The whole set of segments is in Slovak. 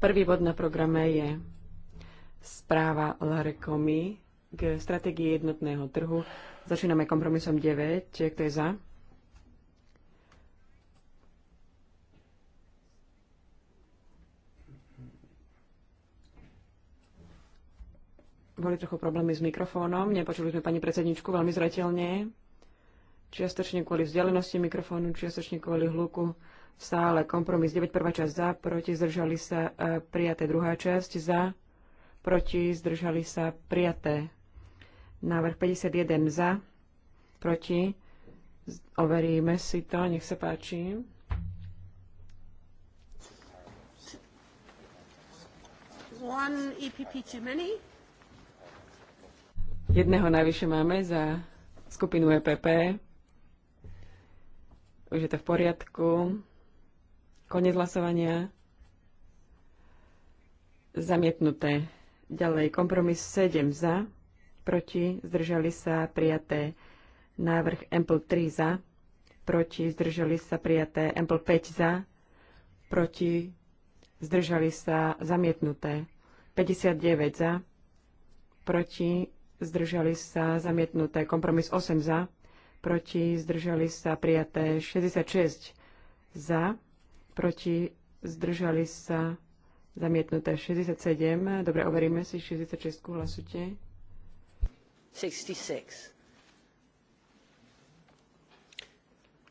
Prvý bod na programe je správa LRKOMI k strategii jednotného trhu. Začíname kompromisom 9. Kto je za? Boli trochu problémy s mikrofónom. Nepočuli sme pani predsedničku veľmi zretelne čiastočne kvôli vzdialenosti mikrofónu, čiastočne kvôli hluku v sále. Kompromis 9, prvá časť za, proti, zdržali sa e, prijaté. Druhá časť za, proti, zdržali sa prijaté. Návrh 51 za, proti. Overíme si to, nech sa páči. One EPP too many. Jedného najvyššie máme za skupinu EPP už je to v poriadku. Konec hlasovania. Zamietnuté. Ďalej kompromis 7 za, proti zdržali sa prijaté návrh Ample 3 za, proti zdržali sa prijaté Ample 5 za, proti zdržali sa zamietnuté 59 za, proti zdržali sa zamietnuté kompromis 8 za, proti zdržali sa prijaté 66 za, proti zdržali sa zamietnuté 67. Dobre, overíme si 66. hlasute. 66.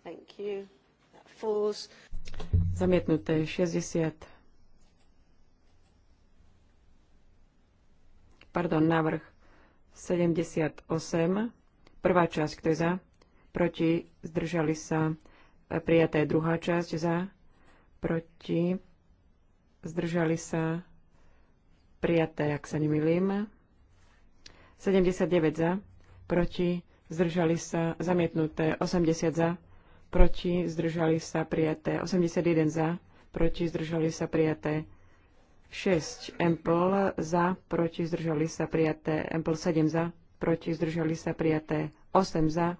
Thank you. That falls. Zamietnuté 60. Pardon, návrh 78. Prvá časť, kto je za? proti, zdržali sa prijaté druhá časť za, proti, zdržali sa prijaté, ak sa nemýlim, 79 za, proti, zdržali sa zamietnuté, 80 za, proti, zdržali sa prijaté, 81 za, proti, zdržali sa prijaté, 6 Empl za, proti, zdržali sa prijaté, Empl 7 za, proti, zdržali sa prijaté, 8 za,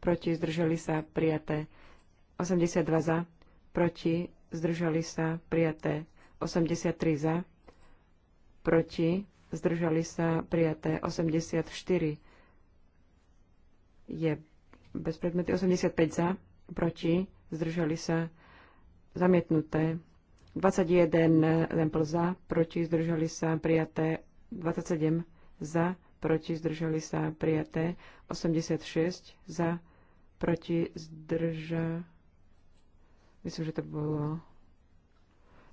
proti zdržali sa prijaté. 82 za, proti zdržali sa prijaté. 83 za, proti zdržali sa prijaté. 84 je bez predmety. 85 za, proti zdržali sa zamietnuté. 21 eh, Lempel za, proti zdržali sa prijaté 27 za, proti zdržali sa prijaté, 86 za, proti zdrža... Myslím, že to bolo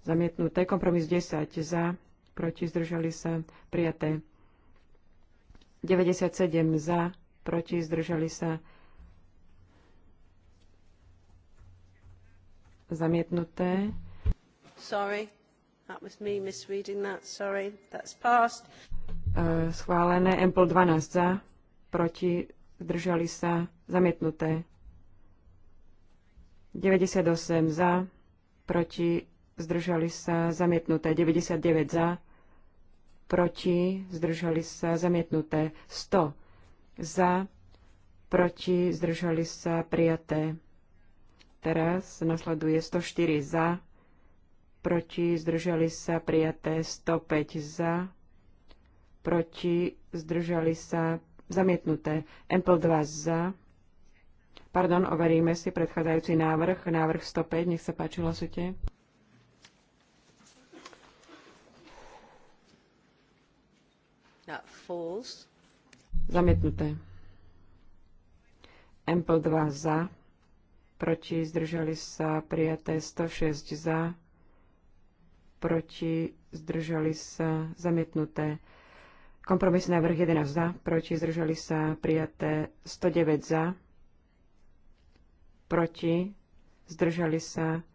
zamietnuté. Kompromis 10 za, proti zdržali sa prijaté. 97 za, proti zdržali sa zamietnuté. Sorry, that was me misreading that, sorry, that's passed. E, schválené. MPL 12 za, proti, zdržali sa, zamietnuté. 98 za, proti, zdržali sa, zamietnuté. 99 za, proti, zdržali sa, zamietnuté. 100 za, proti, zdržali sa, prijaté. Teraz nasleduje 104 za, proti, zdržali sa, prijaté. 105 za, proti, zdržali sa, zamietnuté. Ample 2 za, pardon, overíme si predchádzajúci návrh, návrh 105, nech sa páči, hlasujte. Zamietnuté. Ample 2 za, proti zdržali sa prijaté 106 za, proti zdržali sa zamietnuté Kompromisný návrh 11 za, proti zdržali sa prijaté 109 za, proti zdržali sa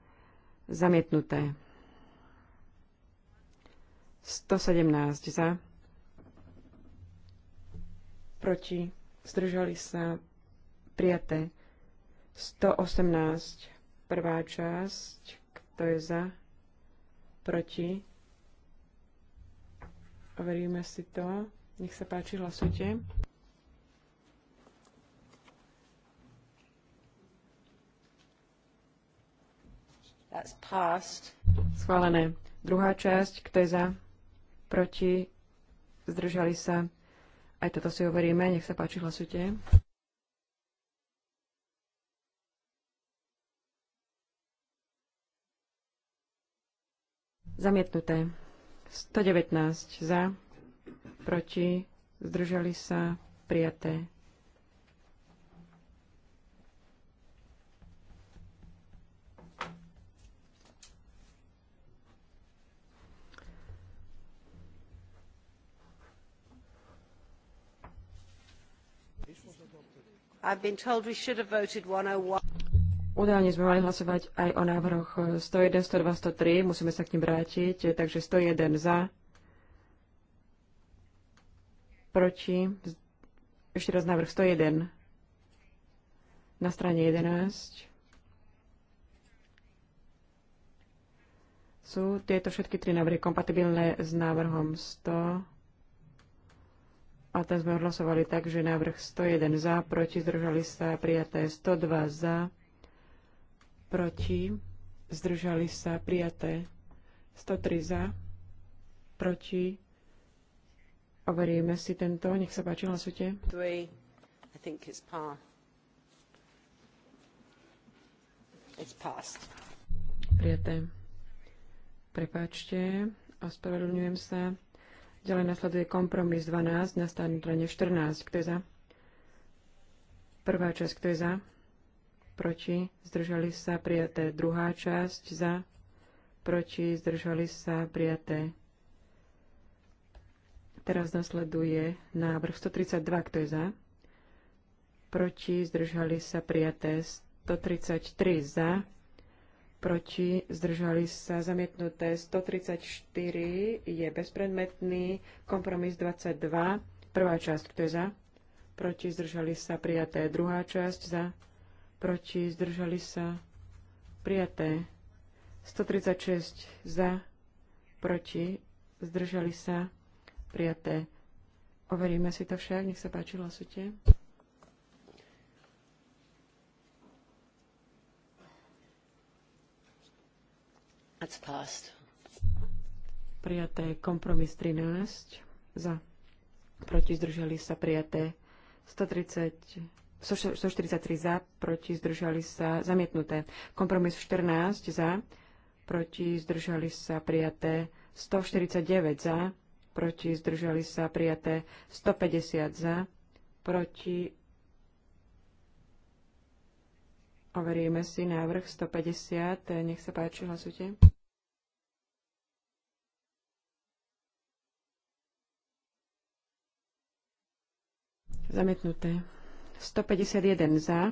zamietnuté 117 za, proti zdržali sa prijaté 118 prvá časť, kto je za, proti Overíme si to. Nech sa páči, hlasujte. That's passed. Schválené. Druhá časť, kto je za, proti, zdržali sa. Aj toto si overíme. Nech sa páči, hlasujte. Zamietnuté. 119 za, proti, zdržali sa, prijaté. I've been told we should have voted 101. Udávne sme mali hlasovať aj o návrhoch 101, 102, 103. Musíme sa k ním vrátiť. Takže 101 za. Proti. Ešte raz návrh 101. Na strane 11. Sú tieto všetky tri návrhy kompatibilné s návrhom 100. A ten sme odhlasovali tak, že návrh 101 za, proti zdržali sa prijaté 102 za proti, zdržali sa prijaté 103 za, proti, overíme si tento, nech sa páči, hlasujte. Prijaté. Prepáčte, ospravedlňujem sa. Ďalej nasleduje kompromis 12 nastane 14. Kto je za? Prvá časť, kto je za? proti, zdržali sa prijaté. Druhá časť za, proti, zdržali sa prijaté. Teraz nasleduje návrh 132, kto je za, proti, zdržali sa prijaté. 133 za, proti, zdržali sa zamietnuté 134, je bezpredmetný, kompromis 22, prvá časť, kto je za, proti, zdržali sa prijaté, druhá časť za, proti, zdržali sa, prijaté. 136 za, proti, zdržali sa, prijaté. Overíme si to však, nech sa páči, hlasujte. That's passed. Prijaté kompromis 13 za, proti, zdržali sa, prijaté. 130 143 za, proti zdržali sa zamietnuté. Kompromis 14 za, proti zdržali sa prijaté. 149 za, proti zdržali sa prijaté. 150 za, proti. Overíme si návrh 150. Nech sa páči, hlasujte. Zamietnuté. 151 za,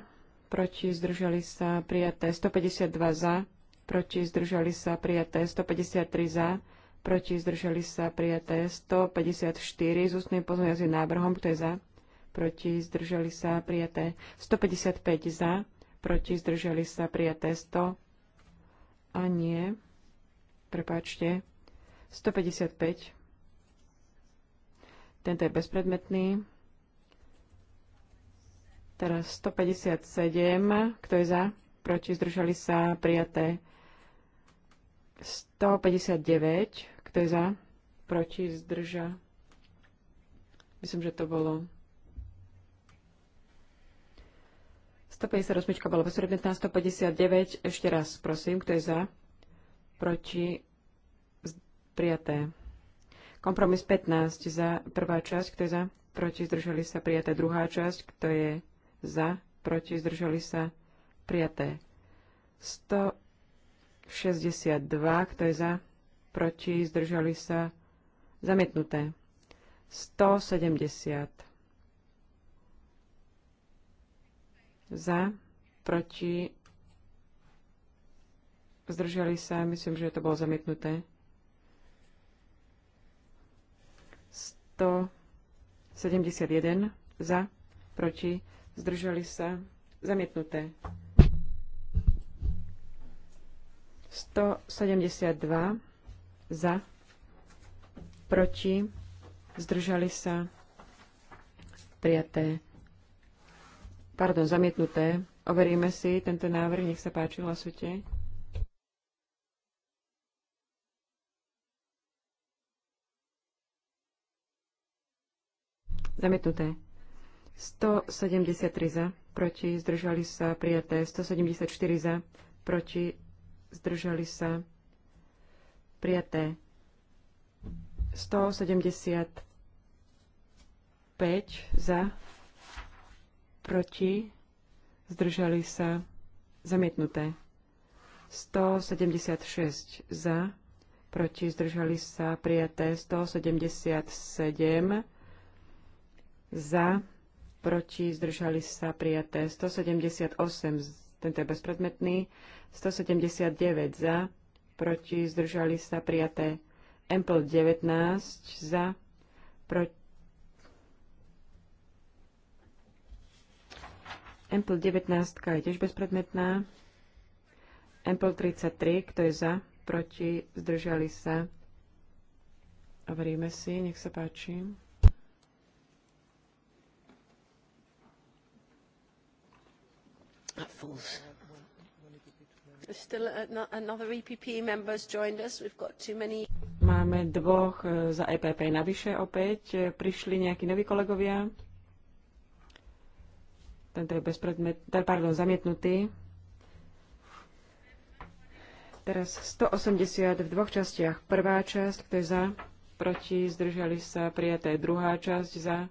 proti zdržali sa prijaté 152 za, proti zdržali sa prijaté 153 za, proti zdržali sa prijaté 154 s ústnym pozmeňovacím návrhom, kto je za, proti zdržali sa prijaté 155 za, proti zdržali sa prijaté 100 a nie, prepáčte, 155. Tento je bezpredmetný. Teraz 157, kto je za, proti, zdržali sa, prijaté. 159, kto je za, proti, zdrža. Myslím, že to bolo 158 bola bezpredmetná, 159, ešte raz, prosím, kto je za, proti, prijaté. Kompromis 15 za prvá časť, kto je za, proti, zdržali sa, prijaté druhá časť, kto je za, proti, zdržali sa, prijaté. 162, kto je za, proti, zdržali sa, zamietnuté. 170. Za, proti, zdržali sa, myslím, že to bolo zamietnuté. 171 za, proti, zdržali sa, zamietnuté. 172 za, proti, zdržali sa, prijaté, pardon, zamietnuté. Overíme si tento návrh, nech sa páči, hlasujte. Zamietnuté. 173 za, proti zdržali sa prijaté 174 za, proti zdržali sa prijaté 175 za, proti zdržali sa zamietnuté 176 za, proti zdržali sa prijaté 177 za, proti, zdržali sa prijaté 178, tento je bezpredmetný, 179 za, proti, zdržali sa prijaté Ample 19 za, proti, Ample 19 je tiež bezpredmetná. Ample 33, kto je za, proti, zdržali sa. Overíme si, nech sa páči. That no, e falls. Máme dvoch e, za EPP navyše opäť. E, prišli nejakí noví kolegovia. Tento je bezpredmet, pardon, zamietnutý. Teraz 180 v dvoch častiach. Prvá časť, kto je za, proti, zdržali sa, prijaté. Druhá časť za,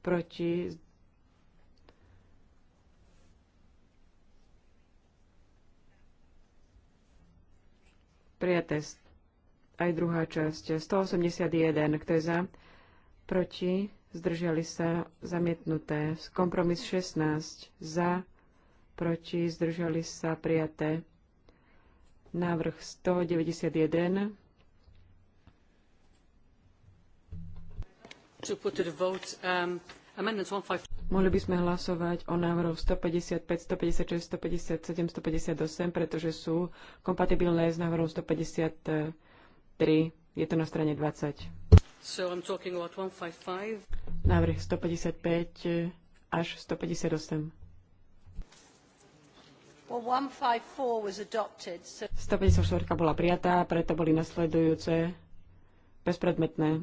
proti, zdržali Prijaté aj druhá časť. 181, kto je za, proti, zdržali sa, zamietnuté. Kompromis 16, za, proti, zdržali sa, prijaté. Návrh 191. To put to the vote, um, amendments Mohli by sme hlasovať o návrhoch 155, 156, 157, 158, pretože sú kompatibilné s návrhom 153. Je to na strane 20. So I'm talking about 155. Návrh 155 až 158. Well, 154 was adopted, so... 154 bola prijatá, preto boli nasledujúce bezpredmetné.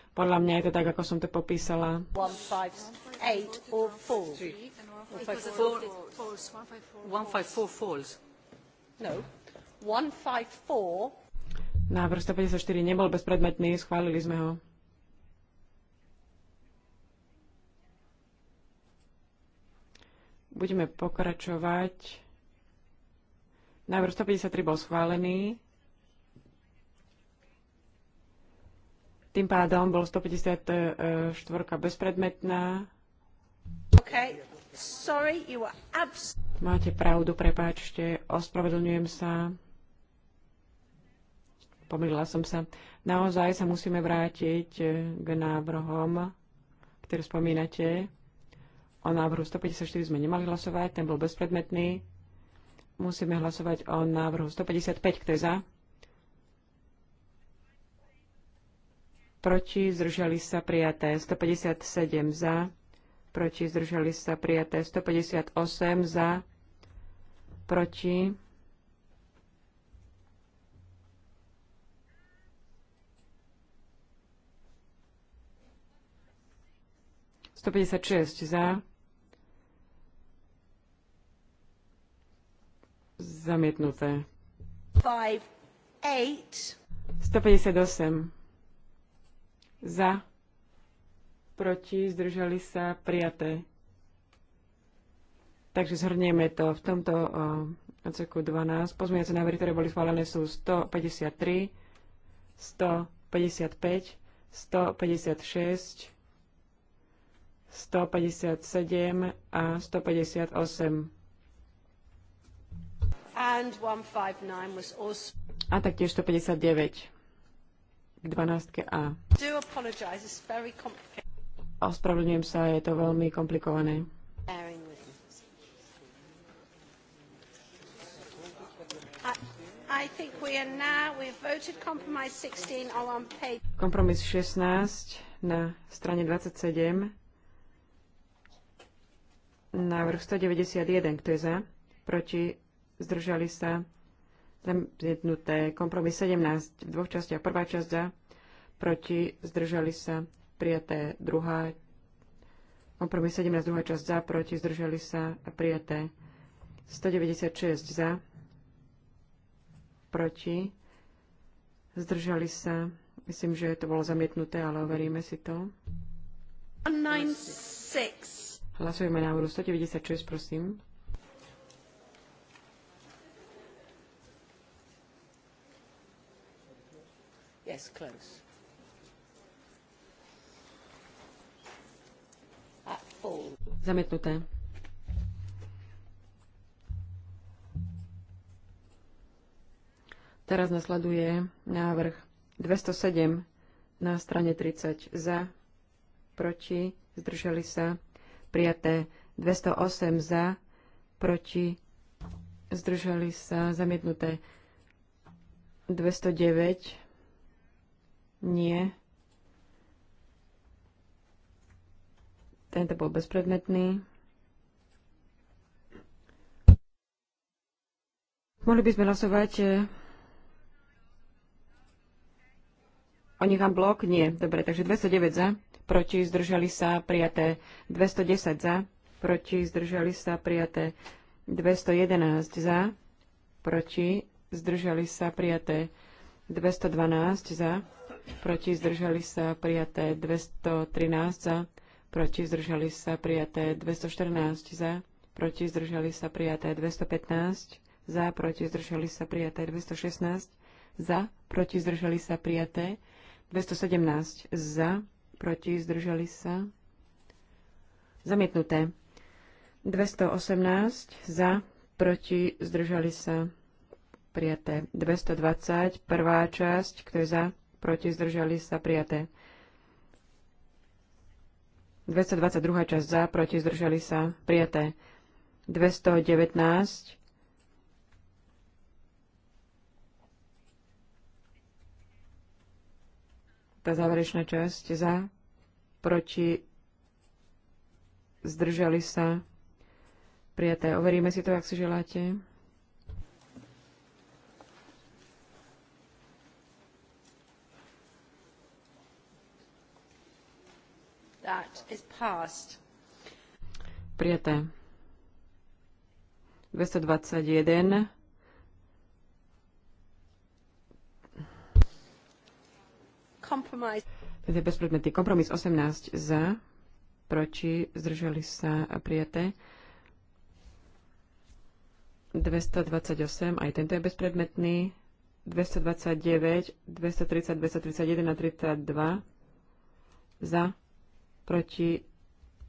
Podľa mňa je to tak, ako som to popísala. No. Návrh 154 nebol bezpredmetný, schválili sme ho. Budeme pokračovať. Návrh 153 bol schválený. Tým pádom bol 154 bezpredmetná. Okay. Sorry, you are abs- Máte pravdu, prepáčte, ospravedlňujem sa. Pomýlila som sa. Naozaj sa musíme vrátiť eh, k návrhom, ktoré spomínate. O návrhu 154 sme nemali hlasovať, ten bol bezpredmetný. Musíme hlasovať o návrhu 155, kto je za? proti zdržali sa prijaté 157 za, proti zdržali sa prijaté 158 za, proti Sto päťdesiat šesť za, zamietnuté. Sto 8. 158 za. Proti. Zdržali sa. Prijaté. Takže zhrnieme to. V tomto odseku 12 pozmeňovacie návrhy, ktoré boli schválené, sú 153, 155, 156, 157 a 158. And 159 was also... A taktiež 159 k 12a. Ospravedlňujem sa, je to veľmi komplikované. Kompromis 16 na strane 27. Návrh 191, kto je za? Proti? Zdržali sa? zamietnuté. Kompromis 17 v dvoch častiach. Prvá časť za, proti, zdržali sa, prijaté. Druhá, kompromis 17, druhá časť za, proti, zdržali sa, prijaté. 196 za, proti, zdržali sa. Myslím, že to bolo zamietnuté, ale overíme si to. 196. Hlasujeme návrhu 196, prosím. Yes, close. Zametnuté. Teraz nasleduje návrh 207 na strane 30 za, proti, zdržali sa, prijaté 208 za, proti, zdržali sa, zamietnuté 209 nie. Tento bol bezpredmetný. Mohli by sme hlasovať e, o nechám blok? Nie. Dobre, takže 209 za, proti zdržali sa prijaté 210 za, proti zdržali sa prijaté 211 za, proti zdržali sa prijaté 212 za, proti zdržali sa prijaté 213 za, proti zdržali sa prijaté 214 za, proti zdržali sa prijaté 215 za, proti zdržali sa prijaté 216 za, proti zdržali sa prijaté 217 za, proti zdržali sa zamietnuté 218 za, proti zdržali sa prijaté 220, prvá časť, kto je za, proti, zdržali sa prijaté. 222. časť za, proti, zdržali sa prijaté. 219. Tá záverečná časť za, proti, zdržali sa prijaté. Overíme si to, ak si želáte. that is Prijaté. 221. Compromise. bezpredmetný kompromis 18 za, proti, zdržali sa a prijaté. 228, aj tento je bezpredmetný. 229, 230, 231 a 32 za, proti,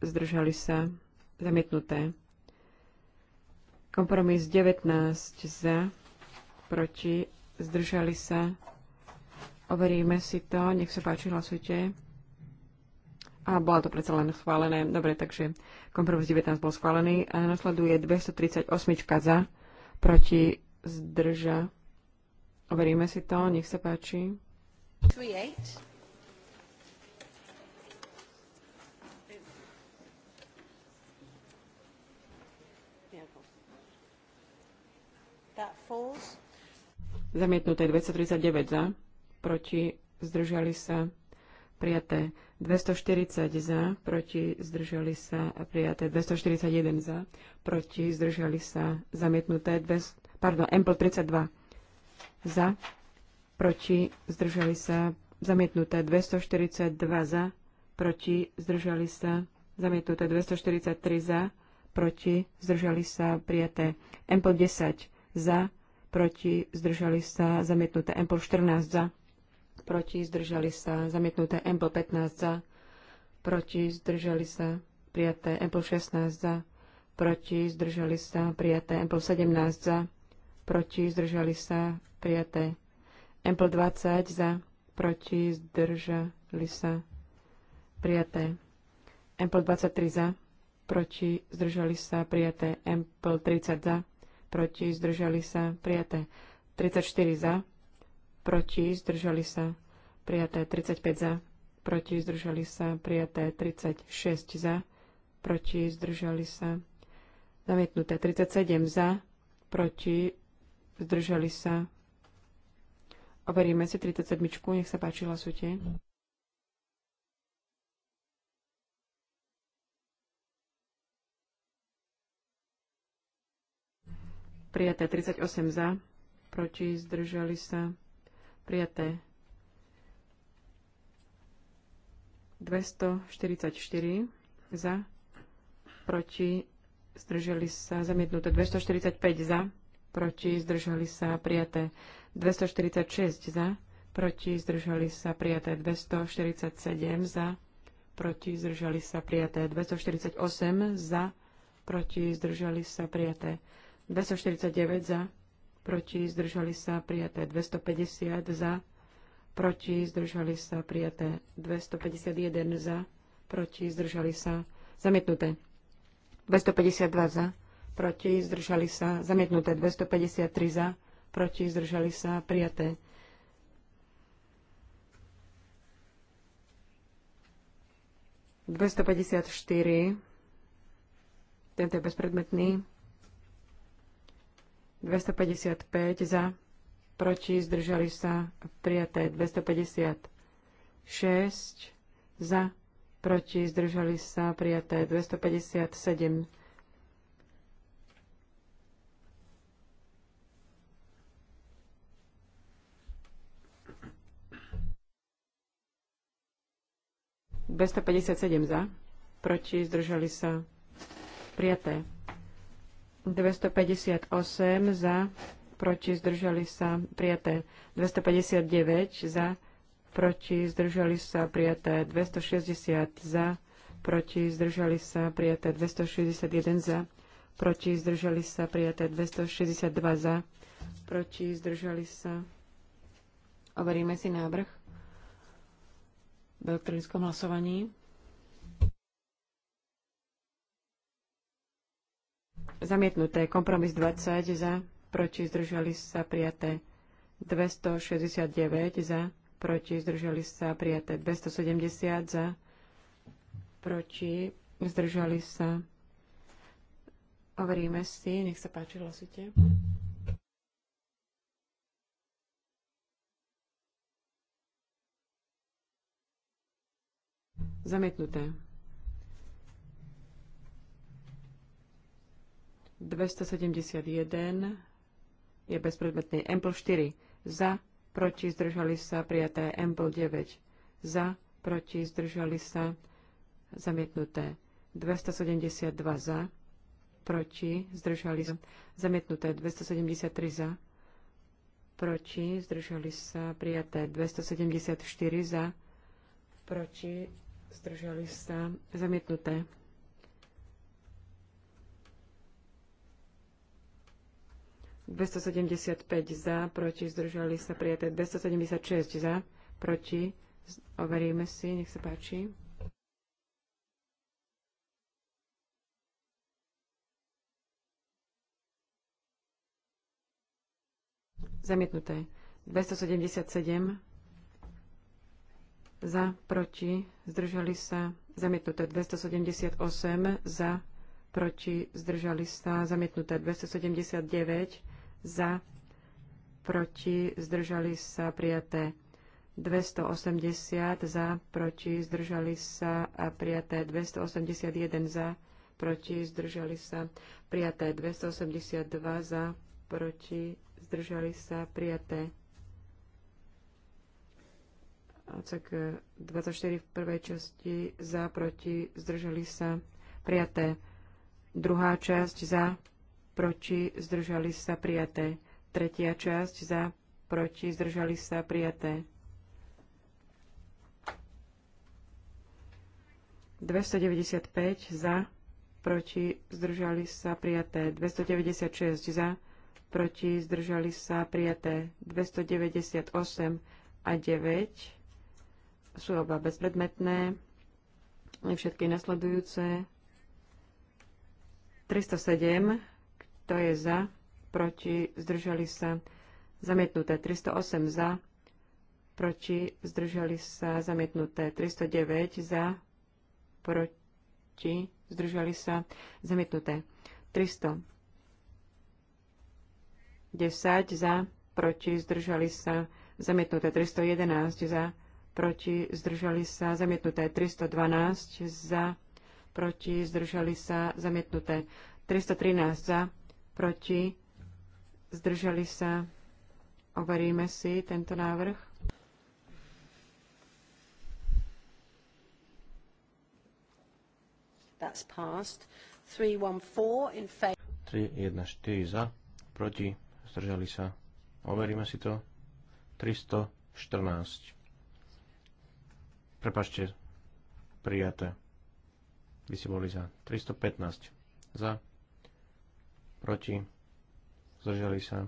zdržali sa, zamietnuté. Kompromis 19 za, proti, zdržali sa. Overíme si to, nech sa páči, hlasujte. A bola to predsa len schválené. Dobre, takže kompromis 19 bol schválený. A nasleduje 238 za, proti, zdrža. Overíme si to, nech sa páči. 38. Zamietnuté 239 za, proti zdržali sa prijaté 240 za, proti zdržali sa prijaté 241 za, proti zdržali sa zamietnuté 200, pardon, Ample 32 za, proti zdržali sa zamietnuté 242 za, proti zdržali sa zamietnuté 243 za, proti zdržali sa prijaté Ample 10 za, proti, zdržali sa, zamietnuté MPL 14 za, proti, zdržali sa, zamietnuté Mpl 15 za, proti, zdržali sa, prijaté Mpl 16 za, proti, zdržali sa, prijaté Mpl 17 za, proti, zdržali sa, prijaté Mpl 20 za, proti, zdržali sa, prijaté Mpl 23 za, proti, zdržali sa, prijaté Mpl 30 za, proti, zdržali sa, prijaté. 34 za, proti, zdržali sa, prijaté. 35 za, proti, zdržali sa, prijaté. 36 za, proti, zdržali sa, zamietnuté. 37 za, proti, zdržali sa. Overíme si 37, nech sa páči, hlasujte. Prijaté 38 za, proti zdržali sa. Prijaté 244 za, proti zdržali sa. Zamietnuté 245 za, proti zdržali sa. Prijaté 246 za, proti zdržali sa. Prijaté 247 za, proti zdržali sa. Prijaté 248 za, proti zdržali sa. Prijaté 249 za, proti zdržali sa prijaté 250 za, proti zdržali sa prijaté 251 za, proti zdržali sa zamietnuté 252 za, proti zdržali sa zamietnuté 253 za, proti zdržali sa prijaté 254, štyri, tento je bezpredmetný, 255 za, proti zdržali sa prijaté 256 za, proti zdržali sa prijaté 257 257 za, proti zdržali sa prijaté 258 za, proti zdržali sa prijaté 259 za, proti zdržali sa prijaté 260 za, proti zdržali sa prijaté 261 za, proti zdržali sa prijaté 262 za, proti zdržali sa. Overíme si návrh v elektronickom hlasovaní. Zamietnuté. Kompromis 20 za, proti zdržali sa prijaté 269 za, proti zdržali sa prijaté 270 za, proti zdržali sa. Overíme si, nech sa páči, hlasujte. Zamietnuté. 271 je bezpredmetný. Empl 4 za, proti zdržali sa prijaté. Empl 9 za, proti zdržali sa zamietnuté. 272 za, proti zdržali sa zamietnuté. 273 za, proti zdržali sa prijaté. 274 za, proti zdržali sa zamietnuté. 275 za, proti, zdržali sa prijaté 276 za, proti, overíme si, nech sa páči. Zamietnuté. 277 za, proti, zdržali sa, zamietnuté 278 za, proti, zdržali sa, zamietnuté 279 za, proti, zdržali sa prijaté 280 za, proti, zdržali sa a prijaté 281 za, proti, zdržali sa prijaté 282 za, proti, zdržali sa prijaté odsek 24 e, v prvej časti za, proti, zdržali sa prijaté druhá časť za, proti, zdržali sa prijaté. Tretia časť za, proti, zdržali sa prijaté. 295 za, proti, zdržali sa prijaté. 296 za, proti, zdržali sa prijaté. 298 a 9 sú oba bezpredmetné. Všetky nasledujúce. 307 kto je za? Proti? Zdržali sa? Zamietnuté 308 za. Proti? Zdržali sa? Zamietnuté 309 za. Proti? Zdržali sa? Zamietnuté 300. 10 za. Proti? Zdržali sa? Zamietnuté 311 za. Proti? Zdržali sa? Zamietnuté 312 za proti, zdržali sa, zamietnuté. 313 za, proti, zdržali sa. Overíme si tento návrh. That's passed. 314 in favor. 314 za, proti, zdržali sa. Overíme si to. 314. Prepašte. prijaté. Vy si boli za. 315 za, proti, zdržali sa,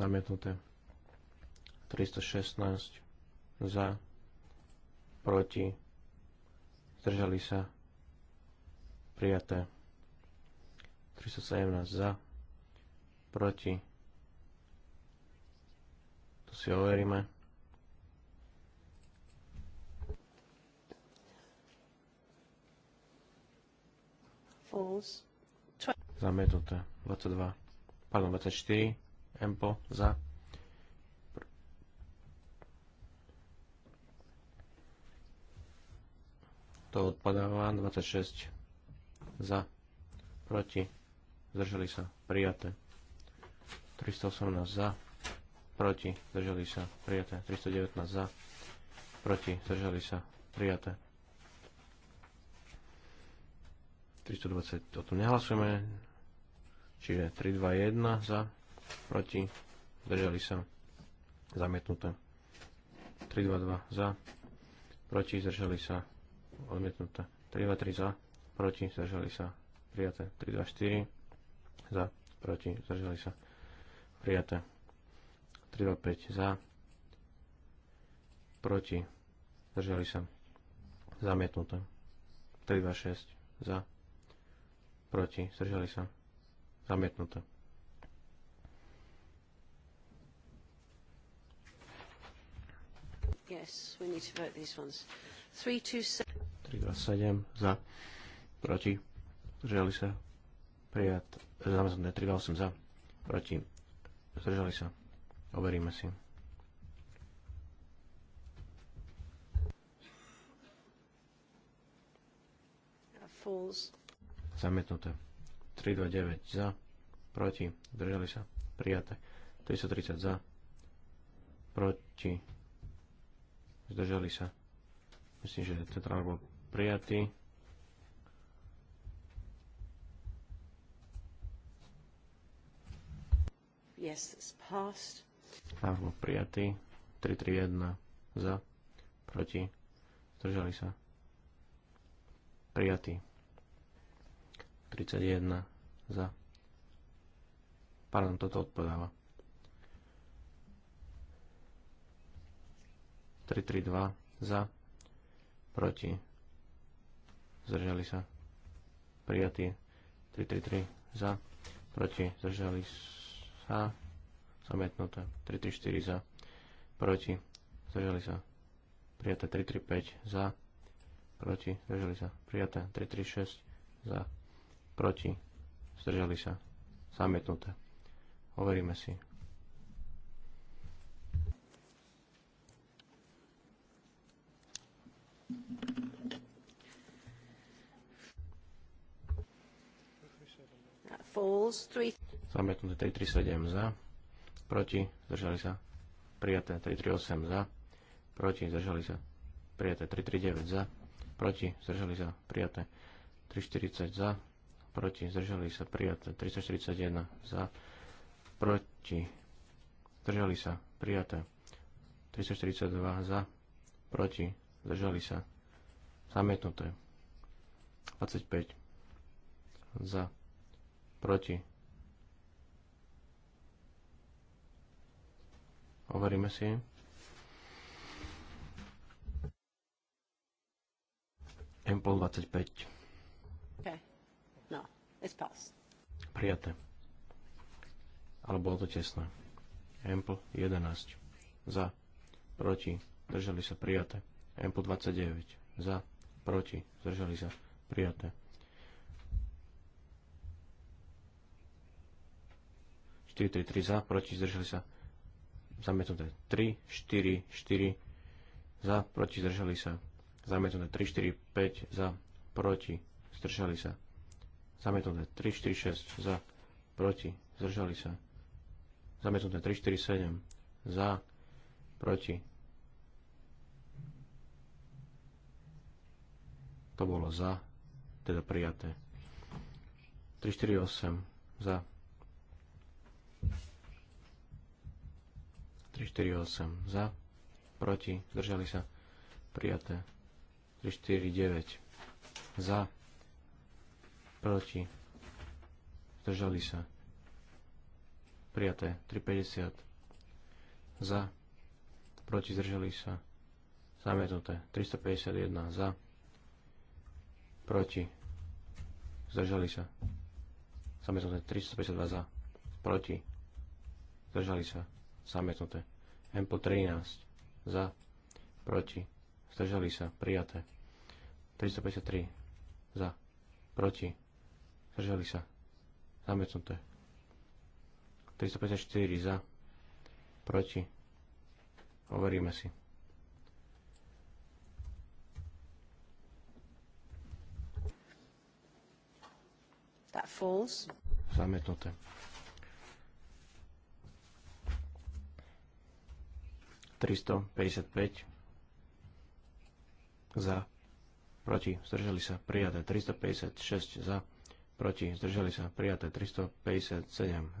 zamietnuté. 316 za, proti, zdržali sa, prijaté. 317 za, proti, to si overíme. False. Zamietnuté. 22. Pardon, 24. Mpo za. To odpadáva. 26. Za. Proti. Zdržali sa. Prijaté. 318 za. Proti. Zdržali sa. Prijaté. 319 za. Proti. Zdržali sa. Prijaté. 320 o tom nehlasujeme. Čiže 3, 2, 1 za, proti, zdržali sa, zamietnuté. 3, 2, 2 za, proti, zdržali sa, odmietnuté. 3, 2, 3 za, proti, zdržali sa, prijaté. 3, 2, 4 za, proti, zdržali sa, prijaté. 3, 2, 5 za, proti, zdržali sa, zamietnuté. 3, 2, 6 za, proti, zdržali sa, zamietnuté. Yes, we need to vote these ones. 327 za, proti, zdržali sa, prijat, zamestnané 328 za, proti, zdržali sa, overíme si. Falls zamietnuté. 3, 2, 9 za, proti, zdržali sa, prijaté. 330 za, proti, zdržali sa. Myslím, že tento návrh bol prijatý. Yes, it's passed. Návrh bol prijatý. 3, 3, 1 za, proti, zdržali sa. Prijatý. 31 za. Pardon, toto 3-3-2 za. Proti. Zdržali sa. Prijatý. 3 za. Proti. Zdržali sa. Zamietnuté. 3-3-4 za. Proti. Zdržali sa. Prijaté 3-3-5 za. Proti. Zdržali sa. Prijaté 3, 6 za proti, zdržali sa, zamietnuté. Overíme si. Zamietnuté 337 za, proti, zdržali sa, prijaté 338 za, proti, zdržali sa, prijaté 339 za, proti, zdržali sa, prijaté 340 za, proti, zdržali sa, prijaté. 341 za, proti, zdržali sa, prijaté. 342 za, proti, zdržali sa, zamietnuté. 25 za, proti. Overíme si. Empol 25. Okay. Prijaté. Ale bolo to tesné. Ample 11. Za. Proti. držali sa prijaté. Ample 29. Za. Proti. Zdržali sa prijaté. 4, 3, 3 za, proti, zdržali sa zamietnuté 3, 4, 4 za, proti, zdržali sa zamietnuté 3, 4, 5 za, proti, zdržali sa Zamietnuté 3, 4, 6 za, proti, zdržali sa. Zamietnuté 3, 4, 7 za, proti. To bolo za, teda prijaté. 3, 4, 8 za. 3, 4, 8 za, proti, zdržali sa, prijaté. 3, 4, 9 za, proti, zdržali sa, prijaté 350, za, proti, zdržali sa, zamietnuté 351, za, proti, zdržali sa, zamietnuté 352, za, proti, zdržali sa, zamietnuté Ample 13, za, proti, zdržali sa, prijaté 353, za, proti, Zdržali sa. Zamecnuté. 354 za. Proti. Overíme si. That falls. Zamietnuté. Tristo päťdesiat päť za proti zdržali sa prijaté Tristo, 356 za proti, zdržali sa, prijaté 357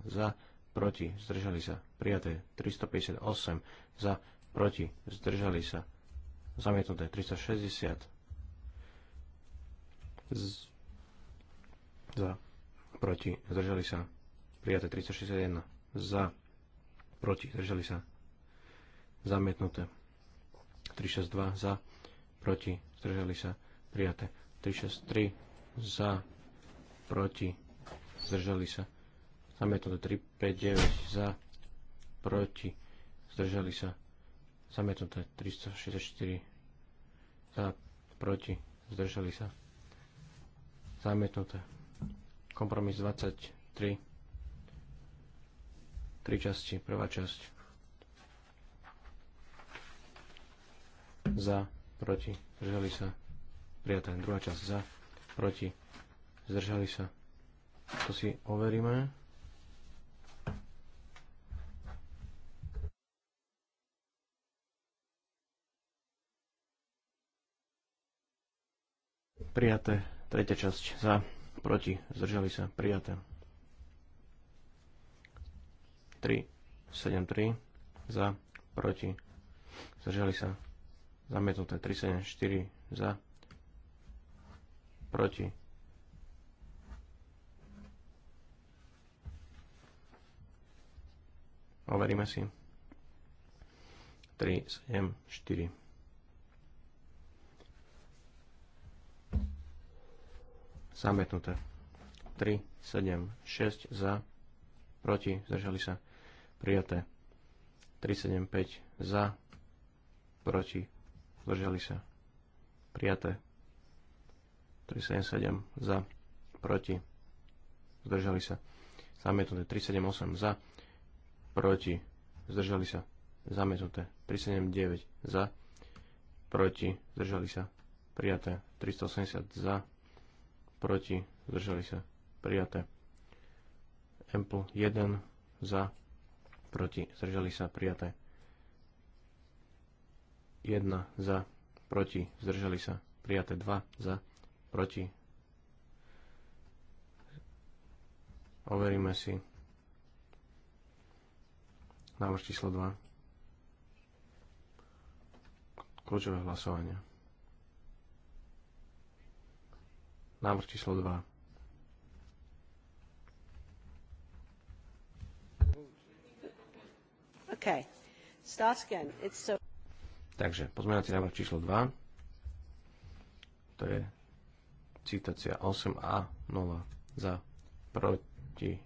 za, proti, zdržali sa, prijaté 358 za, proti, zdržali sa, zamietnuté 360 z, za, proti, zdržali sa, prijaté 361 za, proti, zdržali sa, zamietnuté 362 za, proti, zdržali sa, prijaté 363 za, proti, zdržali sa. Zamietnuté 359 za, proti, zdržali sa. Zamietnuté 364 za, proti, zdržali sa. Zamietnuté. Kompromis 23. Tri časti. Prvá časť. Za, proti, zdržali sa. Prijaté. Druhá časť za, proti, zdržali sa. To si overíme. Prijaté. Tretia časť. Za. Proti. Zdržali sa. Prijaté. 3. 7. 3. Za. Proti. Zdržali sa. Zamietnuté. 3. 7. 4. Za. Proti Overíme si. 3, 7, 4. Zametnuté. 3, 7, 6 za, proti, zdržali sa, prijaté. 3, 7, 5 za, proti, zdržali sa, prijaté. 3, 7, 7 za, proti, zdržali sa, zamietnuté. 3, 7, 8 za, proti, zdržali sa, zamietnuté. 379 za, proti, zdržali sa, prijaté. 380 za, proti, zdržali sa, prijaté. Ample 1 za, proti, zdržali sa, prijaté. 1 za, proti, zdržali sa, prijaté 2 za, proti. Overíme si. Návrh číslo 2. Kľúčové hlasovanie. Návrh číslo 2. Okay. Start again. It's so... Takže pozmeňovací návrh číslo 2, to je citácia 8a, 0 za, proti,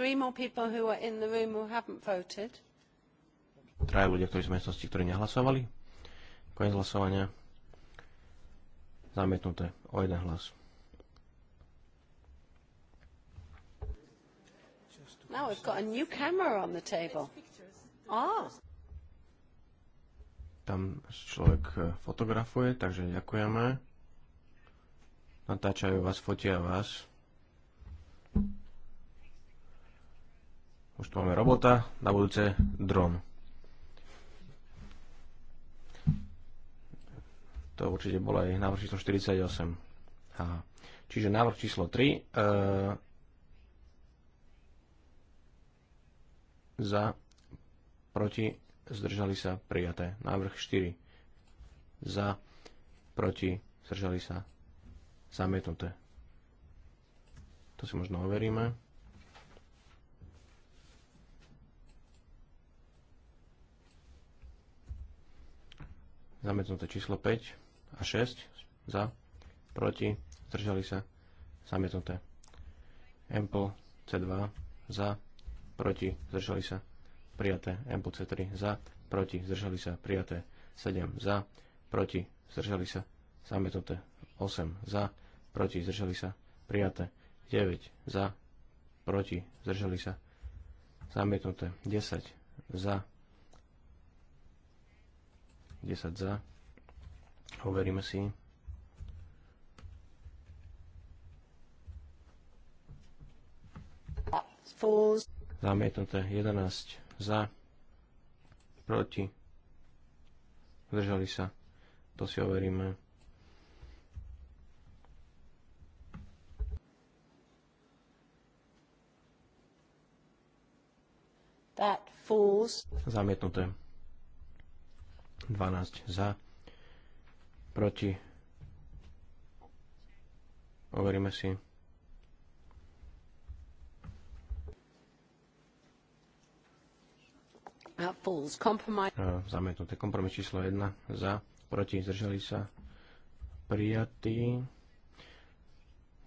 Traja ľudia, ktorí sú v miestnosti, ktorí nehlasovali. Koniec hlasovania. Zamietnuté. O jeden hlas. Now we've got a new camera on the table. Ah. Tam človek eh, fotografuje, takže ďakujeme. Natáčajú vás, fotia vás. Už tu máme robota, na budúce dron. To určite bol aj návrh číslo 48. Aha. Čiže návrh číslo 3. E, za, proti, zdržali sa, prijaté. Návrh 4. Za, proti, zdržali sa, zamietnuté. To si možno overíme. Zamietnuté číslo 5 a 6 za, proti, zdržali sa, zamietnuté. Ample C2 za, proti, zdržali sa, prijaté. Ample C3 za, proti, zdržali sa, prijaté. 7 za, proti, zdržali sa, zamietnuté. 8 za, proti, zdržali sa, prijaté. 9 za, proti, zdržali sa, zamietnuté. 10 za, 10 za. Overíme si. Zamietnuté 11 za, proti, zdržali sa, to si overíme. That falls. Zamietnuté. 12 za, proti, overíme si. Zamietnuté kompromis číslo 1 za, proti, zdržali sa, prijatý.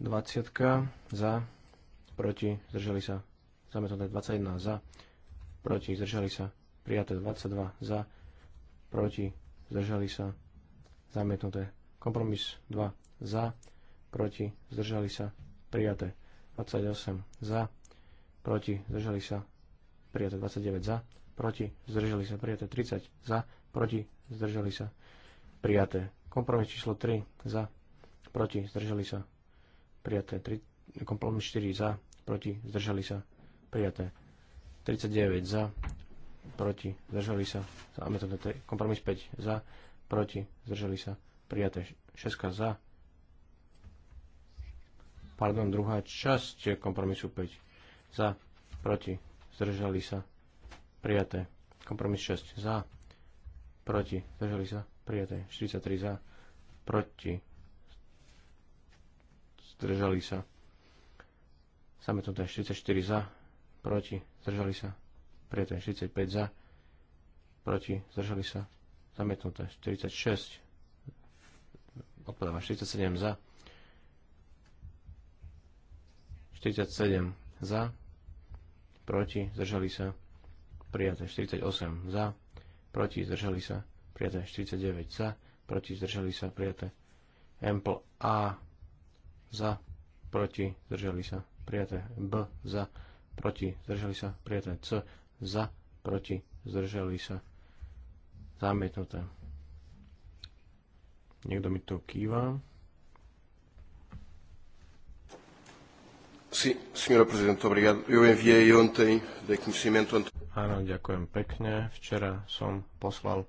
20 za, proti, zdržali sa, zamietnuté 21 za, proti, zdržali sa, prijaté 22 za, proti, zdržali sa, zamietnuté. Kompromis 2 za, proti, zdržali sa, prijaté. 28 za, proti, zdržali sa, prijaté. 29 za, proti, zdržali sa, prijaté. 30 za, proti, zdržali sa, prijaté. Kompromis číslo 3 za, proti, zdržali sa, prijaté. 3, kompromis 4 za, proti, zdržali sa, prijaté. 39 za, proti, zdržali sa, zamietnuté, to kompromis 5 za, proti, zdržali sa, prijaté 6 za, pardon, druhá časť kompromisu 5 za, proti, zdržali sa, prijaté, kompromis 6 za, proti, zdržali sa, prijaté 43 za, proti, zdržali sa, zamietnuté 44 za, proti, zdržali sa, prijaté 45 za, proti, zdržali sa, zamietnuté 46, odpadáva 47 za, 47 za, proti, zdržali sa, prijaté 48 za, proti, zdržali sa, prijaté 49 za, proti, zdržali sa, prijaté Ample A za, proti, zdržali sa, prijaté B za, proti, zdržali sa, prijaté C za, proti, zdržali sa, zamietnuté. Niekto mi to kýva. Sí, señora prezident, obrigado. Eu enviei ontem de conhecimento... Áno, ďakujem pekne. Včera som poslal,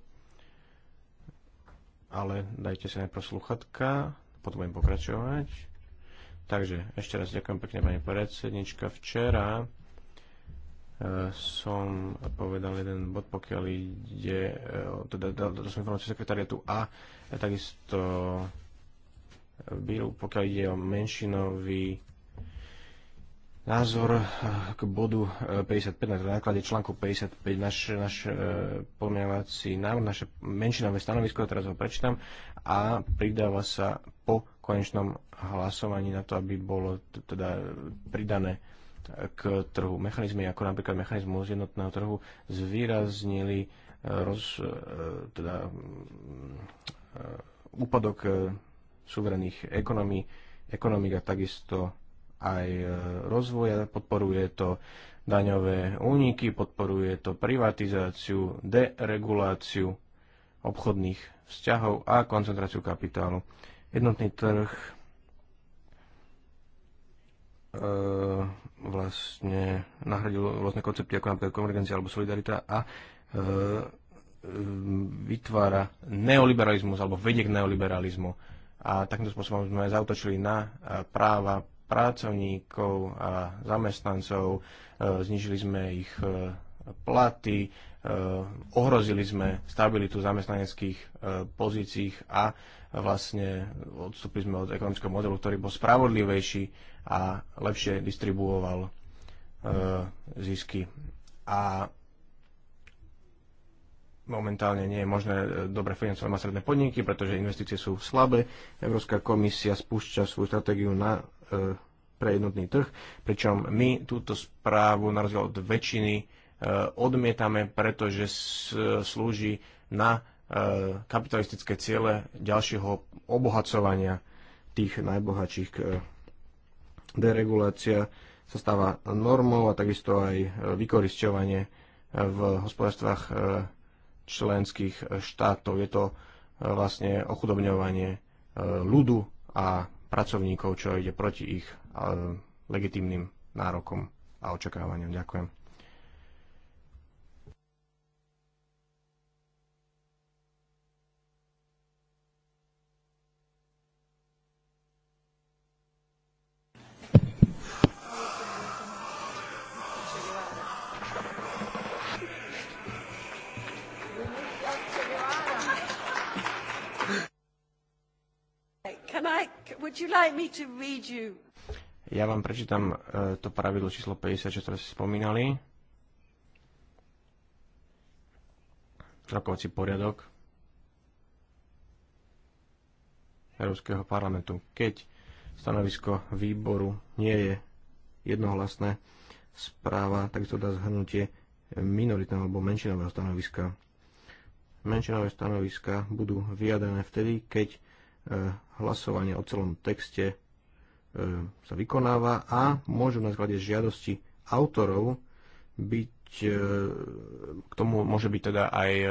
ale dajte sa najprv sluchatka, potom budem pokračovať. Takže ešte raz ďakujem pekne pani predsednička. Včera som povedal jeden bod, pokiaľ ide, e, teda dal som informáciu sekretariatu a takisto Bíru, pokiaľ ide o menšinový názor e, k bodu 55, e, na základe článku 55, náš naš, naš pomenovací návrh, naše menšinové stanovisko, ja teraz ho prečítam, a pridáva sa po konečnom hlasovaní na to, aby bolo teda pridané k trhu. Mechanizmy ako napríklad mechanizmus jednotného trhu zvýraznili e, roz, e, teda, e, úpadok suverených ekonomí, ekonomik a takisto aj rozvoja. Podporuje to daňové úniky, podporuje to privatizáciu, dereguláciu obchodných vzťahov a koncentráciu kapitálu. Jednotný trh E, vlastne nahradil rôzne koncepty ako napríklad konvergencia alebo solidarita a e, e, vytvára neoliberalizmus alebo vedie k neoliberalizmu. A takýmto spôsobom sme zautočili na práva pracovníkov a zamestnancov, znižili sme ich platy, ohrozili sme stabilitu zamestnaneckých pozícií a vlastne odstúpili sme od ekonomického modelu, ktorý bol spravodlivejší a lepšie distribuoval e, zisky. A momentálne nie je možné e, dobre financovať masredné podniky, pretože investície sú slabé. Európska komisia spúšťa svoju stratégiu na, e, pre jednotný trh, pričom my túto správu na rozdiel od väčšiny e, odmietame, pretože s, slúži na e, kapitalistické ciele ďalšieho obohacovania tých najbohatších e, deregulácia sa stáva normou a takisto aj e, vykorisťovanie e, v hospodárstvách e, členských štátov. Je to vlastne ochudobňovanie ľudu a pracovníkov, čo ide proti ich legitímnym nárokom a očakávaniam. Ďakujem. Ja vám prečítam e, to pravidlo číslo 56, čo ste spomínali. Rokovací poriadok Európskeho parlamentu. Keď stanovisko výboru nie je jednohlasné, správa tak to dá zhrnutie minoritného alebo menšinového stanoviska. Menšinové stanoviska budú vyjadrené vtedy, keď e, hlasovanie o celom texte E, sa vykonáva a môžu na základe žiadosti autorov byť, e, k tomu môže byť teda aj e,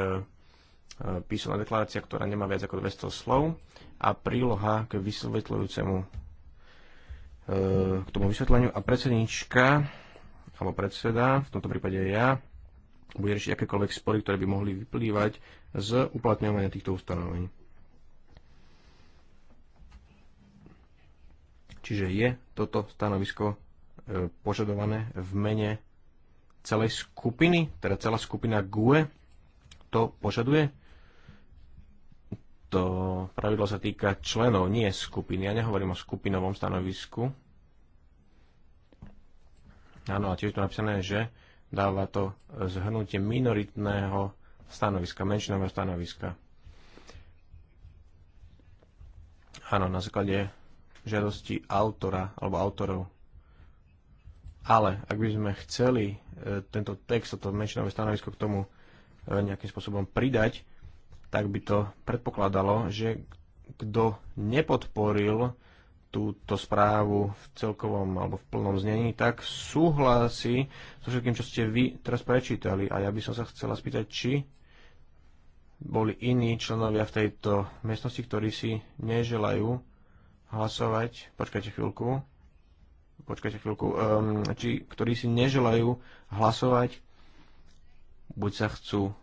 písomná deklarácia, ktorá nemá viac ako 200 slov a príloha k vysvetľujúcemu k tomu vysvetleniu a predsednička alebo predseda, v tomto prípade ja, bude riešiť akékoľvek spory, ktoré by mohli vyplývať z uplatňovania týchto ustanovení. Čiže je toto stanovisko e, požadované v mene celej skupiny, teda celá skupina GUE to požaduje? To pravidlo sa týka členov, nie skupiny. Ja nehovorím o skupinovom stanovisku. Áno, a tiež je to napísané, že dáva to zhrnutie minoritného stanoviska, menšinového stanoviska. Áno, na základe žiadosti autora alebo autorov. Ale ak by sme chceli e, tento text, toto menšinové stanovisko k tomu e, nejakým spôsobom pridať, tak by to predpokladalo, že kto nepodporil túto správu v celkovom alebo v plnom znení, tak súhlasí so všetkým, čo ste vy teraz prečítali. A ja by som sa chcela spýtať, či boli iní členovia v tejto miestnosti, ktorí si neželajú hlasovať, počkajte chvíľku, počkajte chvíľku, um, či, ktorí si neželajú hlasovať, buď sa chcú uh,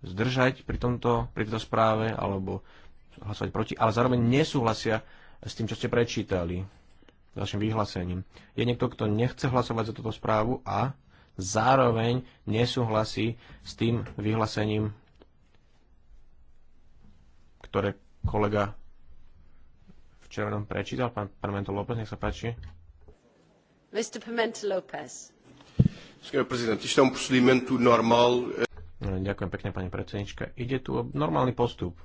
zdržať pri, tomto, pri tejto správe, alebo hlasovať proti, ale zároveň nesúhlasia s tým, čo ste prečítali vašim vyhlásením. Je niekto, kto nechce hlasovať za túto správu a zároveň nesúhlasí s tým vyhlásením, ktoré kolega včera prečítal pán Pimentel López, nech sa páči. Mr. Pimentel López. Um eh, no, ďakujem pekne, pani predsednička. Ide tu o normálny postup,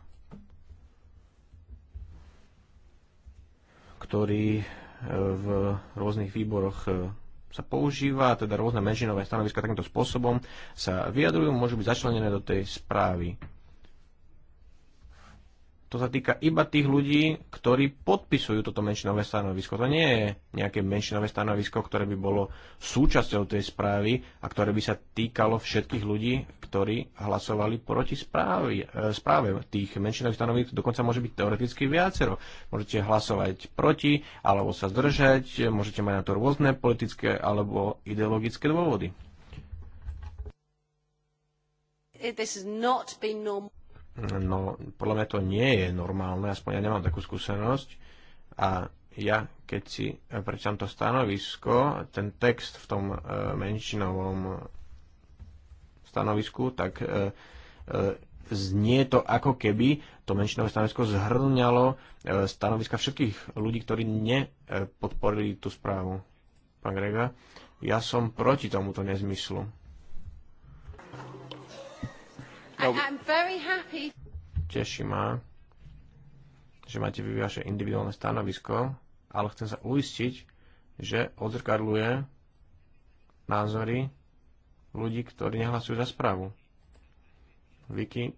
ktorý eh, v rôznych výboroch eh, sa používa, teda rôzne menšinové stanoviska takýmto spôsobom sa vyjadrujú, môžu byť začlenené do tej správy to sa týka iba tých ľudí, ktorí podpisujú toto menšinové stanovisko. To nie je nejaké menšinové stanovisko, ktoré by bolo súčasťou tej správy a ktoré by sa týkalo všetkých ľudí, ktorí hlasovali proti správy, e, správe. Tých menšinových stanovisk dokonca môže byť teoreticky viacero. Môžete hlasovať proti alebo sa zdržať, môžete mať na to rôzne politické alebo ideologické dôvody. No, podľa mňa to nie je normálne, aspoň ja nemám takú skúsenosť. A ja, keď si prečítam to stanovisko, ten text v tom e, menšinovom e, stanovisku, tak e, znie to ako keby to menšinové stanovisko zhrňalo stanoviska všetkých ľudí, ktorí nepodporili tú správu. Pán Grega, ja som proti tomuto nezmyslu No, teší ma, že máte vy vaše individuálne stanovisko, ale chcem sa uistiť, že odzrkadluje názory ľudí, ktorí nehlasujú za správu. Vicky,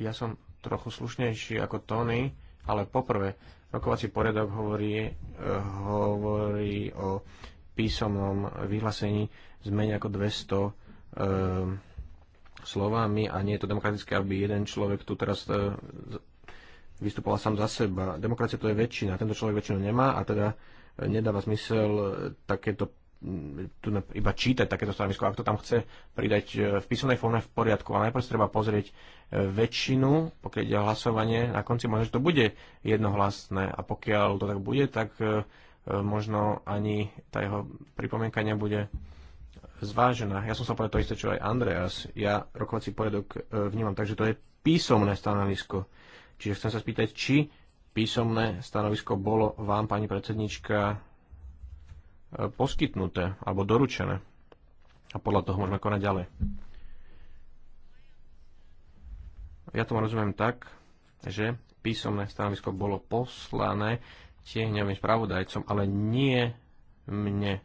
ja som trochu slušnejší ako Tony, ale poprvé, rokovací poriadok hovorí, eh, hovorí o písomnom vyhlásení z menej ako 200 um, eh, slovami a nie je to demokratické, aby jeden človek tu teraz e, vystupoval sám za seba. Demokracia to je väčšina, tento človek väčšinu nemá a teda e, nedáva zmysel e, takéto mm, tu iba čítať takéto stanovisko, ak to tam chce pridať v písomnej forme v poriadku. Ale najprv treba pozrieť väčšinu, pokiaľ ide hlasovanie, na konci možno, že to bude jednohlasné a pokiaľ to tak bude, tak možno ani tá jeho pripomienka nebude zvážená. Ja som sa povedal to isté, čo aj Andreas. Ja rokovací poriadok e, vnímam, tak, že to je písomné stanovisko. Čiže chcem sa spýtať, či písomné stanovisko bolo vám, pani predsednička, e, poskytnuté alebo doručené. A podľa toho môžeme konať ďalej. Ja tomu rozumiem tak, že písomné stanovisko bolo poslané tieňovým spravodajcom, ale nie mne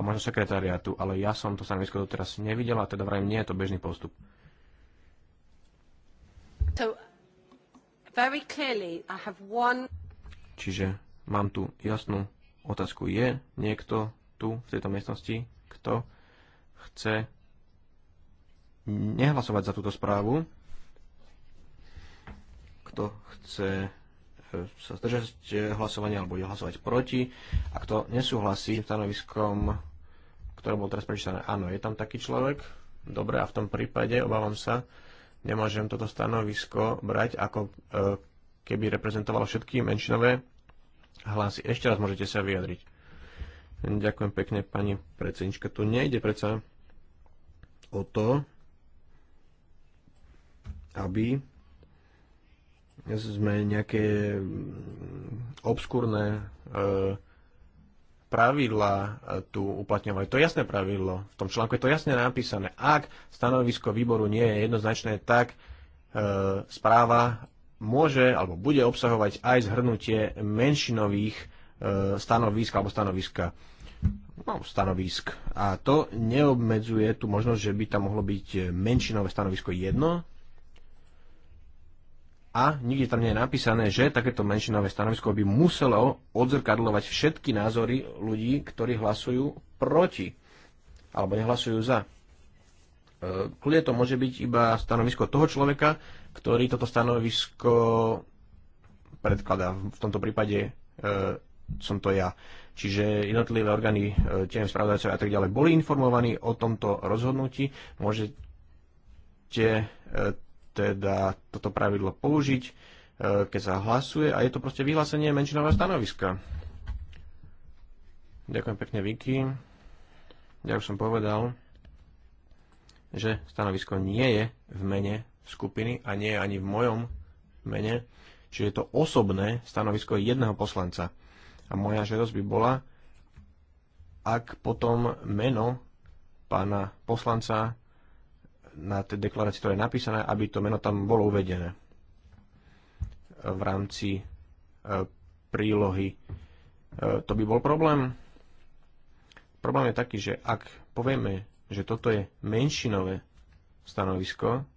a možno sekretariátu, ale ja som to stanovisko doteraz nevidela, teda vrajím, nie je to bežný postup. So, very clearly, I have one... Čiže mám tu jasnú otázku. Je niekto tu, v tejto miestnosti, kto chce nehlasovať za túto správu, kto chce e, sa zdržať hlasovania alebo je hlasovať proti a kto nesúhlasí s stanoviskom ktoré bolo teraz prečítané. Áno, je tam taký človek, dobre, a v tom prípade, obávam sa, nemôžem toto stanovisko brať ako e, keby reprezentovalo všetky menšinové hlasy. Ešte raz môžete sa vyjadriť. Ďakujem pekne, pani predsednička. Tu nejde predsa o to, aby sme nejaké obskúrne e, pravidlá e, tu uplatňovali. To je jasné pravidlo. V tom článku je to jasne napísané. Ak stanovisko výboru nie je jednoznačné, tak e, správa môže alebo bude obsahovať aj zhrnutie menšinových e, stanovisk alebo stanoviska. No, stanovisk. A to neobmedzuje tú možnosť, že by tam mohlo byť menšinové stanovisko jedno a nikde tam nie je napísané, že takéto menšinové stanovisko by muselo odzrkadľovať všetky názory ľudí, ktorí hlasujú proti alebo nehlasujú za. E, kľudne to môže byť iba stanovisko toho človeka, ktorý toto stanovisko predkladá. V tomto prípade e, som to ja. Čiže jednotlivé orgány, e, tiem spravodajcov a tak ďalej boli informovaní o tomto rozhodnutí. Môžete teda toto pravidlo použiť, e, keď sa hlasuje a je to proste vyhlásenie menšinového stanoviska. Ďakujem pekne Viki. Ja už som povedal, že stanovisko nie je v mene skupiny a nie je ani v mojom mene, čiže je to osobné stanovisko jedného poslanca. A moja žiadosť by bola, ak potom meno pána poslanca na tej deklarácii, ktorá je napísaná, aby to meno tam bolo uvedené v rámci e, prílohy. E, to by bol problém? Problém je taký, že ak povieme, že toto je menšinové stanovisko,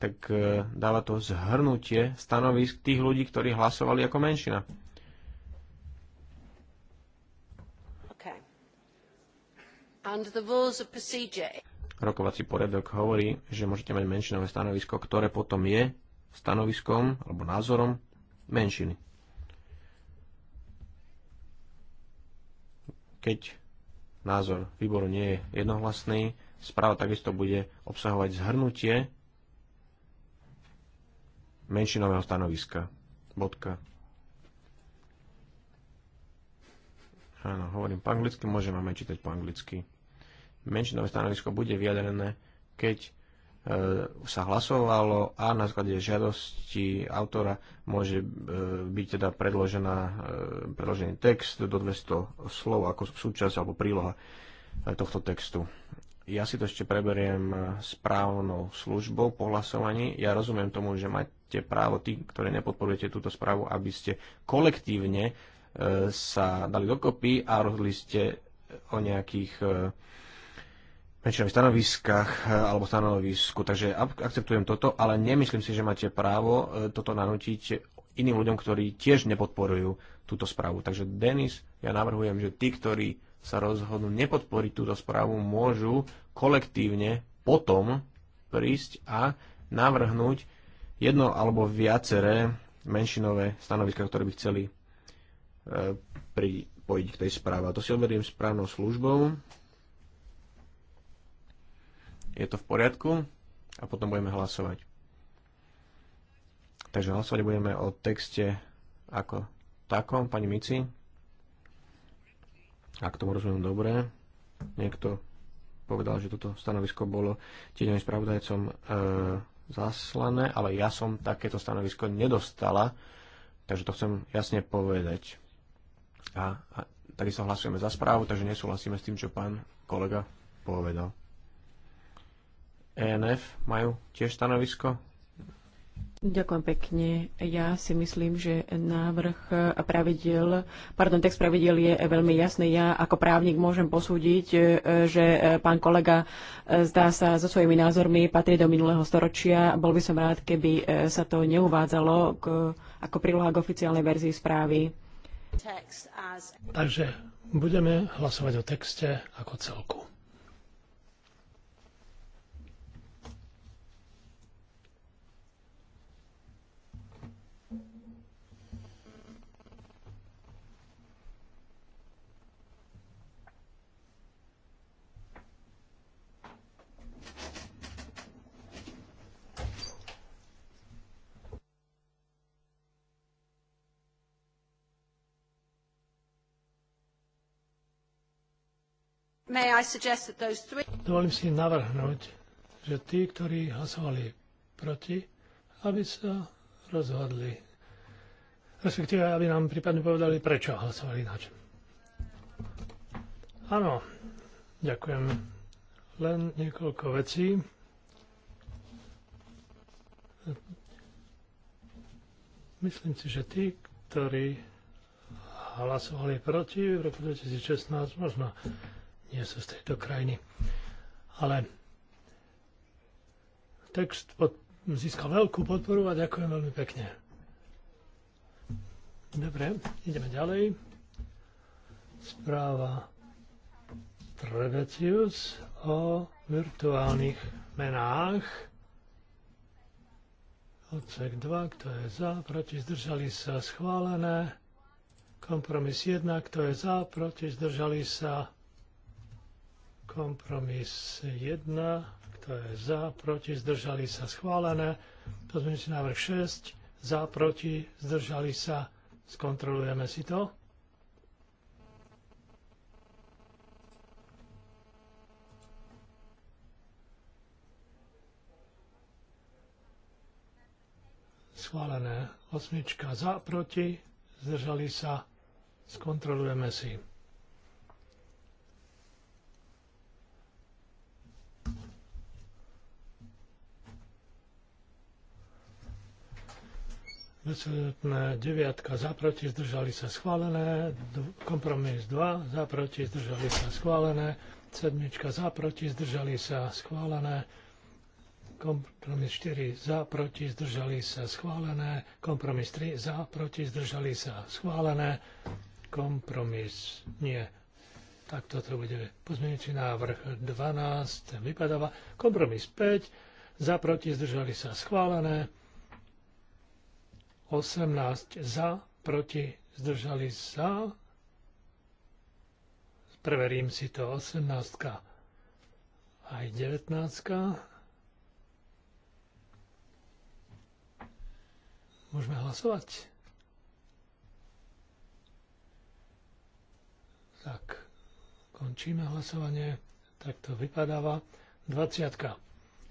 tak e, dáva to zhrnutie stanovisk tých ľudí, ktorí hlasovali ako menšina. Okay rokovací poriadok hovorí, že môžete mať menšinové stanovisko, ktoré potom je stanoviskom alebo názorom menšiny. Keď názor výboru nie je jednohlasný, správa takisto bude obsahovať zhrnutie menšinového stanoviska. Bodka. Áno, hovorím po anglicky, môžem vám aj čítať po anglicky menšinové stanovisko bude vyjadrené, keď e, sa hlasovalo a na základe žiadosti autora môže e, byť teda predložená, e, predložený text do 200 slov ako súčasť alebo príloha tohto textu. Ja si to ešte preberiem správnou službou po hlasovaní. Ja rozumiem tomu, že máte právo, tí, ktorí nepodporujete túto správu, aby ste kolektívne sa dali dokopy a rozhodli ste o nejakých väčšinových stanoviskách eh, alebo stanovisku. Takže akceptujem toto, ale nemyslím si, že máte právo eh, toto nanútiť iným ľuďom, ktorí tiež nepodporujú túto správu. Takže Denis, ja navrhujem, že tí, ktorí sa rozhodnú nepodporiť túto správu, môžu kolektívne potom prísť a navrhnúť jedno alebo viaceré menšinové stanoviska, ktoré by chceli eh, pripojiť k tej správe. A to si overím správnou službou. Je to v poriadku? A potom budeme hlasovať. Takže hlasovať budeme o texte ako takom, pani Mici. Ak tomu rozumiem dobre, niekto povedal, že toto stanovisko bolo tieňovým spravodajcom e, zaslané, ale ja som takéto stanovisko nedostala, takže to chcem jasne povedať. A, a takisto hlasujeme za správu, takže nesúhlasíme s tým, čo pán kolega povedal. ENF majú tiež stanovisko? Ďakujem pekne. Ja si myslím, že návrh pravidel, pardon, text pravidel je veľmi jasný. Ja ako právnik môžem posúdiť, e, že e, pán kolega e, zdá sa so svojimi názormi patrí do minulého storočia. Bol by som rád, keby sa to neuvádzalo k, ako príloha k oficiálnej verzii správy. Takže budeme hlasovať o texte ako celku. Three... Dovolím si navrhnúť, že tí, ktorí hlasovali proti, aby sa rozhodli. Respektíve, aby nám prípadne povedali, prečo hlasovali ináč. Áno, ďakujem. Len niekoľko vecí. Myslím si, že tí, ktorí hlasovali proti v roku 2016, možno nie sú z tejto krajiny. Ale text pod, získal veľkú podporu a ďakujem veľmi pekne. Dobre, ideme ďalej. Správa Trevecius o virtuálnych menách. Odsek 2, kto je za, proti, zdržali sa, schválené. Kompromis 1, kto je za, proti, zdržali sa, Kompromis 1, kto je za, proti, zdržali sa schválené. Pozmeňujúci návrh 6, za, proti, zdržali sa. Skontrolujeme si to. Schválené. Osmička za, proti, zdržali sa. Skontrolujeme si. Odsudné deviatka za proti zdržali sa schválené, kompromis 2 za proti zdržali sa schválené, sedmička za proti zdržali sa schválené, kompromis 4 za proti zdržali sa schválené, kompromis 3 za proti zdržali sa schválené, kompromis nie. Tak toto bude pozmeňujúci návrh 12, vypadáva kompromis 5, za proti zdržali sa schválené, 18 za, proti, zdržali sa. Preverím si to. 18 aj 19. Môžeme hlasovať. Tak, končíme hlasovanie. Tak to vypadáva. 20.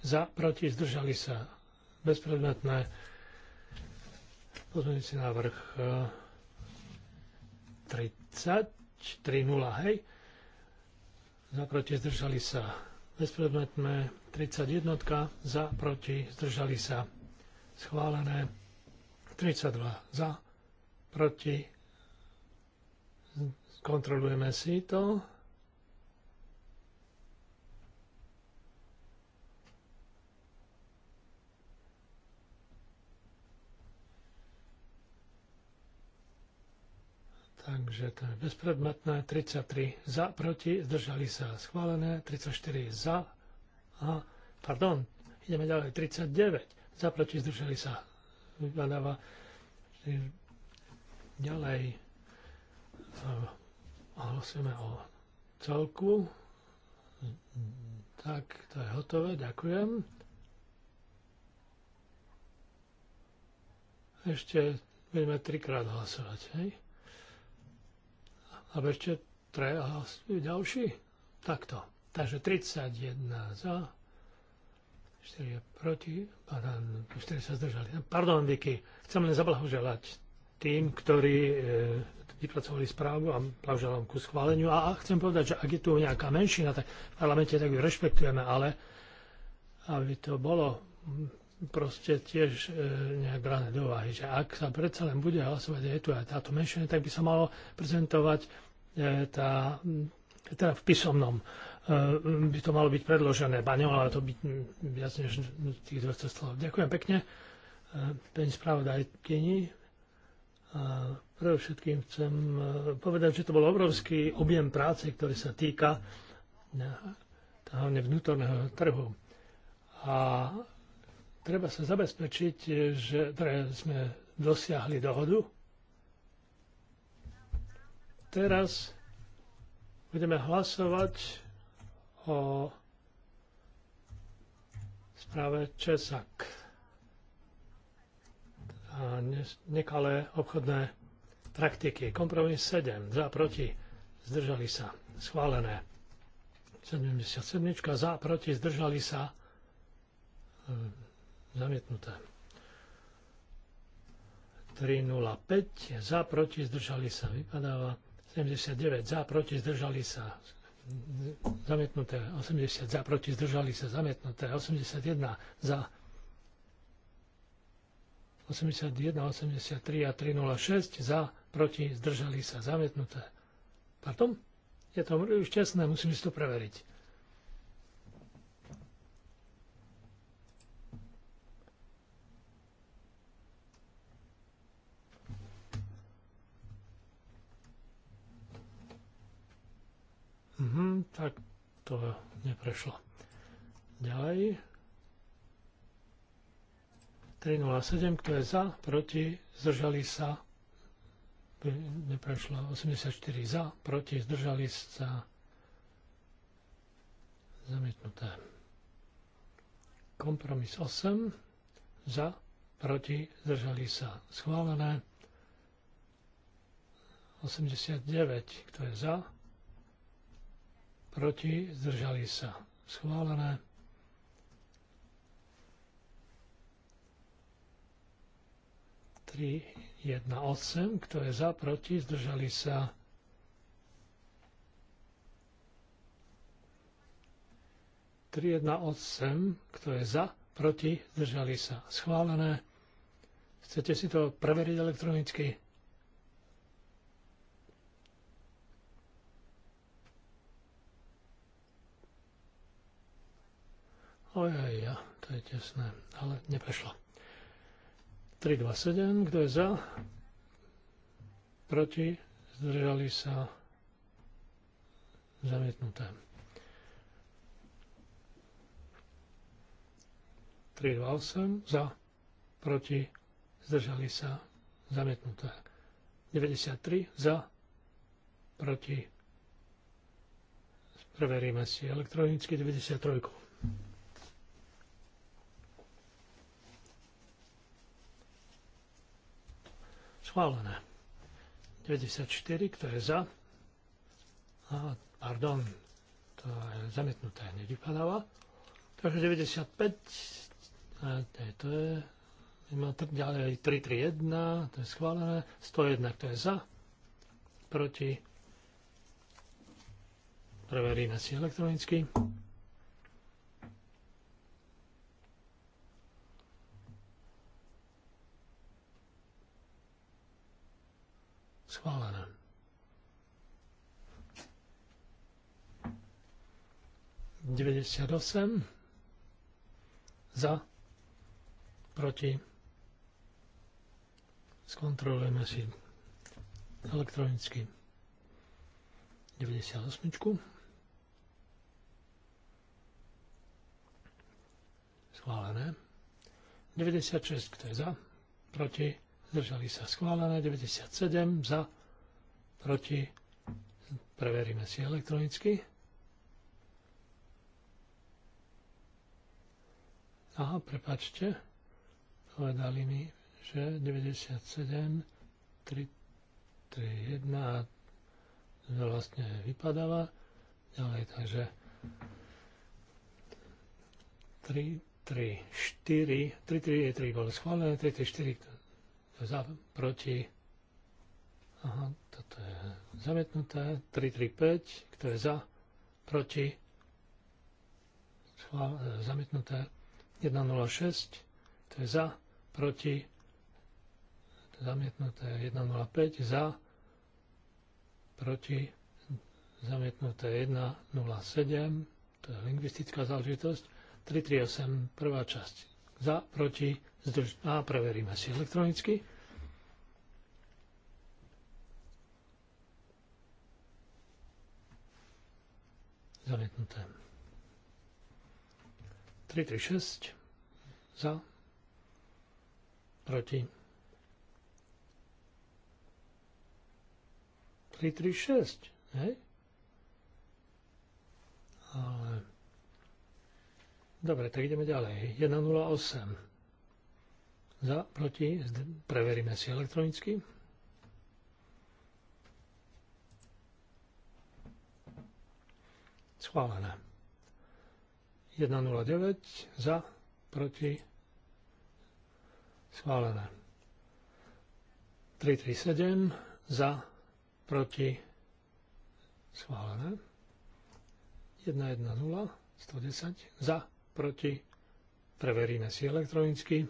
Za, proti, zdržali sa. Bezpredmetné. Pozmeňujúci návrh 30, eh, 3-0, hej. Za proti zdržali sa bezpredmetné 31, za proti zdržali sa schválené 32 za proti kontrolujeme si to Takže to je bezpredmetné. 33 za, proti, zdržali sa schválené. 34 za a, pardon, ideme ďalej. 39 za, proti, zdržali sa vypadáva. E, ďalej e, hlasujeme o celku. Tak, to je hotové, ďakujem. Ešte budeme trikrát hlasovať, hej? A ešte tre a ďalší. Takto. Takže 31 za, 4 proti, pardon, 4 sa zdržali. Pardon, Vicky, chcem len zablahoželať tým, ktorí e, vypracovali správu a blahoželám ku schváleniu. A, a chcem povedať, že ak je tu nejaká menšina tak v parlamente, tak ju rešpektujeme, ale aby to bolo proste tiež e, nejak brať do úvahy, že ak sa predsa len bude hlasovať aj tu aj táto menšina, tak by sa malo prezentovať e, tá, teda v písomnom e, by to malo byť predložené baňou, ale to by viac než tých 200 slov. Ďakujem pekne. E, pani spravodajkyni, pre všetkým chcem e, povedať, že to bol obrovský objem práce, ktorý sa týka e, hlavne vnútorného trhu. A Treba sa zabezpečiť, že teda sme dosiahli dohodu. Teraz budeme hlasovať o správe Česak a nekalé obchodné praktiky. Kompromis 7. Za, proti. Zdržali sa. Schválené. 77. Za, proti. Zdržali sa. Hm. Zamietnuté. 305 za, proti, zdržali sa, vypadáva. 79 za, proti, zdržali sa, zamietnuté. 80 za, proti, zdržali sa, zamietnuté. 81 za, 81, 83 a 306 za, proti, zdržali sa, zamietnuté. Pardon? Je to už čestné, musím si to preveriť. Mhm, tak to neprešlo. Ďalej. 307, kto je za, proti, zdržali sa. Neprešlo. 84 za, proti, zdržali sa. Zamietnuté. Kompromis 8. Za, proti, zdržali sa. Schválené. 89, kto je za, proti, zdržali sa. Schválené. jedna, osem, kto je za, proti, zdržali sa. Tri, jedna, osem, kto je za, proti, zdržali sa. Schválené. Chcete si to preveriť elektronicky? To je tesné, ale neprešlo. 327, kto je za? Proti? Zdržali sa? Zamietnuté. 328, za? Proti? Zdržali sa? Zamietnuté. 93, za? Proti? Preveríme si elektronicky 93. Schválené. 94, kto je za? A, pardon, to je zamietnuté, nevypadáva. Takže 95, a to je, to je ďalej 331, to je schválené, 101, kto je za, proti, preveríme si elektronicky. Schválené. Deväťdesiat osm? Za. Proti. Skontrolujeme si elektronicky 98. Schválené. 96, kto je za, proti, zdržali sa schválené, 97 za, proti, preveríme si elektronicky. Aha, prepačte, povedali mi, že 97, 3, 3, 1 a vlastne vypadáva ďalej, takže 3, 3, 4, 3, 3, je 3 bolo schválené, 3, 3, 4 za, proti, aha, toto je zamietnuté, 335, kto je za, proti, e, zamietnuté, 106, kto je za, proti, zamietnuté 105, za, proti, zamietnuté 107, to je lingvistická záležitosť, 338, prvá časť, za, proti, Zdrž... A preveríme si elektronicky. Zamietnuté. 336 za, proti. 336, hej? Ale... Dobre, tak ideme ďalej. 108. Za, proti, preveríme si elektronicky. Schválené. 109 za, proti, schválené. 337 za, proti, schválené. 110 110 za, proti, preveríme si elektronicky.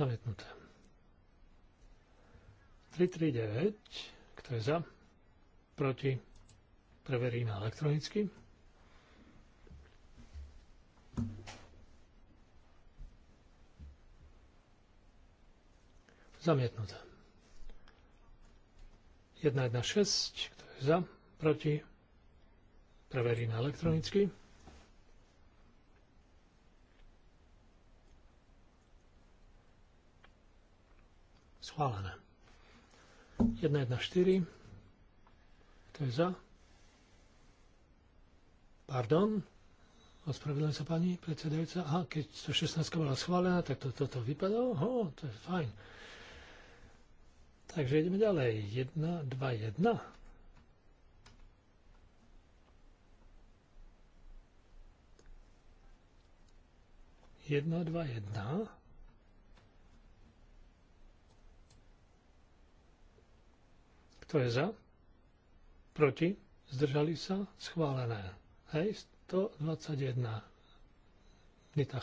Zamietnuté. 339, kto je za? Proti? Preveríme elektronicky. Zamietnuté. 116, kto je za? Proti? Preveríme elektronicky. schválené. 114. Kto je za? Pardon. Ospravedlňujem sa pani predsedajúca. Aha, keď 116 bola schválená, tak toto to, to vypadalo. Ho, to je fajn. Takže ideme ďalej. 1, 2, 1. Jedna, dva, jedna. Kto je za? Proti? Zdržali sa? Schválené. Hej, 121. Nita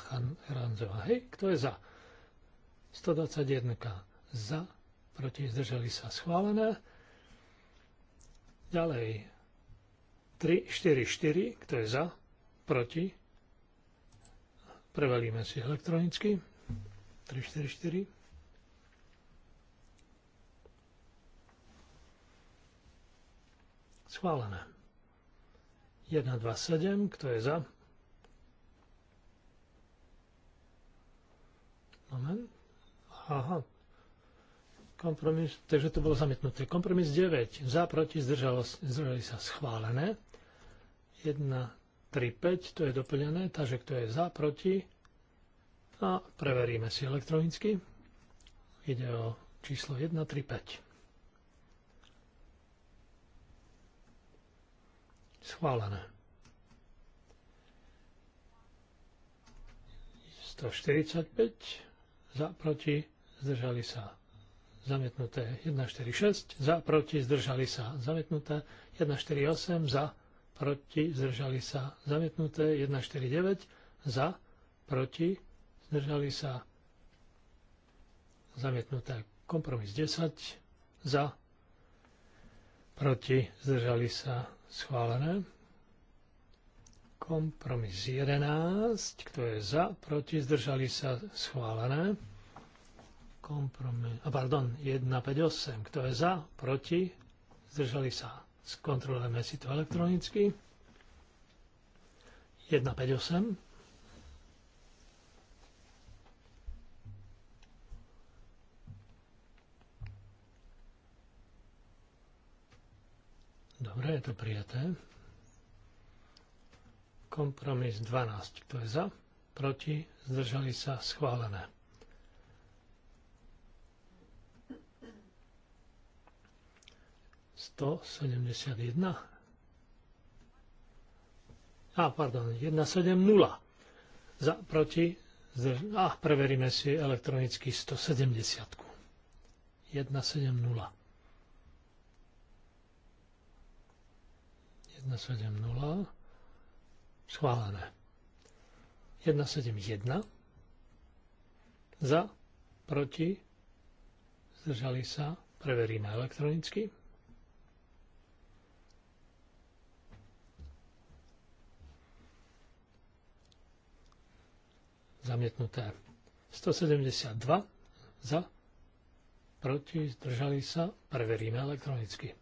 Ranzová. Hej, kto je za? 121. Za, proti, zdržali sa. Schválené. Ďalej. 3, 4, 4. Kto je za? Proti. Prevelíme si elektronicky. 3, 4, 4. Schválené. 1, 2, 7. Kto je za? Moment. Aha. Kompromis, takže to bolo zamietnuté. Kompromis 9. Za, proti, zdržalo, zdržali sa schválené. 1, 3, 5. To je doplnené. Takže kto je za, proti. A preveríme si elektronicky. Ide o číslo 1, 3, 5. Schválené. 145 za, proti, zdržali sa. Zamietnuté 146 za, proti, zdržali sa. Zamietnuté 148 za, proti, zdržali sa. Zamietnuté 149 za, proti, zdržali sa. Zamietnuté kompromis 10 za, proti, zdržali sa Schválené. Kompromis 11. Kto je za? Proti? Zdržali sa? Schválené. Kompromis... A pardon, 158. Kto je za? Proti? Zdržali sa? Skontrolujeme si to elektronicky. 158. Dobre, je to prijaté. Kompromis 12. To je za? Proti? Zdržali sa? Schválené. Sto sedemdesiat jedna. A, pardon, 170. Za, proti, zdrž... A, preveríme si elektronicky 170. 170. 170. Schválené. 171. Za, proti, zdržali sa, preveríme elektronicky. Zamietnuté. 172 za, proti, zdržali sa, preveríme elektronicky.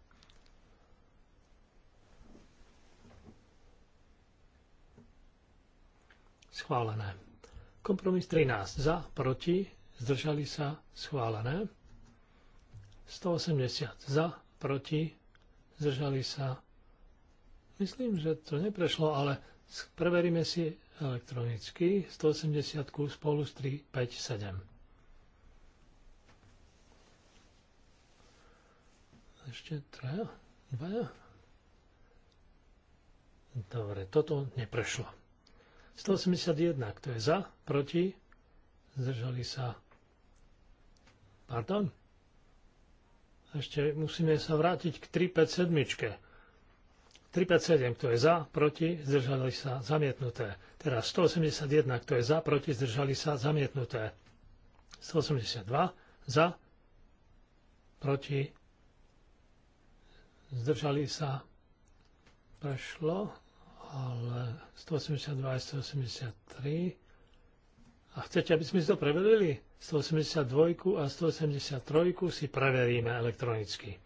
schválené. Kompromis 13 za, proti, zdržali sa, schválené. 180 za, proti, zdržali sa. Myslím, že to neprešlo, ale preveríme si elektronicky 180 spolu s 7. Ešte 3, 2. Dobre, toto neprešlo. 181, kto je za, proti, zdržali sa. Pardon? Ešte musíme sa vrátiť k 357. 357, kto je za, proti, zdržali sa, zamietnuté. Teraz 181, kto je za, proti, zdržali sa, zamietnuté. 182, za, proti, zdržali sa, prešlo, ale 182 a 183. A chcete, aby sme si to preverili? 182 a 183 si preveríme elektronicky.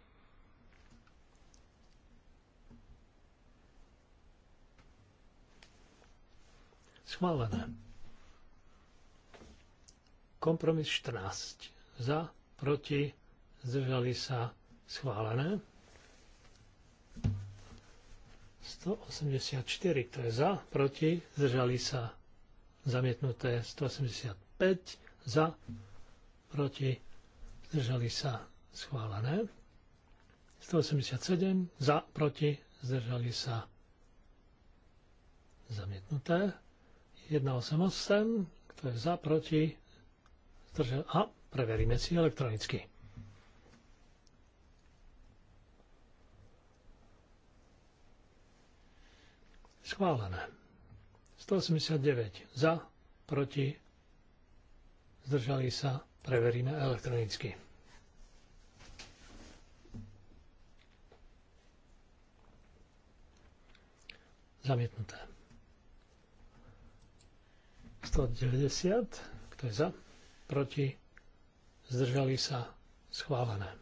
Schválené. Kompromis 14. Za, proti, zdržali sa, schválené. 184, to je za, proti, zdržali sa zamietnuté 185, za, proti, zdržali sa schválené. 187, za, proti, zdržali sa zamietnuté. 188, kto je za, proti, zdržali... A, preveríme si elektronicky. Schválené. 189 za, proti, zdržali sa, preveríme elektronicky. Zamietnuté. 190, kto je za, proti, zdržali sa, schválené.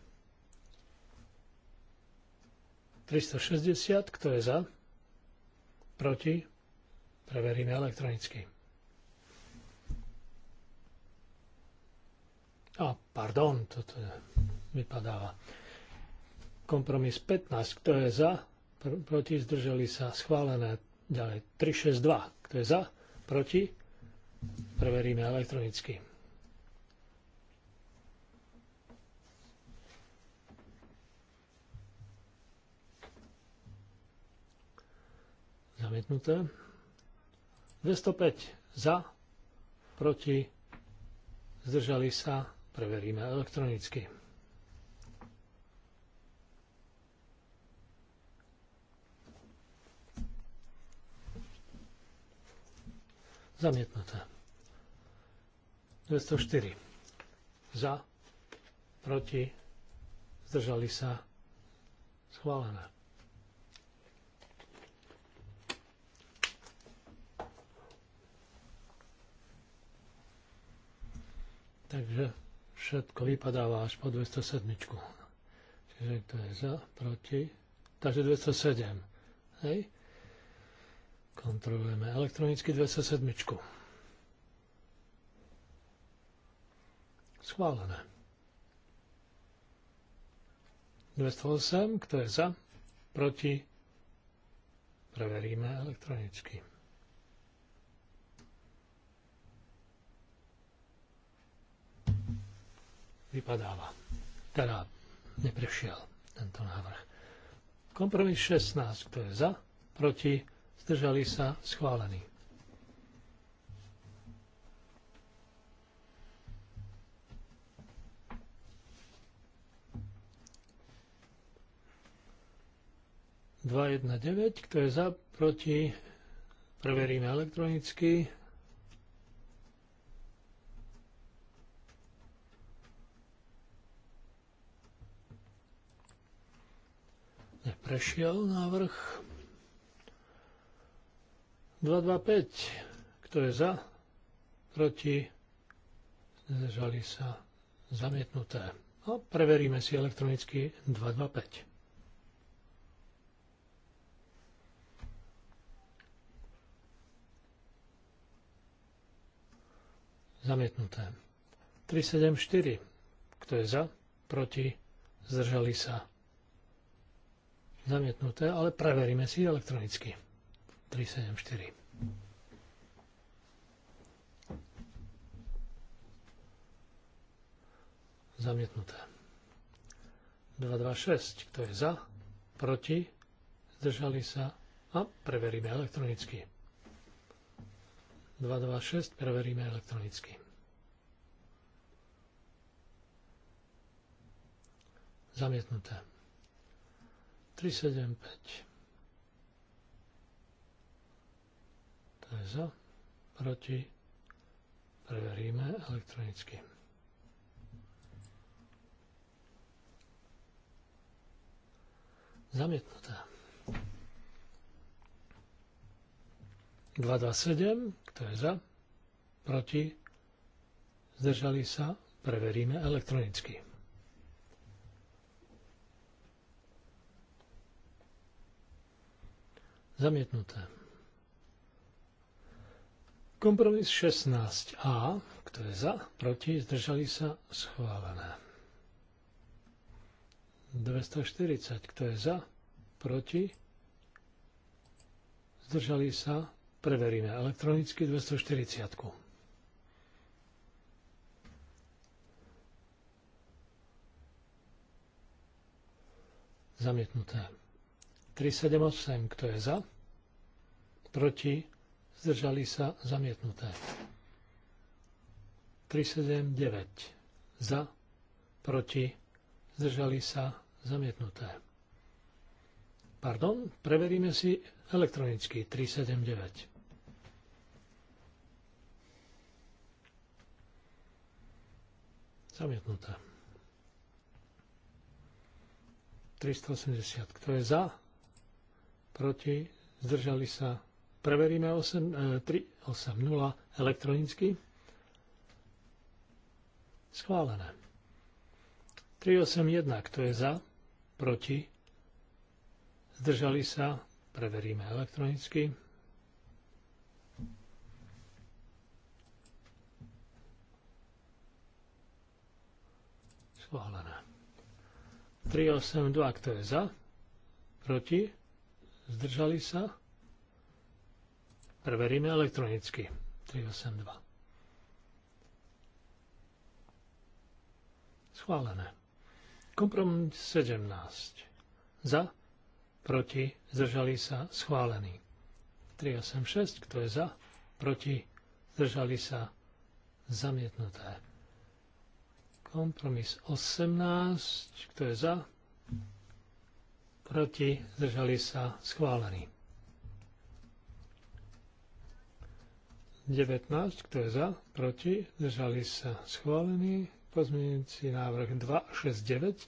360, kto je za, Proti? Preveríme elektronicky. A pardon, toto vypadáva. Kompromis 15, kto je za? Pr- proti? Zdržali sa schválené. Ďalej 362, kto je za? Proti? Preveríme elektronicky. Zamietnuté. 205 za, proti, zdržali sa, preveríme elektronicky. Zamietnuté. 204. Za, proti, zdržali sa, schválené. Takže všetko vypadáva až po 207. Čiže to je za, proti. Takže 207. Hej. Kontrolujeme elektronicky 207. Schválené. 208, kto je za, proti. Preveríme elektronicky. vypadáva. Teda neprešiel tento návrh. Kompromis 16, kto je za, proti, zdržali sa, schválený. Dva, jedna, deväť, kto je za, proti, preveríme elektronicky, Neprešiel návrh. 225. Kto je za? Proti? Zdržali sa zamietnuté. No, preveríme si elektronicky 225. Zamietnuté. 374. Kto je za? Proti? Zdržali sa zamietnuté, ale preveríme si elektronicky. 374. Zamietnuté. 226. Kto je za? Proti? Zdržali sa? A preveríme elektronicky. 226. Preveríme elektronicky. Zamietnuté. 375. To je za, proti, preveríme elektronicky. Zamietnuté. 227, kto je za, proti, zdržali sa, preveríme elektronicky. Zamietnuté. Kompromis 16a, kto je za, proti, zdržali sa, schválené. 240, kto je za, proti, zdržali sa, preveríme elektronicky 240. -ku. Zamietnuté. 378, kto je za? Proti? Zdržali sa zamietnuté. 379 za, proti, zdržali sa zamietnuté. Pardon, preveríme si elektronicky 379. Zamietnuté. 380. Kto je za? proti, zdržali sa. Preveríme 8, 3, 8, 0 elektronicky. Schválené. 381, kto je za, proti, zdržali sa, preveríme elektronicky. Schválené. 382, kto je za, proti, Zdržali sa? Preveríme elektronicky. 382. Schválené. Kompromis 17. Za, proti, zdržali sa, schválený. 386, kto je za, proti, zdržali sa, zamietnuté. Kompromis 18, kto je za, proti, zdržali sa, schválení. 19, kto je za, proti, zdržali sa, schválený. Pozmienujúci návrh 269,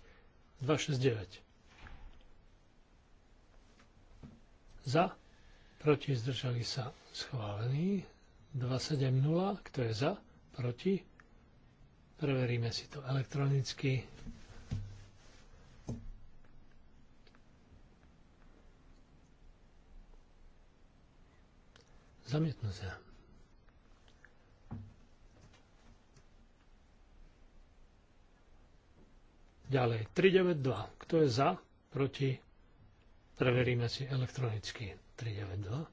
269. Za, proti, zdržali sa, schválení. 270, kto je za, proti, preveríme si to elektronicky. sa. Ďalej, 392. Kto je za? Proti? Preveríme si elektronicky. 392.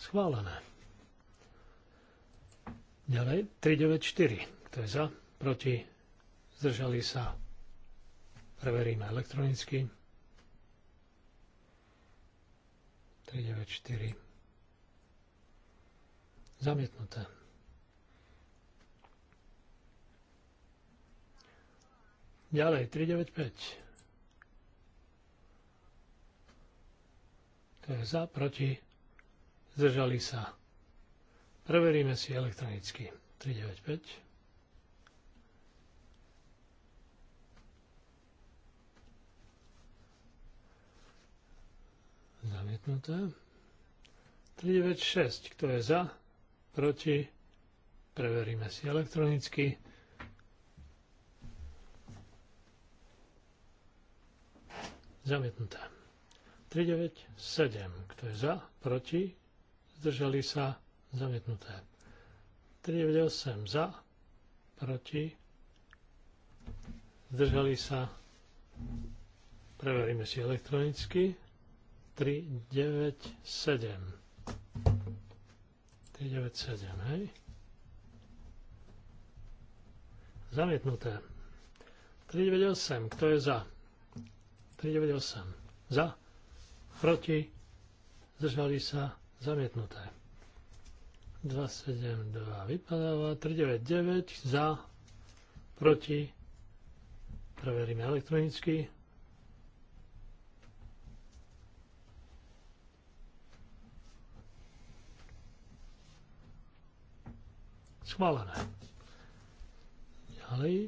Schválené. Ďalej, 394. Kto je za? Proti? Zdržali sa? Preveríme elektronicky. 394. Zamietnuté. Ďalej, 395. To je za, proti, zdržali sa. Preveríme si elektronicky. 395. Zamietnuté. 396, kto je za, proti, preveríme si elektronicky. Zamietnuté. 397, kto je za, proti, zdržali sa, zamietnuté. 398 za, proti, zdržali sa, preveríme si elektronicky. 397. 397, hej? Zamietnuté. 398, kto je za? 398. Za, proti, zdržali sa, zamietnuté. 272 vypadáva, 399 za, proti, preveríme elektronicky, Schválené. Ďalej,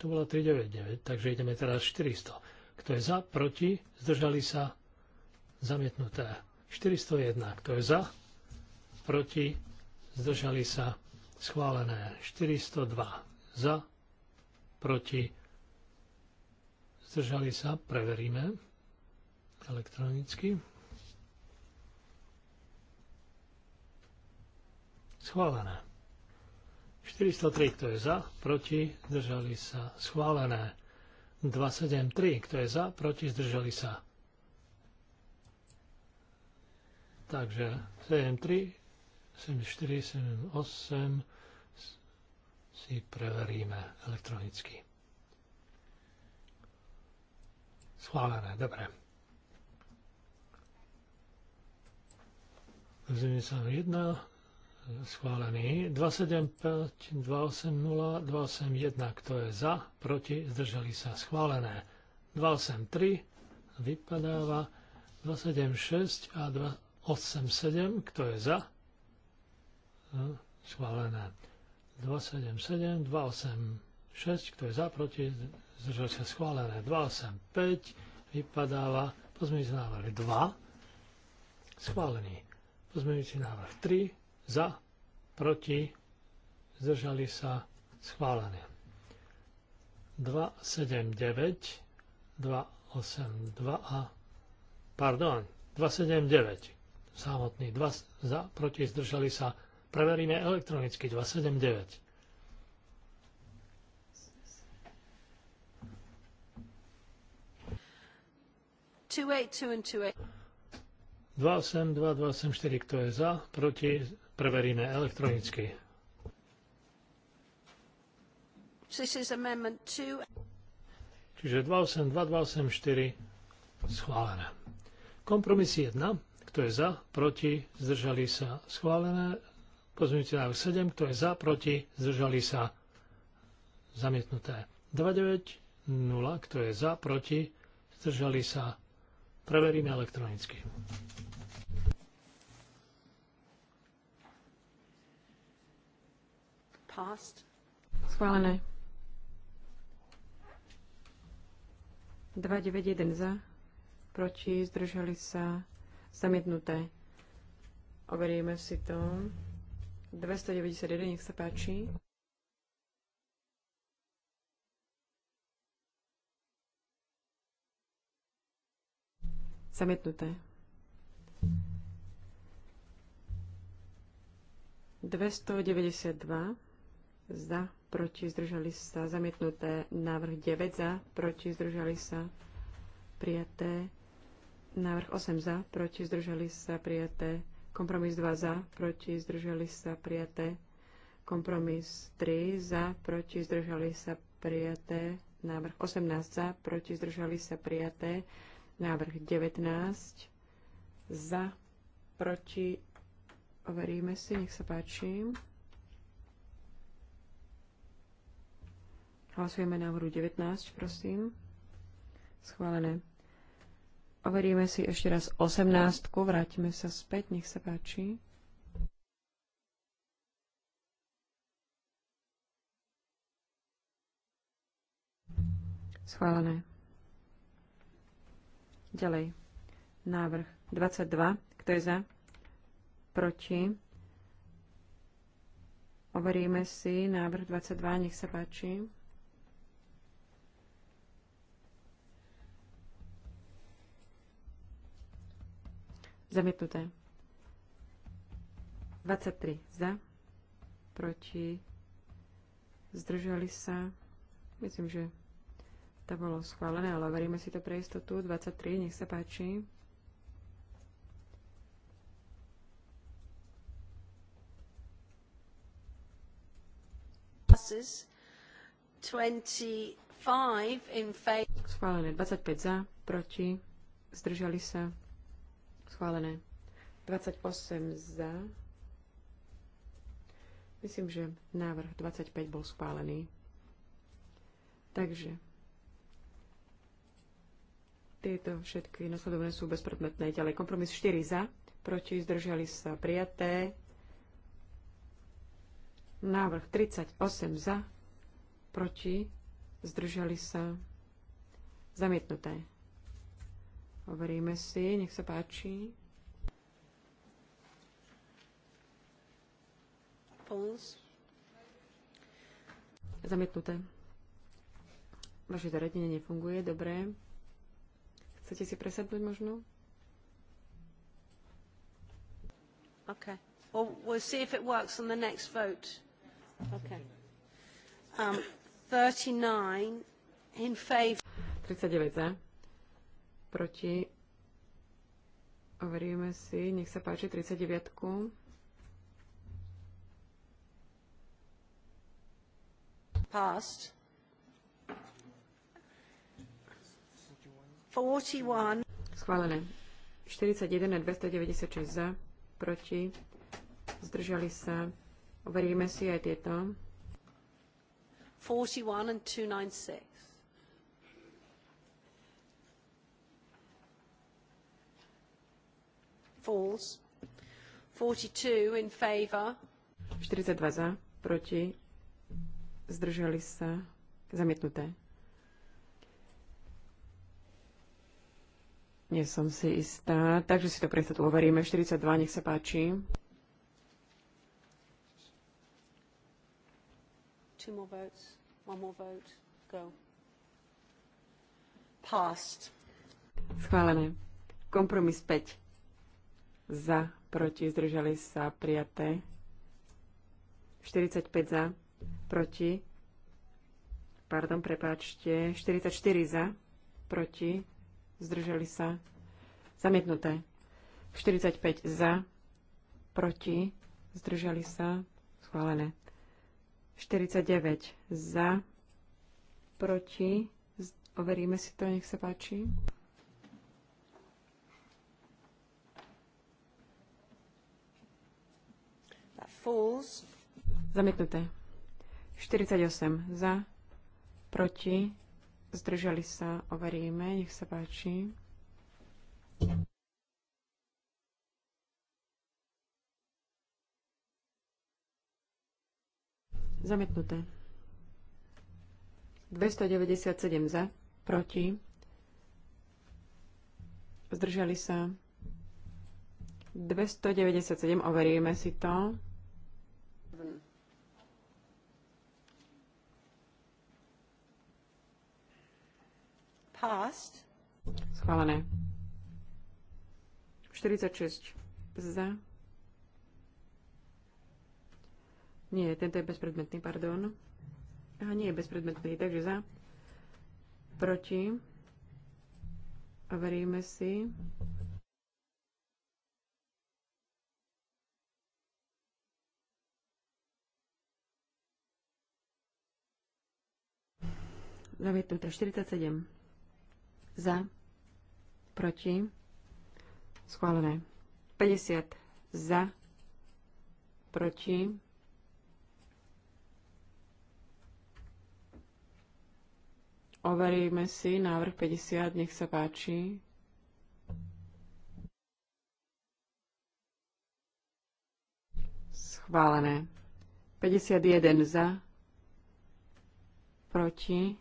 to bola 399, takže ideme teraz 400. Kto je za, proti, zdržali sa, zamietnuté. 401, kto je za, proti, zdržali sa, schválené. 402, za, proti, zdržali sa, preveríme elektronicky. Schválené. 403, kto je za, proti, zdržali sa. Schválené. 273, kto je za, proti, zdržali sa. Takže 73, 74, 78 si preveríme elektronicky. Schválené, dobre. jedna schválený. 275, 280, 281, kto je za, proti, zdržali sa, schválené. 283 vypadáva, 276 a 287, kto je za, no, schválené. 277, 286, kto je za, proti, zdržali sa, schválené. 285 vypadáva, pozmeňujúci návrh 2, schválený. Pozmeňujúci návrh 3, za, proti, zdržali sa schválené. 279, 282 a pardon, 279 samotný, 2 za, proti, zdržali sa. Preveríme elektronicky 279. Two eight two and two eight. 282, 284, kto je za, proti, preveríme elektronicky. Čiže 282, 284 schválené. Kompromis 1, kto je za, proti, zdržali sa schválené. Pozmeňujúci na 7, kto je za, proti, zdržali sa zamietnuté. 290, kto je za, proti, zdržali sa. Preveríme elektronicky. cost? Schválené. 291 za, proti, zdržali sa, zamietnuté. Overíme si to. 291, nech sa páči. Zamietnuté. 292 za, proti, zdržali sa, zamietnuté. Návrh 9 za, proti, zdržali sa, prijaté. Návrh 8 za, proti, zdržali sa, prijaté. Kompromis 2 za, proti, zdržali sa, prijaté. Kompromis 3 za, proti, zdržali sa, prijaté. Návrh 18 za, proti, zdržali sa, prijaté. Návrh 19 za, proti, overíme si, nech sa páči. Hlasujeme návrhu 19, prosím. Schválené. Overíme si ešte raz 18. Vrátime sa späť, nech sa páči. Schválené. Ďalej. Návrh 22. Kto je za? Proti. Overíme si návrh 22. Nech sa páči. Zamietnuté. 23 za, proti, zdržali sa. Myslím, že to bolo schválené, ale veríme si to pre istotu. 23, nech sa páči. passes. 25 in favor. Schválené 25 za, proti, zdržali sa, Schválené. 28 za. Myslím, že návrh 25 bol schválený. Takže tieto všetky nasledovné sú bezpredmetné. Ďalej kompromis 4 za, proti zdržali sa prijaté. Návrh 38 za, proti zdržali sa zamietnuté. Overíme si, nech sa páči. Pons. Zamietnuté. Vaše zariadenie nefunguje, dobre. Chcete si presadnúť možno? OK. Well, we'll see if it works on the next vote. OK. Um, 39 in favor. 39 za proti. Overíme si, nech sa páči 39. -ku. Passed. 41. Schválené. 41 na 296 za, proti, zdržali sa. Overíme si aj tieto. 41 and 296. falls. 42 in favor. 42 za, proti, zdržali sa, zamietnuté. Nie som si istá, takže si to pre istotu overíme. 42, nech sa páči. Two more votes, one more vote, go. Passed. Schválené. Kompromis 5 za, proti, zdržali sa prijaté. 45 za, proti, pardon, prepáčte, 44 za, proti, zdržali sa, zamietnuté. 45 za, proti, zdržali sa, schválené. 49 za, proti, overíme si to, nech sa páči. falls. Zamietnuté. 48 za, proti, zdržali sa, overíme, nech sa páči. Zamietnuté. 297 za, proti, zdržali sa, 297, overíme si to. Passed. Schválené. 46 za. Nie, tento je bezpredmetný, pardon. A nie je bezpredmetný, takže za. Proti. A Veríme si. Zamietnuté 47 za, proti, schválené. 50 za, proti, overíme si návrh 50, nech sa páči. Schválené. 51 za, proti,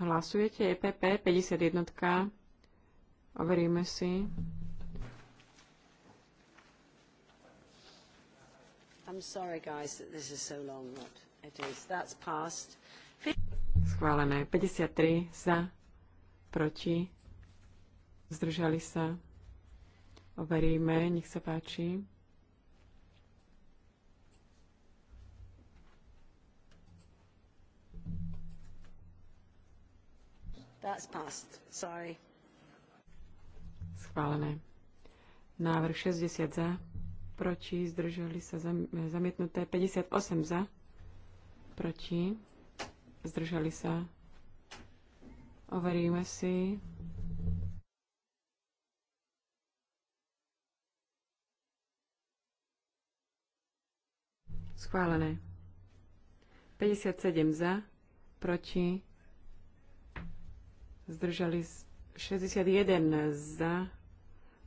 Hlasujete EPP 51. Overíme si. I'm sorry, guys, that this is so long. but it is. That's passed. Schválené. 53 za, proti, zdržali sa. Overíme, nech sa páči. That's passed. Sorry. Schválené. Návrh 60 za, proti, zdržali sa zamietnuté 58 za, proti, zdržali sa. Overíme si. Schválené. 57 za, proti, zdržali 61 za,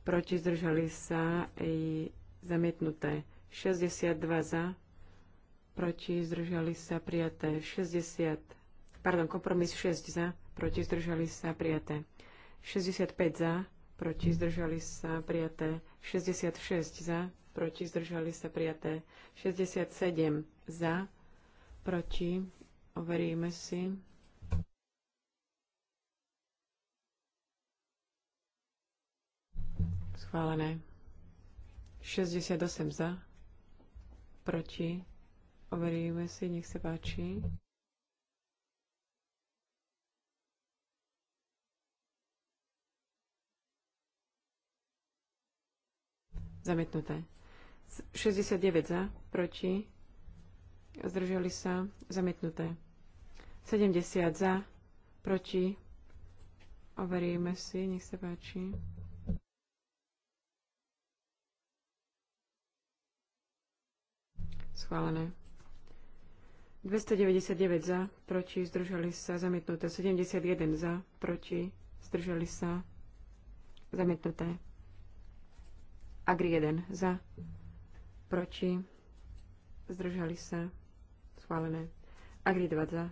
proti zdržali sa i zamietnuté 62 za, proti zdržali sa prijaté 60, pardon, kompromis 6 za, proti zdržali sa prijaté 65 za, proti zdržali sa prijaté 66 za, proti zdržali sa prijaté 67 za, proti, overíme si, Schválené. 68 za. Proti. Overíme si, nech sa páči. Zamietnuté. 69 za, proti, zdržali sa, zamietnuté. 70 za, proti, overíme si, nech sa páči. schválené. 299 za, proti, zdržali sa, zamietnuté. 71 za, proti, zdržali sa, zamietnuté. Agri 1 za, proti, zdržali sa, schválené. Agri 2 za,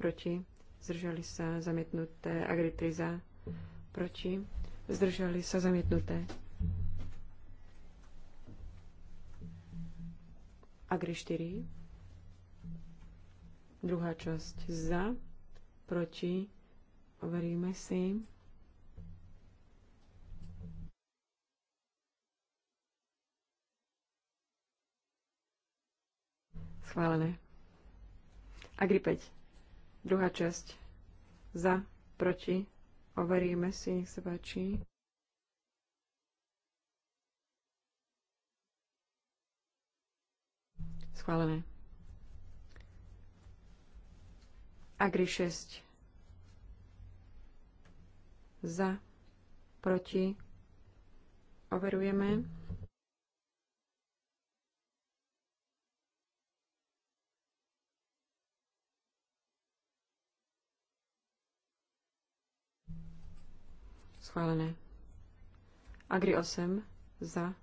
proti, zdržali sa, zamietnuté. Agri 3 za, proti, zdržali sa, zamietnuté. Agri 4. Druhá časť za, proti, overíme si. Schválené. Agri 5. Druhá časť. Za, proti. Overíme si, nech sa páči. Schválené. Agri 6. Za. Proti. Overujeme. Schválené. Agri 8. Za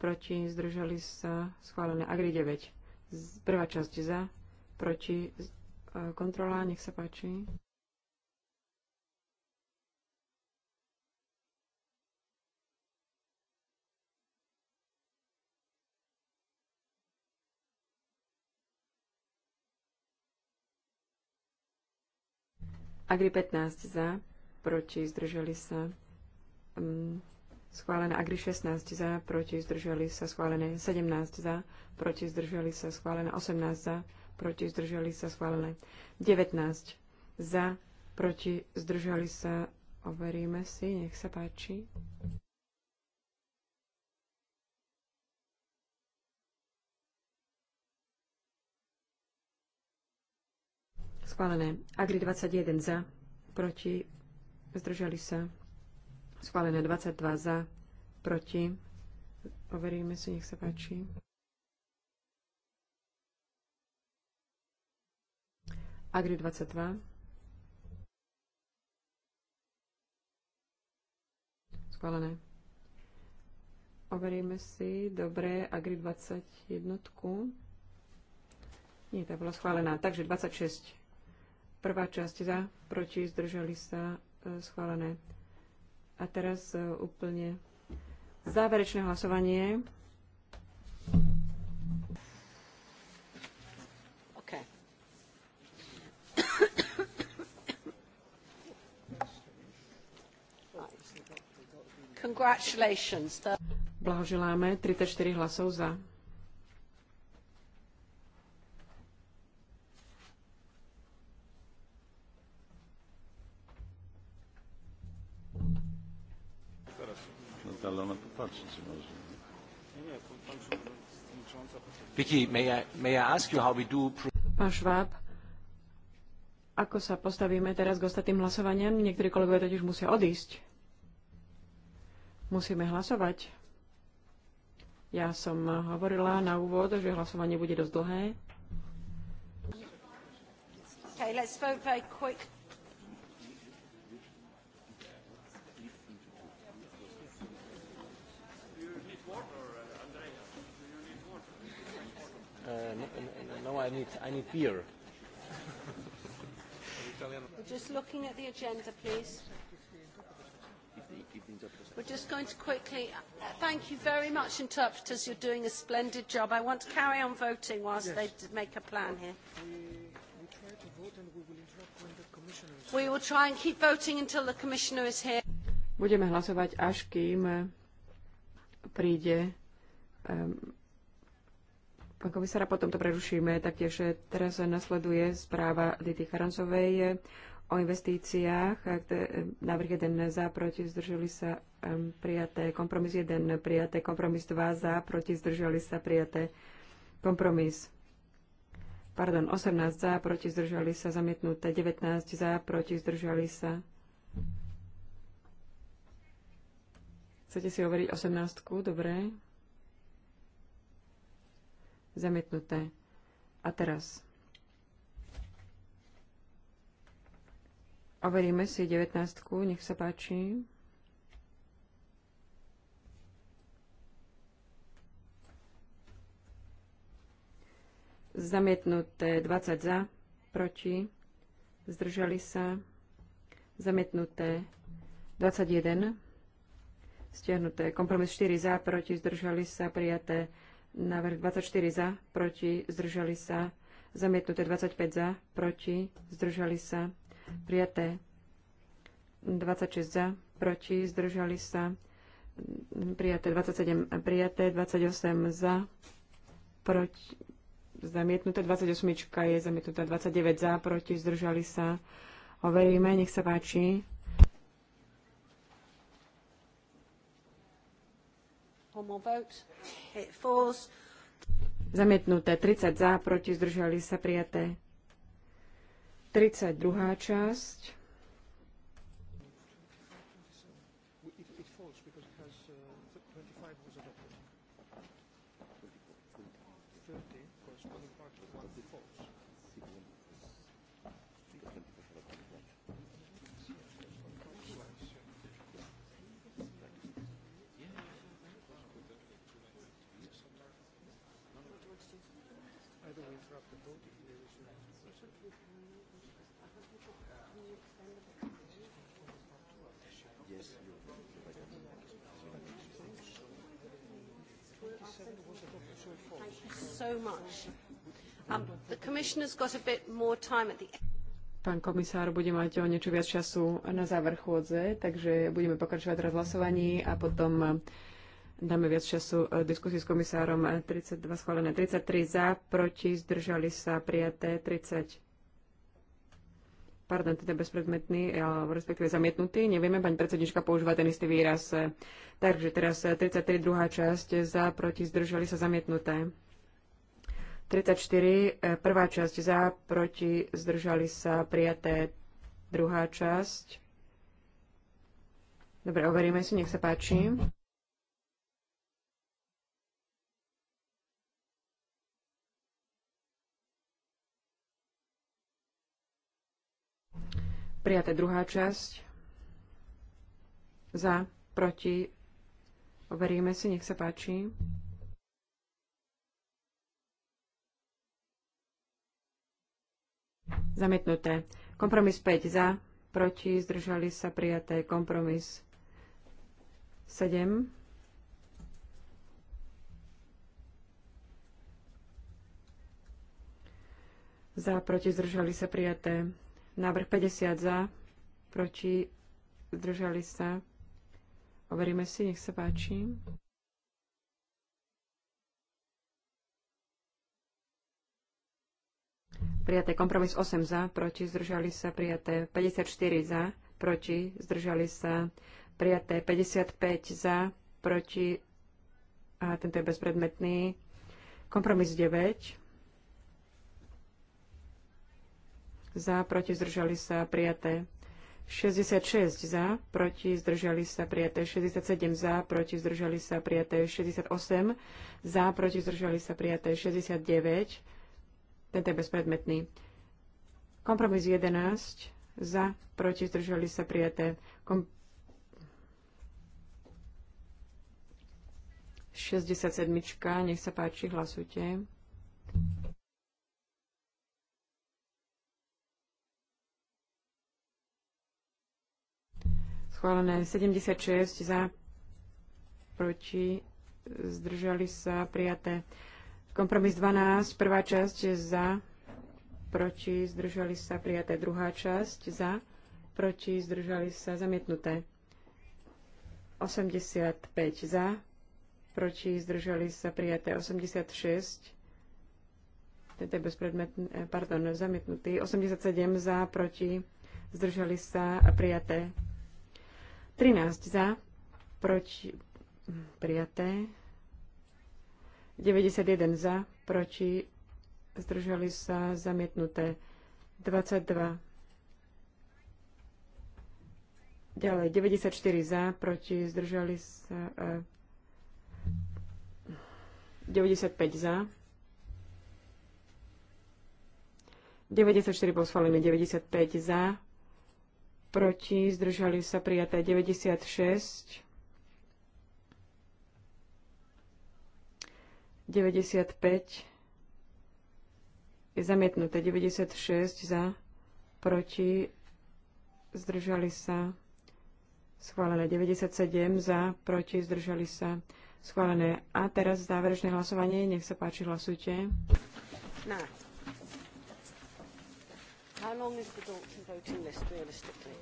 proti, zdržali sa, schválené. Agri 9, prvá časť za, proti, e, kontrola, nech sa páči. Agri 15 za, proti, zdržali sa. Mm, schválené Agri 16 za, proti zdržali sa schválené 17 za, proti zdržali sa schválené 18 za, proti zdržali sa schválené 19 za, proti zdržali sa, overíme si, nech sa páči. Schválené. Agri 21 za, proti zdržali sa Schválené 22 za, proti. Overíme si, nech sa páči. Agri 22. Schválené. Overíme si, dobre, Agri 21. Nie, tá bola schválená. Takže 26. Prvá časť za, proti, zdržali sa, e, schválené a teraz e, úplne záverečné hlasovanie. Congratulations. Blahoželáme 34 hlasov za. Vicky, may I, may I ask you how we do... Pán Šváb, ako sa postavíme teraz k ostatným hlasovaniam? Niektorí kolegovia totiž musia odísť. Musíme hlasovať. Ja som hovorila na úvod, že hlasovanie bude dosť dlhé. Okay, let's vote very quick. No, no, no, I need, I need beer. We're just looking at the agenda, please. We're just going to quickly, uh, thank you very much, interpreters. You're doing a splendid job. I want to carry on voting whilst yes. they make a plan here. We, we, try to vote and we will interrupt when the commissioner is here. We will try and keep voting until the commissioner is here. Budeme hlasovať, až kým príde um, Pán komisára, potom to prerušíme. Taktiež eh, teraz nasleduje správa Dity Charancovej eh, o investíciách. Eh, návrh 1 za, proti, zdržali sa ehm, prijaté. Kompromis 1 prijaté. Kompromis 2 za, proti, zdržali sa prijaté. Kompromis. Pardon, 18 za, proti, zdržali sa zamietnuté. 19 za, proti, zdržali sa. Chcete si overiť 18? Dobre. Zamietnuté. A teraz overíme si 19. Nech sa páči. Zamietnuté 20 za, proti, zdržali sa. Zamietnuté 21, stiahnuté kompromis 4 za, proti, zdržali sa, prijaté Návrh 24 za, proti, zdržali sa. Zamietnuté 25 za, proti, zdržali sa. Prijaté 26 za, proti, zdržali sa. Prijaté 27, prijaté 28 za, proti, zamietnuté 28 je zamietnutá 29 za, proti, zdržali sa. Overíme, nech sa páči. One more vote. It falls. Zamietnuté 30 za, proti zdržali sa prijaté. 32. časť. Um, Pán komisár bude mať o niečo viac času na záver chôdze, takže budeme pokračovať teraz v hlasovaní a potom dáme viac času e, diskusii s komisárom. 32 e, schválené, 33 za, proti, zdržali sa prijaté, 30 pardon, teda bezpredmetný, e, respektíve zamietnutý. Nevieme, pani predsednička používa ten istý výraz. Takže teraz 33. druhá časť za, proti, zdržali sa zamietnuté. 34. prvá časť za, proti, zdržali sa prijaté. Druhá časť. Dobre, overíme si, nech sa páči. Prijaté druhá časť. Za, proti. Overíme si, nech sa páči. Zamietnuté. Kompromis 5 za, proti, zdržali sa prijaté. Kompromis 7. Za, proti, zdržali sa prijaté. Návrh 50 za, proti, zdržali sa. Overíme si, nech sa páči. Prijaté kompromis 8 za, proti, zdržali sa. Prijaté 54 za, proti, zdržali sa. Prijaté 55 za, proti, a tento je bezpredmetný. Kompromis 9 za, proti, zdržali sa, prijaté. 66 za, proti, zdržali sa, prijaté. 67 za, proti, zdržali sa, prijaté. 68 za, proti, zdržali sa, prijaté. 69, tento je bezpredmetný. Kompromis 11 za, proti, zdržali sa, prijaté. Kom- 67, nech sa páči, hlasujte. Schválené 76 za, proti, zdržali sa, prijaté. Kompromis 12, prvá časť za, proti, zdržali sa, prijaté. Druhá časť za, proti, zdržali sa, zamietnuté. 85 za, proti, zdržali sa, prijaté. 86 je bezpredmetný, eh, pardon, zamietnutý, 87 za, proti, zdržali sa a prijaté 13 za, proti, prijaté. 91 za, proti, zdržali sa zamietnuté. 22. Ďalej, 94 za, proti, zdržali sa. E, 95 za. 94 bol schválený, 95 za, proti, zdržali sa prijaté 96, 95 je zamietnuté, 96 za, proti, zdržali sa schválené, 97 za, proti, zdržali sa schválené. A teraz záverečné hlasovanie, nech sa páči, hlasujte. No. How long is the Dalton voting list, realistically?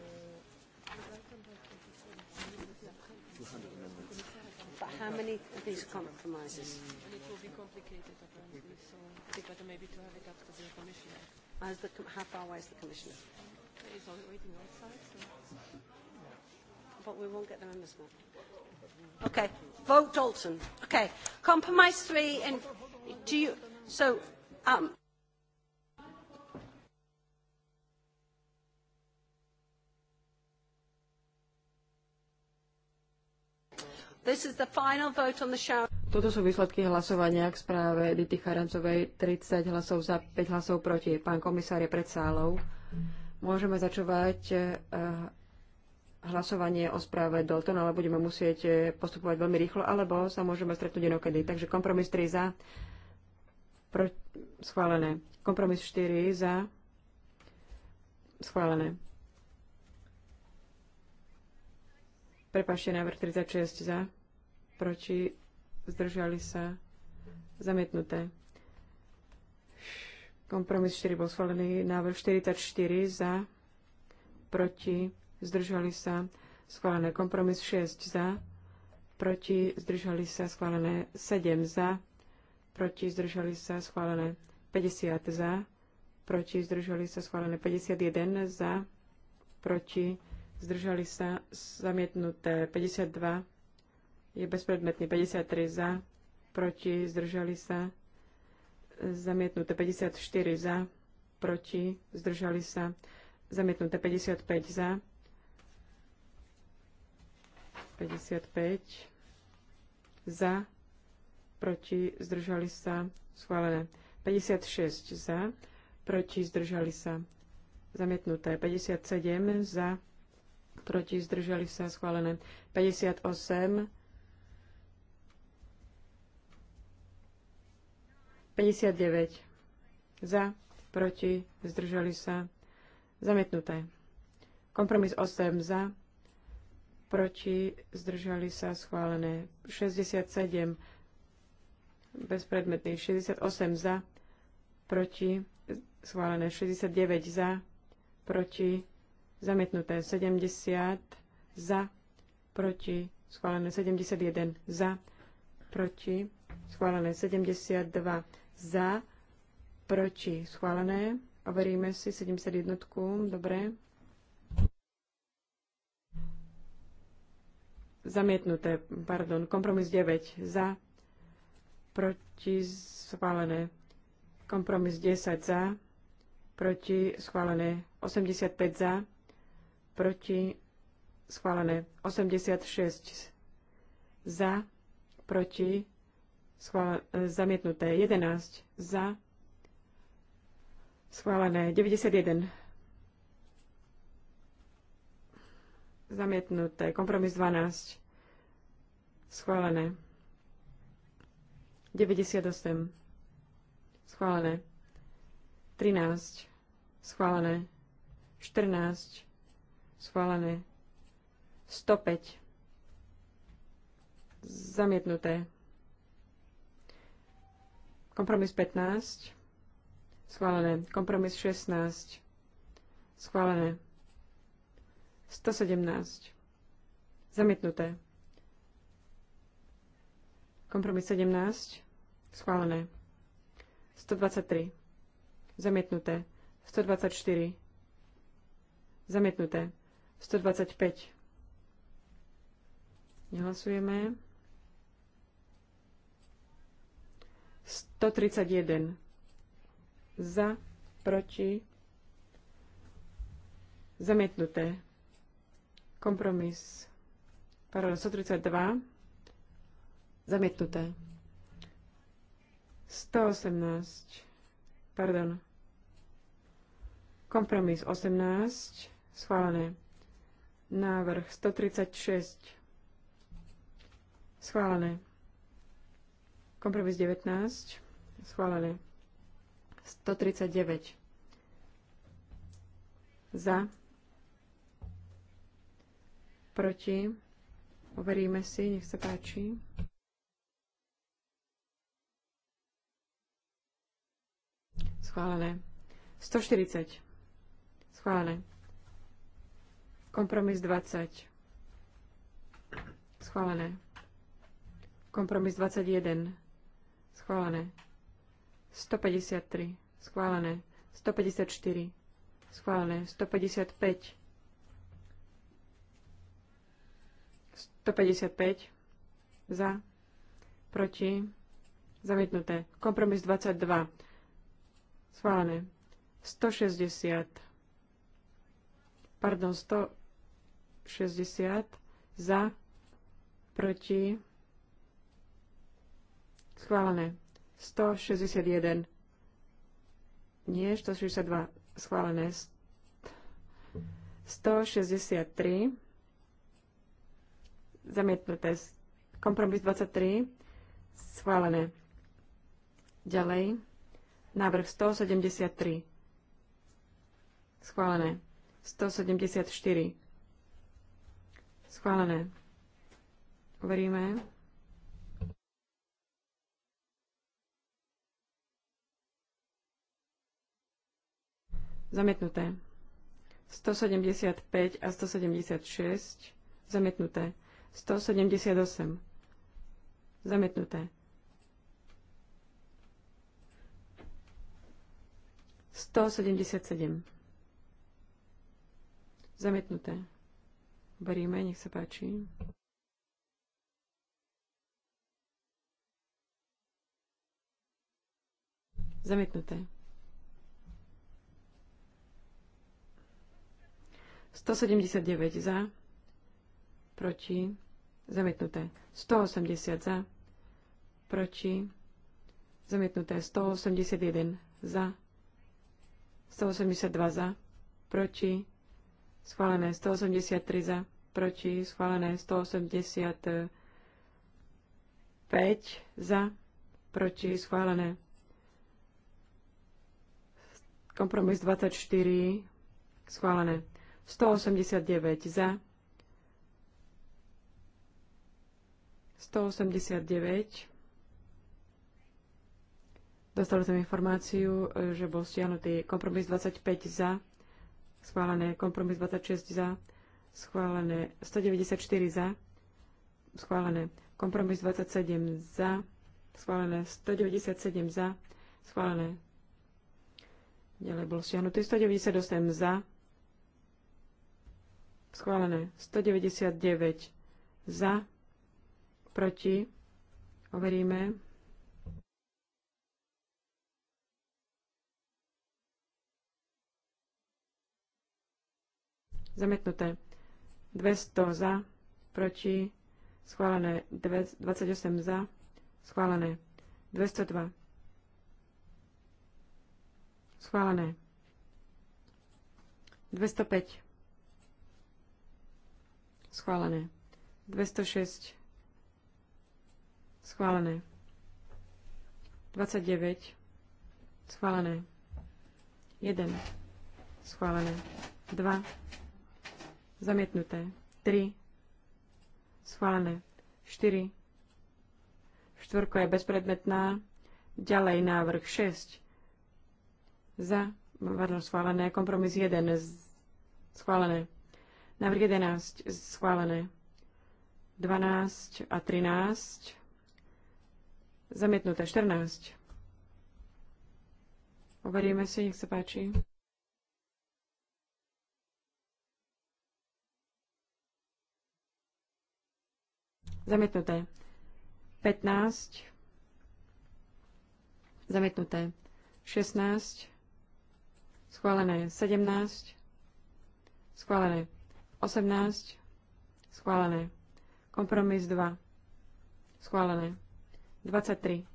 But how many of these compromises? And it will be complicated, apparently, so I think better maybe to have it up to the commissioner. How's the, com how far away is the commissioner? He's already waiting outside, so... But we won't get the members back. Okay, vote Dalton. Okay, compromise three in... Do you... So, um, Toto sú výsledky hlasovania k správe Dity Charancovej. 30 hlasov za, 5 hlasov proti. Pán komisár je pred sálou. Môžeme začovať eh, hlasovanie o správe Dalton, ale budeme musieť eh, postupovať veľmi rýchlo, alebo sa môžeme stretnúť inokedy. Takže kompromis 3 za. Pro, schválené. Kompromis 4 za. Schválené. Prepašte, návrh 36 za proti, zdržali sa, zamietnuté. Kompromis 4 bol schválený, návrh 44 za, proti, zdržali sa, schválené. Kompromis 6 za, proti, zdržali sa, schválené. 7 za, proti, zdržali sa, schválené. 50 za, proti, zdržali sa, schválené. 51 za, proti, zdržali sa, zamietnuté. 52 je bezpredmetný. 53 za, proti, zdržali sa, zamietnuté 54 za, proti, zdržali sa, zamietnuté 55 za, 55 za, proti, zdržali sa, schválené. 56 za, proti, zdržali sa, zamietnuté. 57 za, proti, zdržali sa, schválené. 58 59 za, proti, zdržali sa, zamietnuté. Kompromis 8 za, proti, zdržali sa, schválené. 67 bezpredmetný, 68 za, proti, schválené. 69 za, proti, zamietnuté. 70 za, proti, schválené. 71 za, proti, schválené. 72 za, proti, schválené. Overíme si 71. Dobre. Zamietnuté, pardon. Kompromis 9. Za, proti, schválené. Kompromis 10 za, proti, schválené. 85 za, proti, schválené. 86 za, proti, E, zamietnuté 11 za, schválené 91 zamietnuté, kompromis 12 schválené 98 schválené 13 schválené 14 schválené 105 zamietnuté Kompromis 15. Schválené. Kompromis 16. Schválené. 117. Zamietnuté. Kompromis 17. Schválené. 123. Zamietnuté. 124. Zamietnuté. 125. Nehlasujeme. 131 za, proti, zamietnuté. Kompromis. Paralel 132. Zamietnuté. 118. Pardon. Kompromis 18. Schválené. Návrh 136. Schválené. Kompromis 19. Schválené. 139. Za. Proti. Overíme si, nech sa páči. Schválené. 140. Schválené. Kompromis 20. Schválené. Kompromis 21. Schválené. 153. Schválené. 154. Schválené. 155. 155. Za. Proti. Zamietnuté. Kompromis 22. Schválené. 160. Pardon, 160. Za. Proti. Schválené. 161. Nie, 162. Schválené. 163. Zamietnuté. Kompromis 23. Schválené. Ďalej. Návrh 173. Schválené. 174. Schválené. Uveríme. Zamietnuté. 175 a 176. Zamietnuté. 178. Zamietnuté. 177. Zamietnuté. Beríme, nech sa páči. Zamietnuté. 179 za, proti, zamietnuté. 180 za, proti, zamietnuté. 181 za, 182 za, proti, schválené. 183 za, proti, schválené. 185 za, proti, schválené. Kompromis 24, schválené. 189 za. 189. Dostali som informáciu, že bol stiahnutý kompromis 25 za, schválené kompromis 26 za, schválené 194 za, schválené kompromis 27 za, schválené 197 za, schválené. Ďalej bol stiahnutý 198 za, Schválené. 199 za, proti, overíme. Zametnuté. 200 za, proti, schválené. 28 za, schválené. 202. Schválené. 205. Schválené. 206. Schválené. 29. Schválené. 1. Schválené. 2. Zamietnuté. 3. Schválené. 4. Štvorko je bezpredmetná. Ďalej návrh 6. Za. Pardon, schválené. Kompromis 1. Schválené. Návrh 11 schválené. 12 a 13 zamietnuté. 14. Overíme si, nech sa páči. Zamietnuté. 15. Zamietnuté. 16. Schválené. 17. Schválené. 18. Schválené. Kompromis 2. Schválené. 23.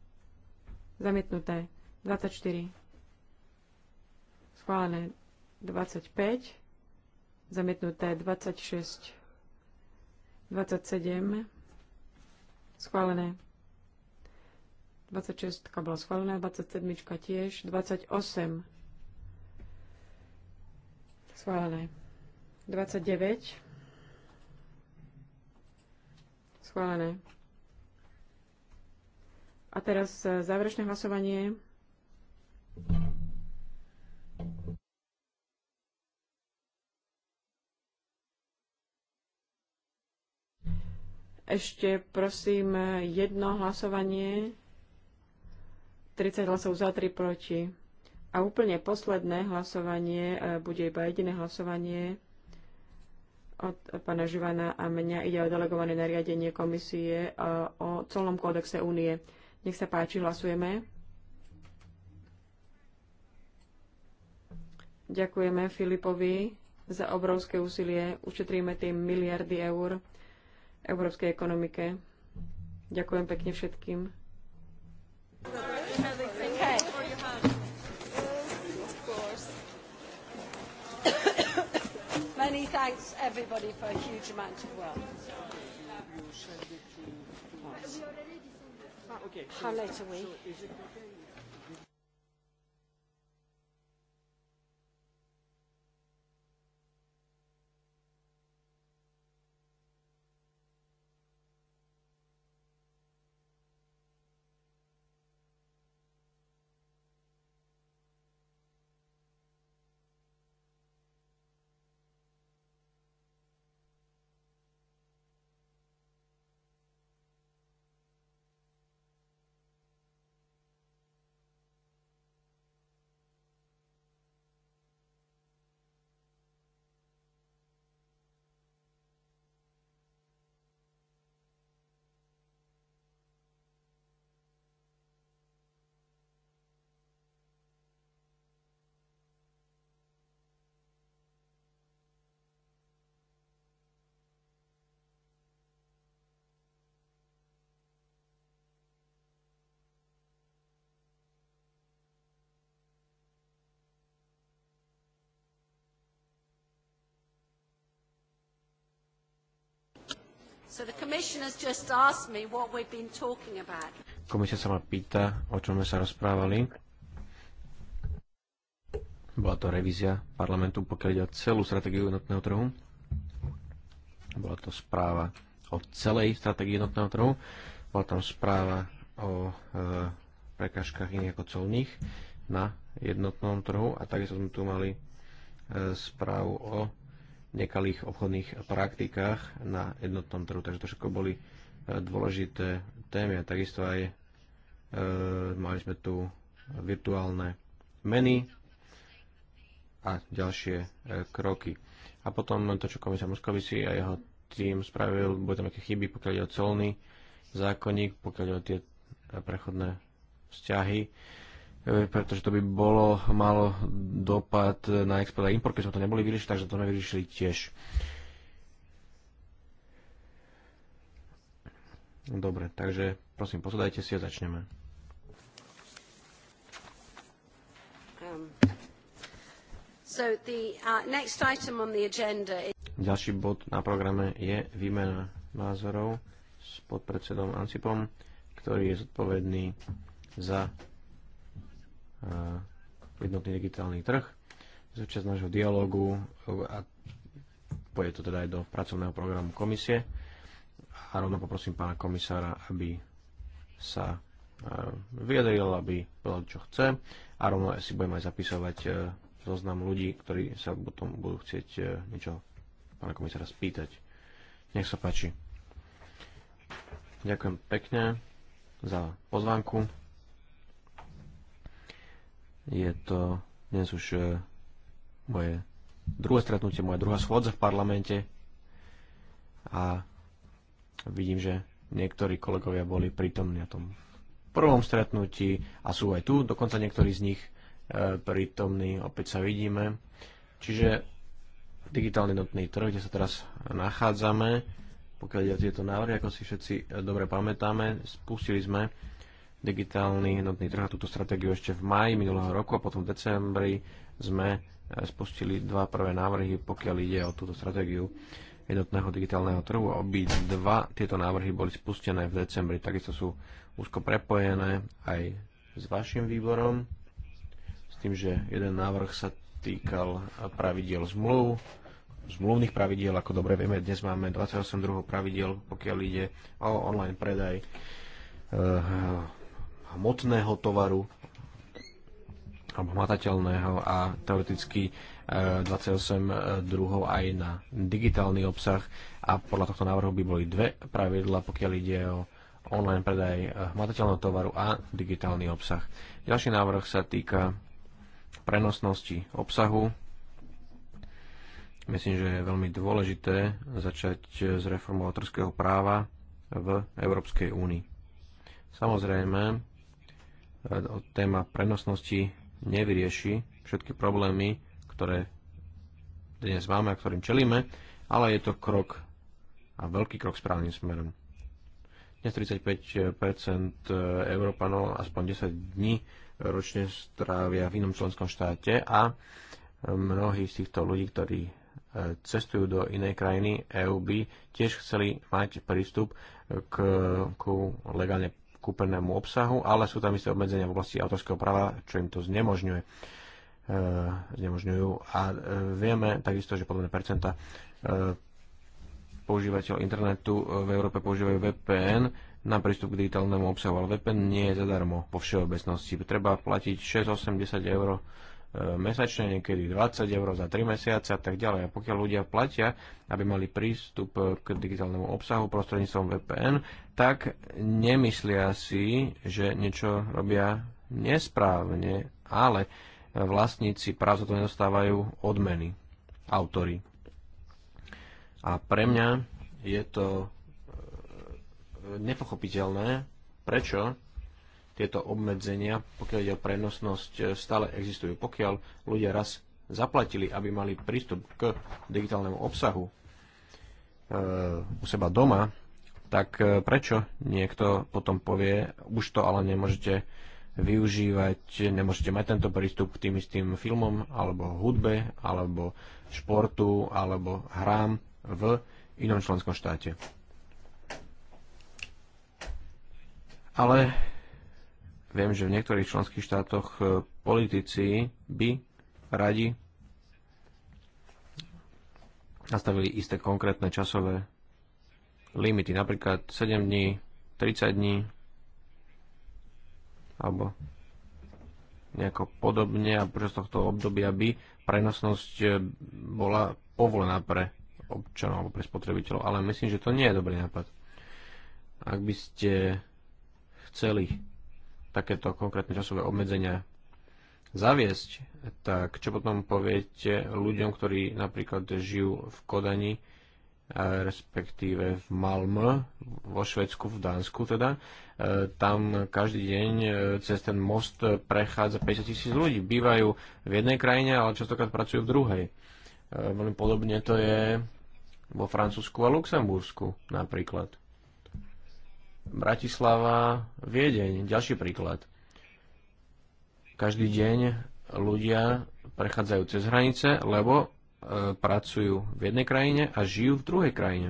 Zamietnuté. 24. Schválené. 25. Zamietnuté. 26. 27. Schválené. 26 bola schválená, 27 tiež, 28 schválené. 29. Schválené. A teraz e, záverečné hlasovanie. Ešte prosím jedno hlasovanie. 30 hlasov za, 3 proti. A úplne posledné hlasovanie e, bude iba jediné hlasovanie od pána Živana a mňa ide o delegované nariadenie komisie e, o celnom kódexe únie. Nech sa páči, hlasujeme. Ďakujeme Filipovi za obrovské úsilie. Ušetríme tým miliardy eur európskej ekonomike. Ďakujem pekne všetkým. thanks everybody for a huge amount of work. to How late are we? Komisia sa ma pýta, o čom sme sa rozprávali. Bola to revízia parlamentu, pokiaľ ide o celú stratégiu jednotného trhu. Bola to správa o celej stratégii jednotného trhu. Bola tam správa o e, prekážkach iných ako colných na jednotnom trhu a takisto sme tu mali e, správu o nekalých obchodných praktikách na jednotnom trhu. Takže to všetko boli e, dôležité témy a takisto aj e, mali sme tu virtuálne meny a ďalšie e, kroky. A potom to, čo komisia Moskovici a jeho tým spravil, bude tam nejaké chyby, pokiaľ je o colný zákonník, pokiaľ je o tie e, prechodné vzťahy E, pretože to by bolo malo dopad na export a import, keď sme to neboli vyriešili, takže to sme vyriešili tiež. Dobre, takže prosím, posadajte si a začneme. Um, uh, Ďalší bod na programe je výmena názorov s podpredsedom Ancipom, ktorý je zodpovedný za jednotný digitálny trh. Súčasť nášho dialogu a pôjde to teda aj do pracovného programu komisie. A rovno poprosím pána komisára, aby sa vyjadril, aby povedal, čo chce a rovno si budem aj zapisovať e, zoznam ľudí, ktorí sa potom budú chcieť e, niečo pána komisára spýtať. Nech sa páči. Ďakujem pekne za pozvánku. Je to dnes už e, moje druhé stretnutie, moja druhá schôdza v parlamente a vidím, že niektorí kolegovia boli prítomní na tom prvom stretnutí a sú aj tu, dokonca niektorí z nich e, prítomní, opäť sa vidíme. Čiže digitálny notný trh, kde sa teraz nachádzame, pokiaľ ide tieto návrhy, ako si všetci e, dobre pamätáme, spustili sme digitálny jednotný trh a túto stratégiu ešte v maji minulého roku a potom v decembri sme eh, spustili dva prvé návrhy, pokiaľ ide o túto stratégiu jednotného digitálneho trhu. Obi dva tieto návrhy boli spustené v decembri, takisto sú úzko prepojené aj s vašim výborom, s tým, že jeden návrh sa týkal pravidiel zmluv, zmluvných pravidiel, ako dobre vieme, dnes máme 28 druhov pravidiel, pokiaľ ide o online predaj eh, hmotného tovaru alebo hmatateľného a teoreticky 28 e, e, druhov aj na digitálny obsah a podľa tohto návrhu by boli dve pravidla, pokiaľ ide o online predaj e, hmatateľného tovaru a digitálny obsah. Ďalší návrh sa týka prenosnosti obsahu. Myslím, že je veľmi dôležité začať s reformou autorského práva v Európskej únii. Samozrejme, E, téma prenosnosti nevyrieši všetky problémy, ktoré dnes máme a ktorým čelíme, ale je to krok a veľký krok správnym smerom. Dnes 35 e, Európanov aspoň 10 dní e, ročne strávia v inom členskom štáte a mnohí z týchto ľudí, ktorí cestujú do inej krajiny EÚ by tiež chceli mať prístup k, ku legálne kúpenému obsahu, ale sú tam isté obmedzenia v oblasti autorského práva, čo im to znemožňuje. E, znemožňujú. A e, vieme takisto, že podobné percenta e, používateľ internetu e, v Európe používajú VPN na prístup k digitálnemu obsahu, ale VPN nie je zadarmo vo všeobecnosti. Treba platiť 6, 8, 10 eur E, mesačne, niekedy 20 eur za 3 mesiace a tak ďalej. A pokiaľ ľudia platia, aby mali prístup e, k digitálnemu obsahu prostredníctvom VPN, tak nemyslia si, že niečo robia nesprávne, ale vlastníci práv za to nedostávajú odmeny, autory. A pre mňa je to e, nepochopiteľné, prečo tieto obmedzenia, pokiaľ ide o prenosnosť, e, stále existujú. Pokiaľ ľudia raz zaplatili, aby mali prístup k digitálnemu obsahu e, u seba doma, tak e, prečo niekto potom povie, už to ale nemôžete využívať, nemôžete mať tento prístup k tým istým filmom, alebo hudbe, alebo športu, alebo hrám v inom členskom štáte. Ale Viem, že v niektorých členských štátoch e, politici by radi nastavili isté konkrétne časové limity, napríklad 7 dní, 30 dní alebo nejako podobne a počas tohto obdobia by prenosnosť e, bola povolená pre občanov alebo pre spotrebiteľov, ale myslím, že to nie je dobrý nápad. Ak by ste chceli takéto konkrétne časové obmedzenia zaviesť, tak čo potom poviete ľuďom, ktorí napríklad žijú v Kodani, respektíve v Malm, vo Švedsku, v Dánsku teda. E, tam každý deň e, cez ten most prechádza 50 tisíc ľudí. Bývajú v jednej krajine, ale častokrát pracujú v druhej. E, veľmi podobne to je vo Francúzsku a Luxembursku napríklad. Bratislava, Viedeň, ďalší príklad. Každý deň ľudia prechádzajú cez hranice, lebo e, pracujú v jednej krajine a žijú v druhej krajine.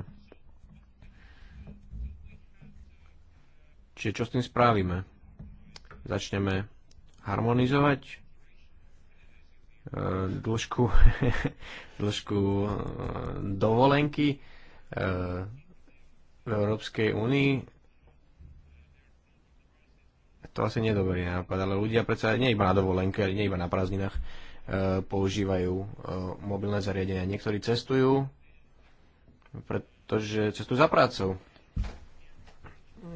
Čiže čo s tým spravíme? Začneme harmonizovať e, dĺžku, dĺžku e, dovolenky e, v Európskej únii to asi nie je dobrý nápad, ale ľudia predsa nie iba na dovolenke, nie iba na prázdninách e, používajú e, mobilné zariadenia. Niektorí cestujú, pretože cestujú za prácou.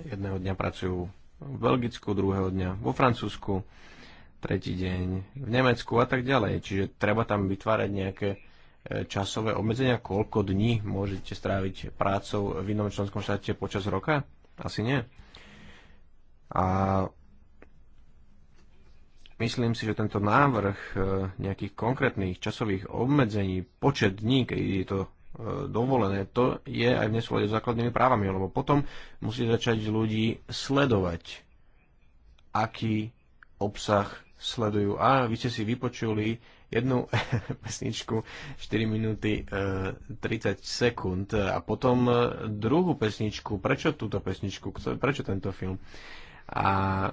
Jedného dňa pracujú v Belgicku, druhého dňa vo Francúzsku, tretí deň v Nemecku a tak ďalej. Čiže treba tam vytvárať nejaké e, časové obmedzenia, koľko dní môžete stráviť prácou v inom členskom štáte počas roka? Asi nie. A Myslím si, že tento návrh e, nejakých konkrétnych časových obmedzení, počet dní, keď je to e, dovolené, to je aj v nesúlade s základnými právami, lebo potom musí začať ľudí sledovať, aký obsah sledujú. A vy ste si vypočuli jednu pesničku 4 minúty 30 e, sekúnd a potom druhú pesničku. Prečo túto pesničku? Prečo tento film? A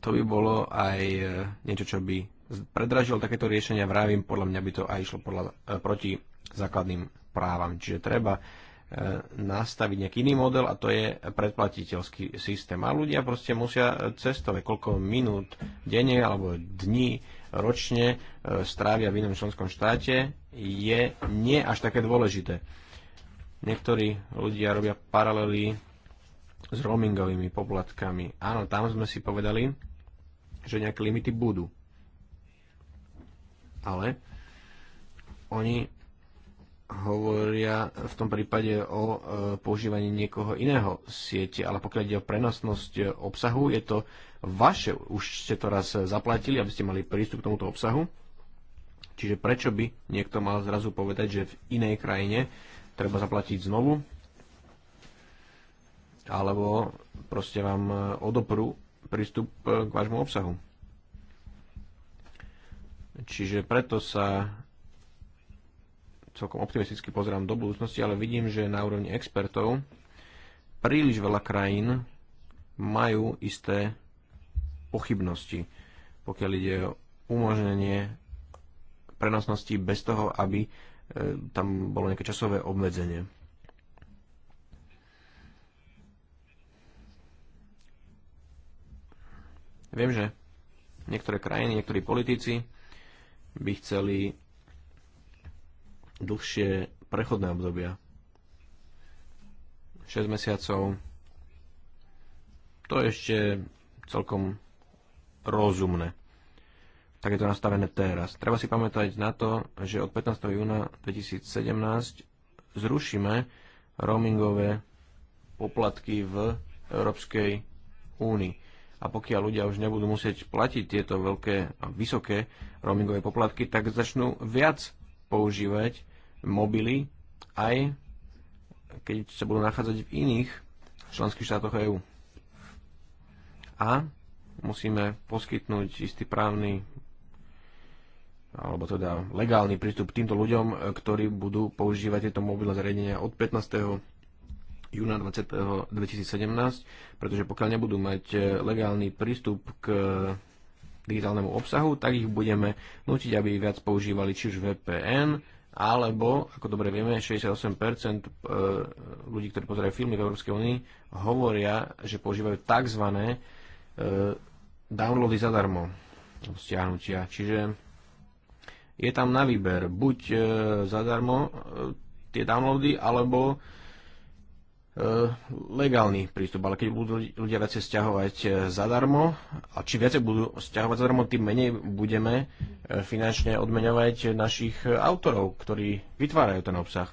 to by bolo aj e, niečo, čo by predražil takéto riešenia. Vravím, podľa mňa by to aj išlo podľa, e, proti základným právam. Čiže treba e, nastaviť nejaký iný model a to je predplatiteľský systém. A ľudia proste musia cestovať, koľko minút denne alebo dní ročne strávia v inom členskom štáte, je nie až také dôležité. Niektorí ľudia robia paralely s roamingovými poplatkami. Áno, tam sme si povedali, že nejaké limity budú. Ale oni hovoria v tom prípade o e, používaní niekoho iného siete, ale pokiaľ ide o prenosnosť e, obsahu, je to vaše, už ste to raz e, zaplatili, aby ste mali prístup k tomuto obsahu. Čiže prečo by niekto mal zrazu povedať, že v inej krajine treba zaplatiť znovu? Alebo proste vám odoprú prístup e, k vášmu obsahu. Čiže preto sa celkom optimisticky pozerám do budúcnosti, ale vidím, že na úrovni expertov príliš veľa krajín majú isté pochybnosti, pokiaľ ide o umožnenie prenosnosti bez toho, aby e, tam bolo nejaké časové obmedzenie. Viem, že niektoré krajiny, niektorí politici by chceli dlhšie prechodné obdobia. 6 mesiacov. To je ešte celkom rozumné. Tak je to nastavené teraz. Treba si pamätať na to, že od 15. júna 2017 zrušíme roamingové poplatky v Európskej únii a pokiaľ ľudia už nebudú musieť platiť tieto veľké a vysoké roamingové poplatky, tak začnú viac používať mobily aj keď sa budú nachádzať v iných členských štátoch EÚ. A musíme poskytnúť istý právny alebo teda legálny prístup týmto ľuďom, ktorí budú používať tieto mobilné zariadenia od 15 júna 2017, pretože pokiaľ nebudú mať e, legálny prístup k digitálnemu obsahu, tak ich budeme nutiť, aby viac používali či už VPN, alebo, ako dobre vieme, 68% e, ľudí, ktorí pozerajú filmy v Európskej únii, hovoria, že používajú tzv. E, downloady zadarmo, stiahnutia. Čiže je tam na výber buď zadarmo tie downloady, alebo E, legálny prístup, ale keď budú ľudia viacej stiahovať e, zadarmo, a či viacej budú stiahovať zadarmo, tým menej budeme e, finančne odmeňovať našich autorov, ktorí vytvárajú ten obsah.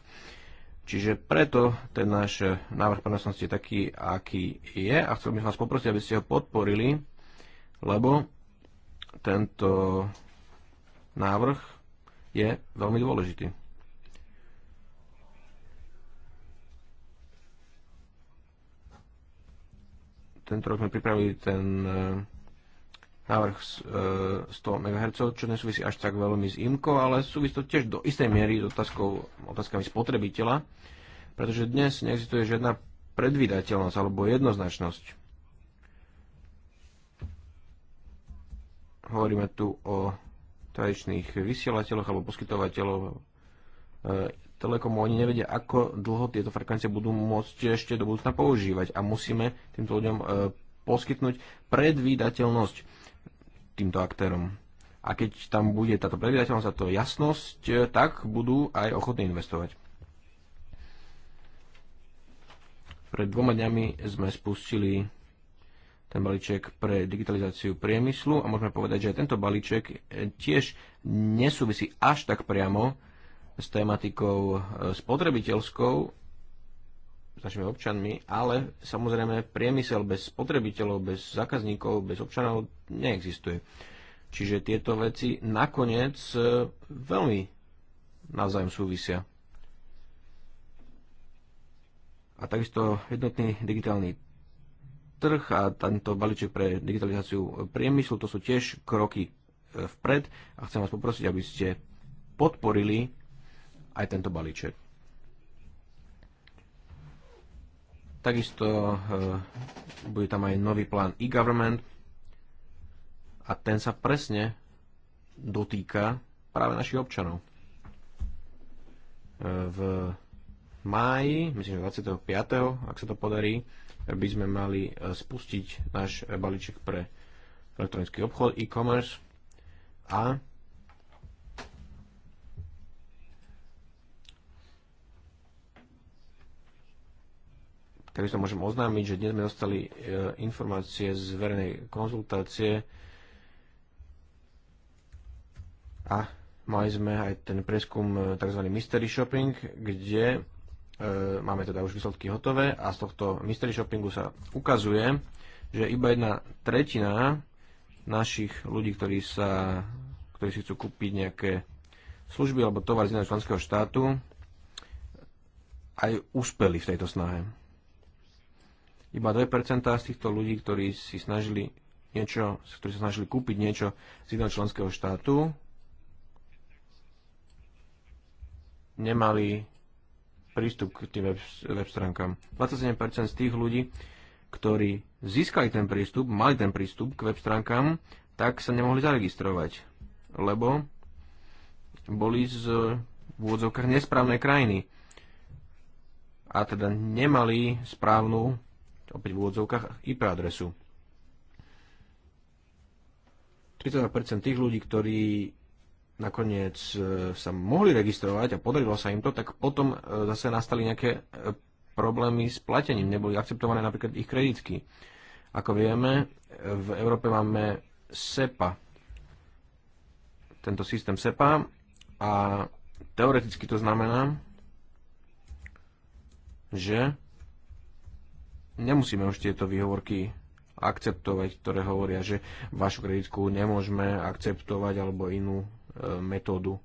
Čiže preto ten náš návrh prenosnosti je taký, aký je a chcel by vás poprosiť, aby ste ho podporili, lebo tento návrh je veľmi dôležitý. tento rok sme pripravili ten eh, návrh 100 eh, MHz, čo nesúvisí až tak veľmi s IMCO, ale súvisí to tiež do istej miery s otázkou, otázkami spotrebiteľa, pretože dnes neexistuje žiadna predvydateľnosť alebo jednoznačnosť. Hovoríme tu o tradičných vysielateľoch alebo poskytovateľov eh, Telekomu. Oni nevedia, ako dlho tieto frekvencie budú môcť ešte do budúcna používať a musíme týmto ľuďom e, poskytnúť predvídateľnosť týmto aktérom. A keď tam bude táto predvídateľnosť a to jasnosť, e, tak budú aj ochotní investovať. Pred dvoma dňami sme spustili ten balíček pre digitalizáciu priemyslu a môžeme povedať, že aj tento balíček e, tiež nesúvisí až tak priamo s tematikou e, spotrebiteľskou, s našimi občanmi, ale samozrejme priemysel bez spotrebiteľov, bez zákazníkov, bez občanov neexistuje. Čiže tieto veci nakoniec e, veľmi navzájom súvisia. A takisto jednotný digitálny trh a tento balíček pre digitalizáciu priemyslu, to sú tiež kroky e, vpred a chcem vás poprosiť, aby ste podporili aj tento balíček. Takisto eh, bude tam aj nový plán e-government a ten sa presne dotýka práve našich občanov. Eh, v máji, myslím, že 25. ak sa to podarí, by sme mali eh, spustiť náš balíček pre elektronický obchod e-commerce a Takisto môžem oznámiť, že dnes sme dostali e, informácie z verejnej konzultácie a mali sme aj ten preskum e, tzv. mystery shopping, kde e, máme teda už výsledky hotové a z tohto mystery shoppingu sa ukazuje, že iba jedna tretina našich ľudí, ktorí, sa, ktorí si chcú kúpiť nejaké služby alebo tovar z iného členského štátu, aj uspeli v tejto snahe. Iba 2% z týchto ľudí, ktorí si snažili niečo, ktorí sa snažili kúpiť niečo z jedného členského štátu, nemali prístup k tým web, web stránkam. 27% z tých ľudí, ktorí získali ten prístup, mali ten prístup k web stránkam, tak sa nemohli zaregistrovať, lebo boli z v úvodzovkách nesprávnej krajiny a teda nemali správnu opäť v úvodzovkách, IP adresu. 32% tých ľudí, ktorí nakoniec e, sa mohli registrovať a podarilo sa im to, tak potom e, zase nastali nejaké e, problémy s platením, neboli akceptované napríklad ich kreditky. Ako vieme, v Európe máme SEPA, tento systém SEPA a teoreticky to znamená, že nemusíme už tieto výhovorky akceptovať, ktoré hovoria, že vašu kreditku nemôžeme akceptovať alebo inú e, metódu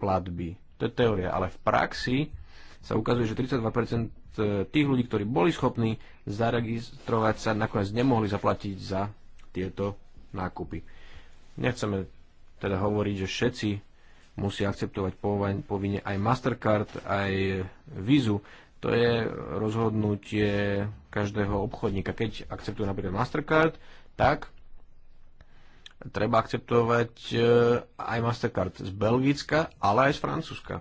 platby. To je teória, ale v praxi sa ukazuje, že 32% e, tých ľudí, ktorí boli schopní zaregistrovať sa, nakoniec nemohli zaplatiť za tieto nákupy. Nechceme teda hovoriť, že všetci musia akceptovať povinne aj Mastercard, aj Vizu, to je rozhodnutie každého obchodníka. Keď akceptujú napríklad Mastercard, tak treba akceptovať eh, aj Mastercard z Belgicka, ale aj z Francúzska.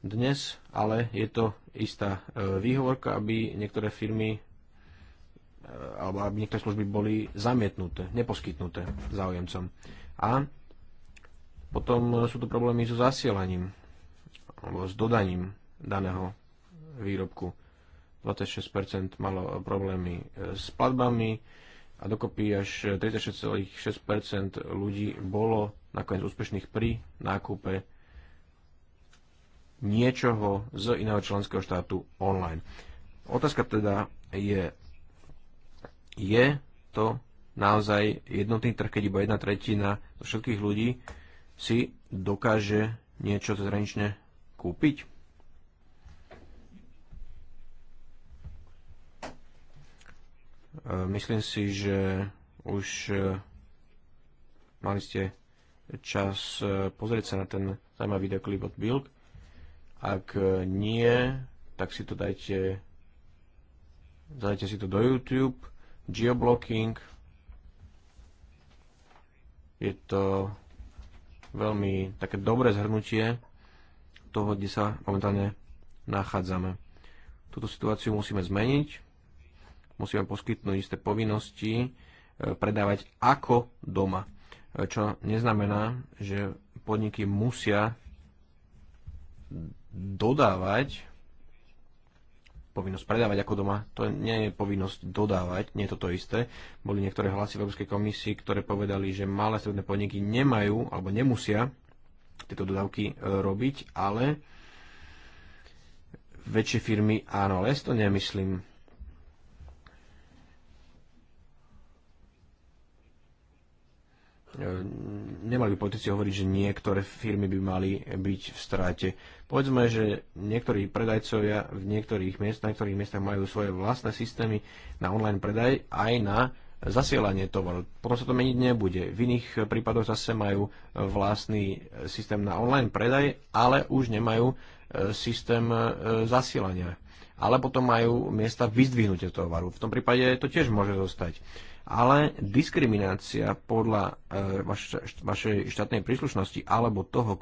Dnes ale je to istá eh, výhovorka, aby niektoré firmy eh, alebo aby niektoré služby boli zamietnuté, neposkytnuté záujemcom. A potom sú tu problémy so zasielaním alebo s dodaním daného výrobku. 26% malo problémy e, s platbami a dokopy až 36,6% ľudí bolo nakoniec úspešných pri nákupe niečoho z iného členského štátu online. Otázka teda je, je to naozaj jednotný trh, keď iba jedna tretina všetkých ľudí si dokáže niečo cezhranične kúpiť? E, myslím si, že už e, mali ste čas e, pozrieť sa na ten zaujímavý videoklip od Build. Ak nie, tak si to dajte dajte si to do YouTube geoblocking je to veľmi také dobré zhrnutie toho, kde sa momentálne nachádzame. Túto situáciu musíme zmeniť, musíme poskytnúť isté povinnosti e, predávať ako doma. E, čo neznamená, že podniky musia dodávať povinnosť predávať ako doma, to nie je povinnosť dodávať, nie je toto isté. Boli niektoré hlasy v Európskej komisii, ktoré povedali, že malé stredné podniky nemajú alebo nemusia tieto dodávky e, robiť, ale väčšie firmy áno, ale ja si to nemyslím. E, nemali by politici hovoriť, že niektoré firmy by mali byť v stráte. Povedzme, že niektorí predajcovia v niektorých miestach, na niektorých miestach majú svoje vlastné systémy na online predaj aj na zasielanie tovaru. Potom sa to meniť nebude. V iných prípadoch zase majú vlastný systém na online predaj, ale už nemajú e, systém e, zasielania. Ale potom majú miesta vyzdvihnutia tovaru. V tom prípade to tiež môže zostať ale diskriminácia podľa e, vaš, vašej štátnej príslušnosti alebo toho,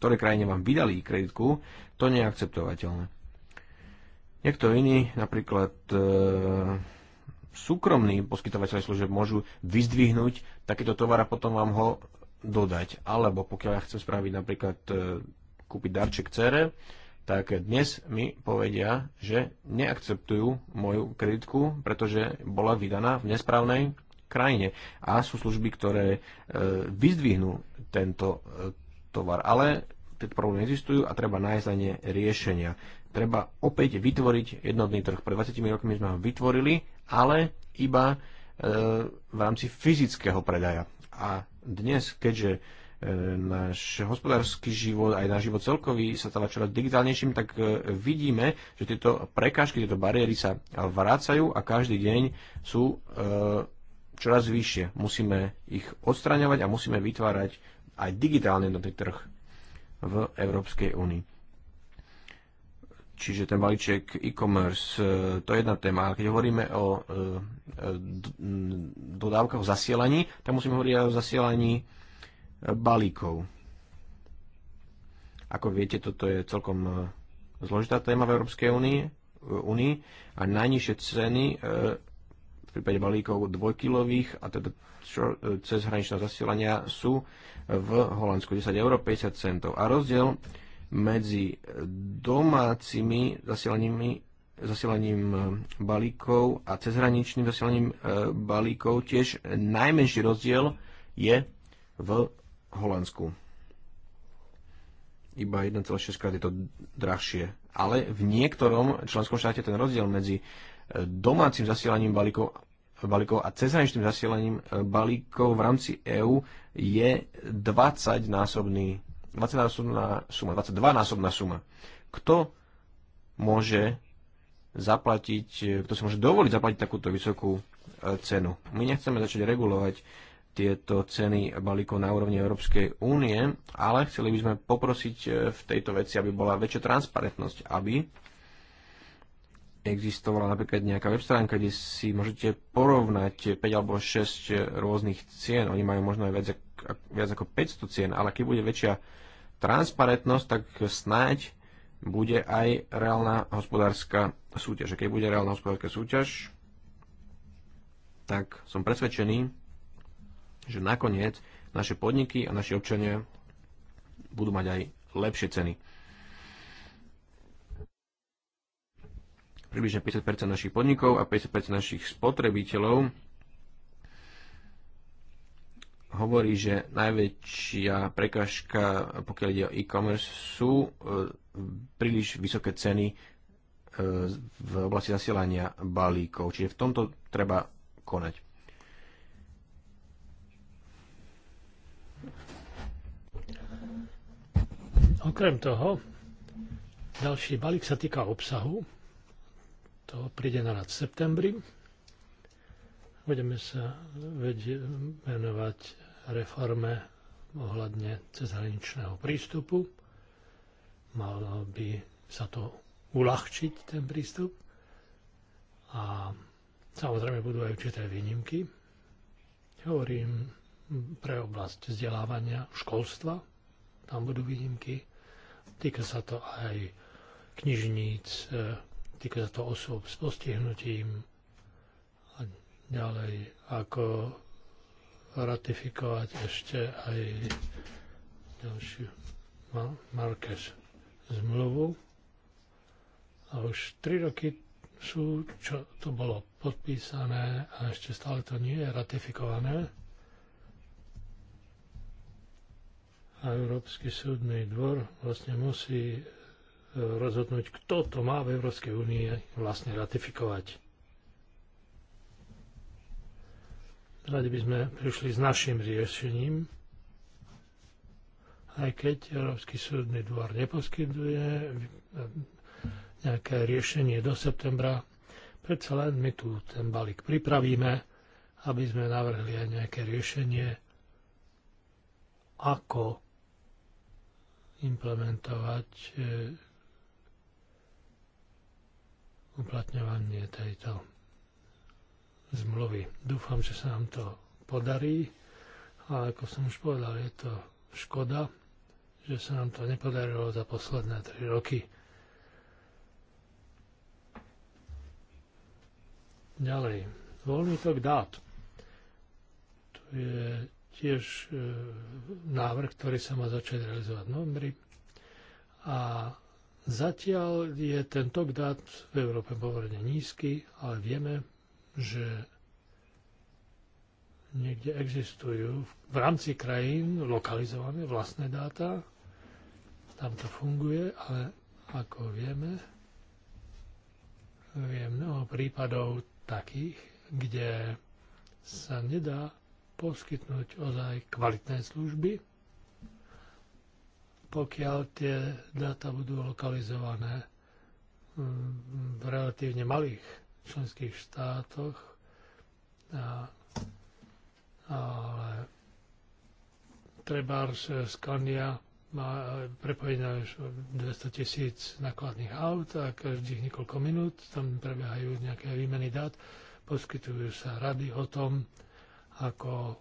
ktoré krajine vám vydali kreditku, to nie je akceptovateľné. Niekto iný, napríklad e, súkromný súkromní služieb môžu vyzdvihnúť takýto tovar a potom vám ho dodať. Alebo pokiaľ ja chcem spraviť napríklad e, kúpiť darček cere, tak dnes mi povedia, že neakceptujú moju kreditku, pretože bola vydaná v nesprávnej krajine. A sú služby, ktoré e, vyzdvihnú tento e, tovar. Ale tie problémy existujú a treba nájsť na ne riešenia. Treba opäť vytvoriť jednotný trh. Pred 20 rokmi sme ho vytvorili, ale iba e, v rámci fyzického predaja. A dnes, keďže náš hospodársky život, aj náš život celkový sa stáva čoraz digitálnejším, tak e, vidíme, že tieto prekážky, tieto bariéry sa vrácajú a každý deň sú e, čoraz vyššie. Musíme ich odstraňovať a musíme vytvárať aj digitálne jednotný trh v Európskej únii. Čiže ten balíček e-commerce, e, to je jedna téma. A keď hovoríme o dodávkach, o zasielaní, tak musíme hovoriť aj o zasielaní balíkov. Ako viete, toto je celkom e, zložitá téma v Európskej únii, e, a najnižšie ceny e, v prípade balíkov dvojkilových a teda cez hraničného zasielania sú v Holandsku 10,50 eur centov. A rozdiel medzi domácimi zasielanými zasielaním balíkov a cezhraničným zasielaním balíkov tiež najmenší rozdiel je v Holandsku. Iba 1,6 krát je to drahšie. Ale v niektorom členskom štáte ten rozdiel medzi e, domácim zasielaním balíkov, balíkov a cezhraničným zasielaním e, balíkov v rámci EÚ je 20-násobný 20-násobná suma, 22-násobná suma. Kto môže zaplatiť, e, kto si môže dovoliť zaplatiť takúto vysokú cenu. My nechceme začať regulovať tieto ceny balíkov na úrovni Európskej únie, ale chceli by sme poprosiť e, v tejto veci, aby bola väčšia transparentnosť, aby existovala napríklad nejaká web stránka, kde si môžete porovnať 5 alebo 6 e, rôznych cien. Oni majú možno aj viac, viac ako 500 cien, ale keď bude väčšia transparentnosť, tak snáď bude aj reálna hospodárska súťaž. A keď bude reálna hospodárska súťaž, tak som presvedčený, že nakoniec naše podniky a naši občania budú mať aj lepšie ceny. Približne 50% našich podnikov a 50% našich spotrebiteľov hovorí, že najväčšia prekažka, pokiaľ ide o e-commerce, sú e, príliš vysoké ceny e, v oblasti zasielania balíkov. Čiže v tomto treba konať. Okrem toho, ďalší balík sa týka obsahu. To príde na rad v septembri. Budeme sa venovať reforme ohľadne cezhraničného prístupu. Malo by sa to uľahčiť, ten prístup. A samozrejme budú aj určité výnimky. Hovorím pre oblasť vzdelávania, školstva. Tam budú výnimky Týka sa to aj knižníc, e, týka sa to osôb s postihnutím a ďalej ako ratifikovať ešte aj ďalšiu Marquez zmluvu. A už tri roky sú, čo to bolo podpísané a ešte stále to nie je ratifikované. a Európsky súdny dvor vlastne musí e, rozhodnúť, kto to má v Európskej únie vlastne ratifikovať. Radi by sme prišli s našim riešením, aj keď Európsky súdny dvor neposkytuje e, nejaké riešenie do septembra, predsa len my tu ten balík pripravíme, aby sme navrhli aj nejaké riešenie, ako implementovať e, uplatňovanie tejto zmluvy. Dúfam, že sa nám to podarí a ako som už povedal, je to škoda, že sa nám to nepodarilo za posledné 3 roky. Ďalej, voľný tok dát. Tu je tiež e, návrh, ktorý sa má začať realizovať v novembri. A zatiaľ je ten tok dát v Európe pomerne nízky, ale vieme, že niekde existujú v rámci krajín lokalizované vlastné dáta. Tam to funguje, ale ako vieme, je mnoho prípadov takých, kde sa nedá poskytnúť ozaj kvalitné služby, pokiaľ tie dáta budú lokalizované mm, v relatívne malých členských štátoch, ale treba Scania má prepojenia už 200 tisíc nakladných aut a každých niekoľko minút tam prebiehajú nejaké výmeny dát, poskytujú sa rady o tom, ako e,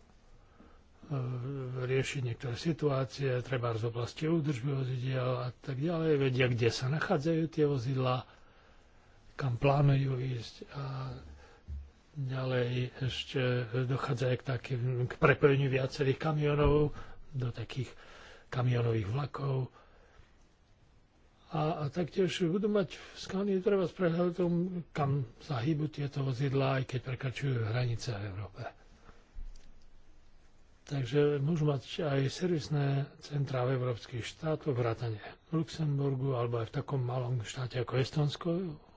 riešiť niektoré situácie, treba z oblasti údržby vozidiel a tak ďalej, vedia, kde sa nachádzajú tie vozidla, kam plánujú ísť a ďalej ešte dochádza k, takým, k prepojeniu viacerých kamionov do takých kamionových vlakov. A, a taktiež budú mať v Skánii treba s prehľadom, kam sa tieto vozidlá, aj keď prekračujú hranice v Európe. Takže môžu mať aj servisné centrá v európskych štátoch, vrátane Luxemburgu alebo aj v takom malom štáte ako Estonsko,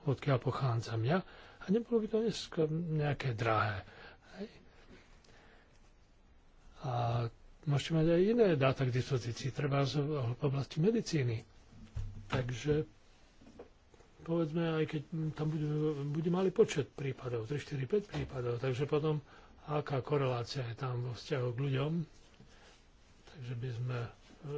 odkiaľ pochádzam ja. A nebolo by to dneska nejaké drahé. Hej. A môžete mať aj iné dáta k dispozícii, treba v oblasti medicíny. Takže povedzme, aj keď tam bude, bude malý počet prípadov, 3, 4, 5 prípadov, takže potom aká korelácia je tam vo vzťahu k ľuďom. Takže by sme... E, e,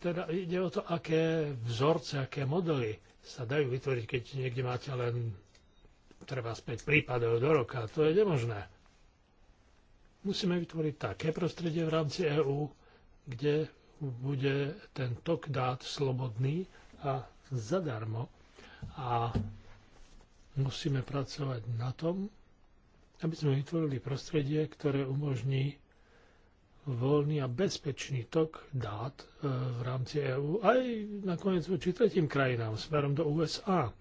teda ide o to, aké vzorce, aké modely sa dajú vytvoriť, keď niekde máte len treba späť prípadov do roka. To je nemožné. Musíme vytvoriť také prostredie v rámci EÚ, kde bude ten tok dát slobodný a zadarmo. A musíme pracovať na tom, aby sme vytvorili prostredie, ktoré umožní voľný a bezpečný tok dát e, v rámci EÚ aj nakoniec voči tretím krajinám smerom do USA,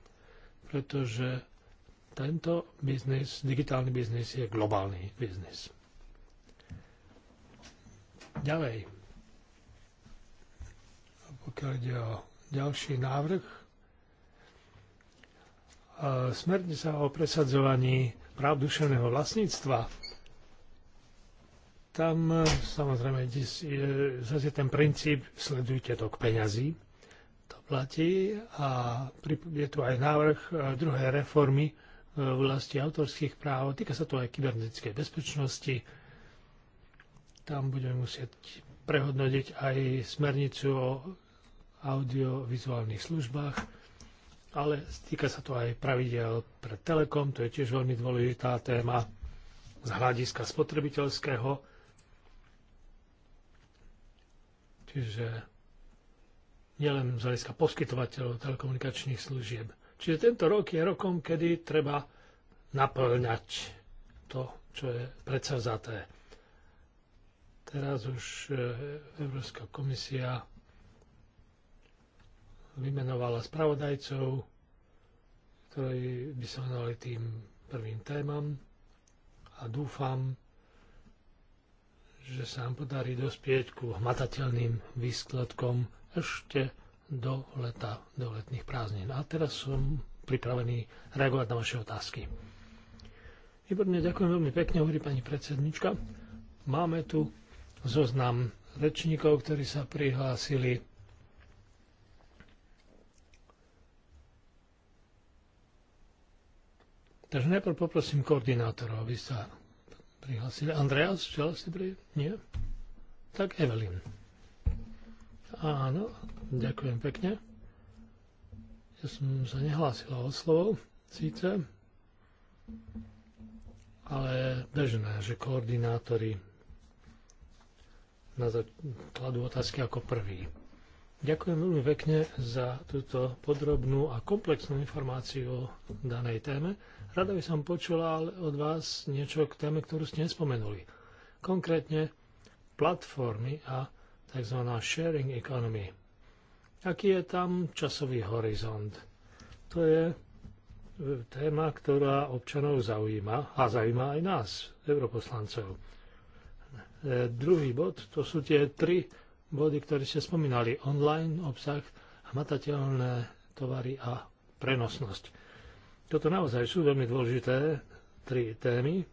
pretože tento biznis, digitálny biznis je globálny biznis. Ďalej, a pokiaľ ide o ďalší návrh, e, smerne sa o presadzovaní práv duševného vlastníctva, tam e, samozrejme je zase ten princíp sledujte k peňazí, to platí a je tu aj návrh e, druhej reformy e, v oblasti autorských práv, týka sa to aj kybernetickej bezpečnosti. Tam budeme musieť prehodnotiť aj smernicu o audiovizuálnych službách ale týka sa to aj pravidel pre Telekom, to je tiež veľmi dôležitá téma z hľadiska spotrebiteľského. Čiže nielen z hľadiska poskytovateľov telekomunikačných služieb. Čiže tento rok je rokom, kedy treba naplňať to, čo je predsavzaté. Teraz už e, Európska komisia vymenovala spravodajcov, ktorí by sa venovali tým prvým témam a dúfam, že sa nám podarí dospieť ku hmatateľným výsledkom ešte do leta, do letných prázdnin. A teraz som pripravený reagovať na vaše otázky. Výborne, ďakujem veľmi pekne, hovorí pani predsednička. Máme tu zoznam rečníkov, ktorí sa prihlásili Takže najprv poprosím koordinátora, aby sa prihlasili. Andreas, čo si pri... Nie? Tak Evelyn. Áno, ďakujem pekne. Ja som sa nehlásila o slovo, síce, ale bežné, že koordinátori na kladú otázky ako prvý. Ďakujem veľmi pekne za túto podrobnú a komplexnú informáciu o danej téme. Rada by som počula od vás niečo k téme, ktorú ste nespomenuli. Konkrétne platformy a tzv. sharing economy. Aký je tam časový horizont? To je e, téma, ktorá občanov zaujíma a zaujíma aj nás, europoslancov. E, druhý bod, to sú tie tri body, ktoré ste spomínali. Online obsah, hmatateľné tovary a prenosnosť. Toto naozaj sú veľmi dôležité tri témy,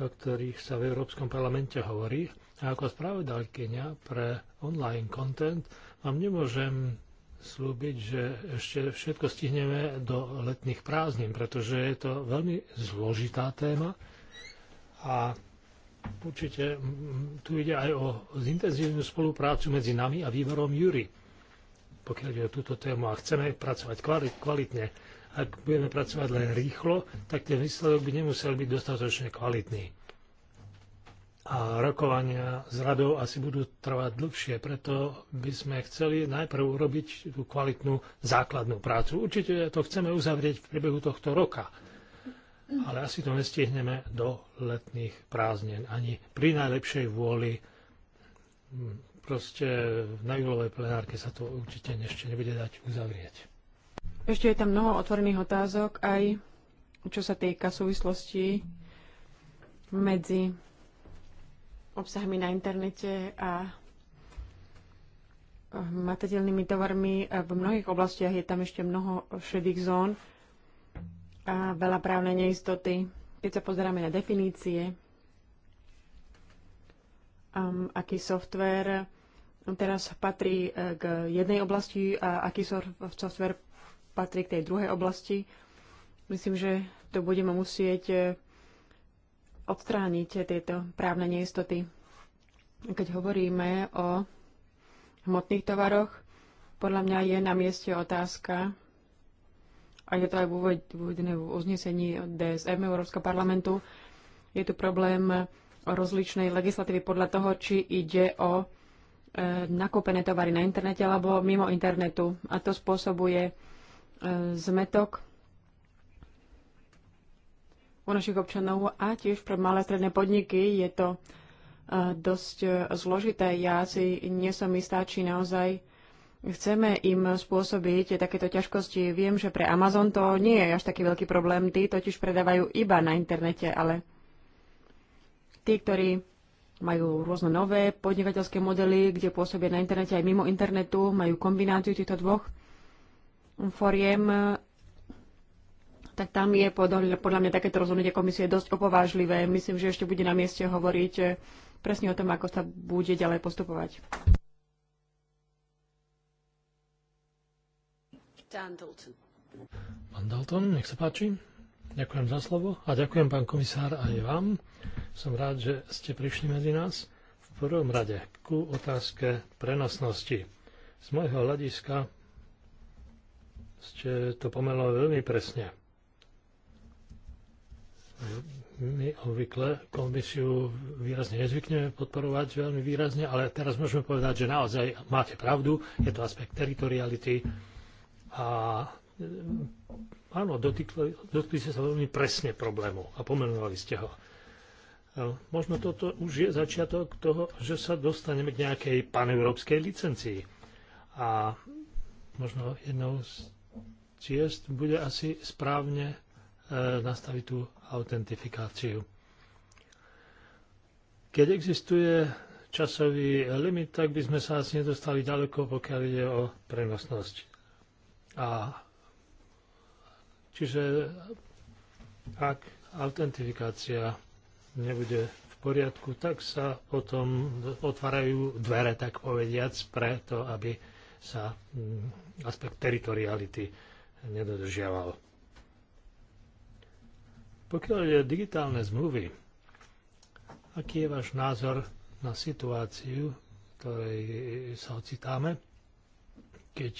o ktorých sa v Európskom parlamente hovorí. A ako spravodajkynia pre online content vám nemôžem slúbiť, že ešte všetko stihneme do letných prázdnin, pretože je to veľmi zložitá téma a Určite tu ide aj o zintenzívnu spoluprácu medzi nami a výborom Júri, pokiaľ ide o túto tému a chceme pracovať kvalitne. Ak budeme pracovať len rýchlo, tak ten výsledok by nemusel byť dostatočne kvalitný. A rokovania s radou asi budú trvať dlhšie, preto by sme chceli najprv urobiť tú kvalitnú základnú prácu. Určite to chceme uzavrieť v priebehu tohto roka ale asi to nestihneme do letných prázdnen. ani pri najlepšej vôli. Hm, proste v najúlovej plenárke sa to určite ešte nebude dať uzavrieť. Ešte je tam mnoho otvorených otázok, aj čo sa týka súvislosti medzi obsahmi na internete a matateľnými tovarmi. V mnohých oblastiach je tam ešte mnoho šedých zón a veľa právnej neistoty. Keď sa pozeráme na definície, um, aký software teraz patrí eh, k jednej oblasti a aký software patrí k tej druhej oblasti. Myslím, že to budeme musieť eh, odstrániť tieto právne neistoty. Keď hovoríme o hmotných tovaroch, podľa mňa je na mieste otázka, a je to aj uvedené v uznesení DSM Európskeho parlamentu, je tu problém rozličnej legislatívy podľa toho, či ide o e, nakúpené tovary na internete alebo mimo internetu. A to spôsobuje e, zmetok u našich občanov a tiež pre malé stredné podniky je to e, dosť e, zložité. Ja si nie som istá, či naozaj chceme im spôsobiť takéto ťažkosti. Viem, že pre Amazon to nie je až taký veľký problém. Tí totiž predávajú iba na internete, ale tí, ktorí majú rôzne nové podnikateľské modely, kde pôsobia na internete aj mimo internetu, majú kombináciu týchto dvoch foriem, tak tam je podľa, mňa takéto rozhodnutie komisie dosť opovážlivé. Myslím, že ešte bude na mieste hovoriť presne o tom, ako sa bude ďalej postupovať. Dan Dalton. Pán Dalton, nech sa páči. Ďakujem za slovo a ďakujem, pán komisár, aj vám. Som rád, že ste prišli medzi nás. V prvom rade ku otázke prenosnosti. Z môjho hľadiska ste to pomenovali veľmi presne. My obvykle komisiu výrazne nezvykneme podporovať veľmi výrazne, ale teraz môžeme povedať, že naozaj máte pravdu, je to aspekt teritoriality, a áno, dotkli, dotkli ste sa veľmi presne problému a pomenovali ste ho. Možno toto už je začiatok toho, že sa dostaneme k nejakej paneurópskej licencii. A možno jednou z ciest bude asi správne e, nastaviť tú autentifikáciu. Keď existuje časový limit, tak by sme sa asi nedostali ďaleko, pokiaľ ide o prenosnosť. A čiže ak autentifikácia nebude v poriadku, tak sa potom otvárajú dvere, tak povediac, pre to, aby sa mm, aspekt teritoriality nedodržiaval. Pokiaľ je digitálne zmluvy, aký je váš názor na situáciu, ktorej sa ocitáme, keď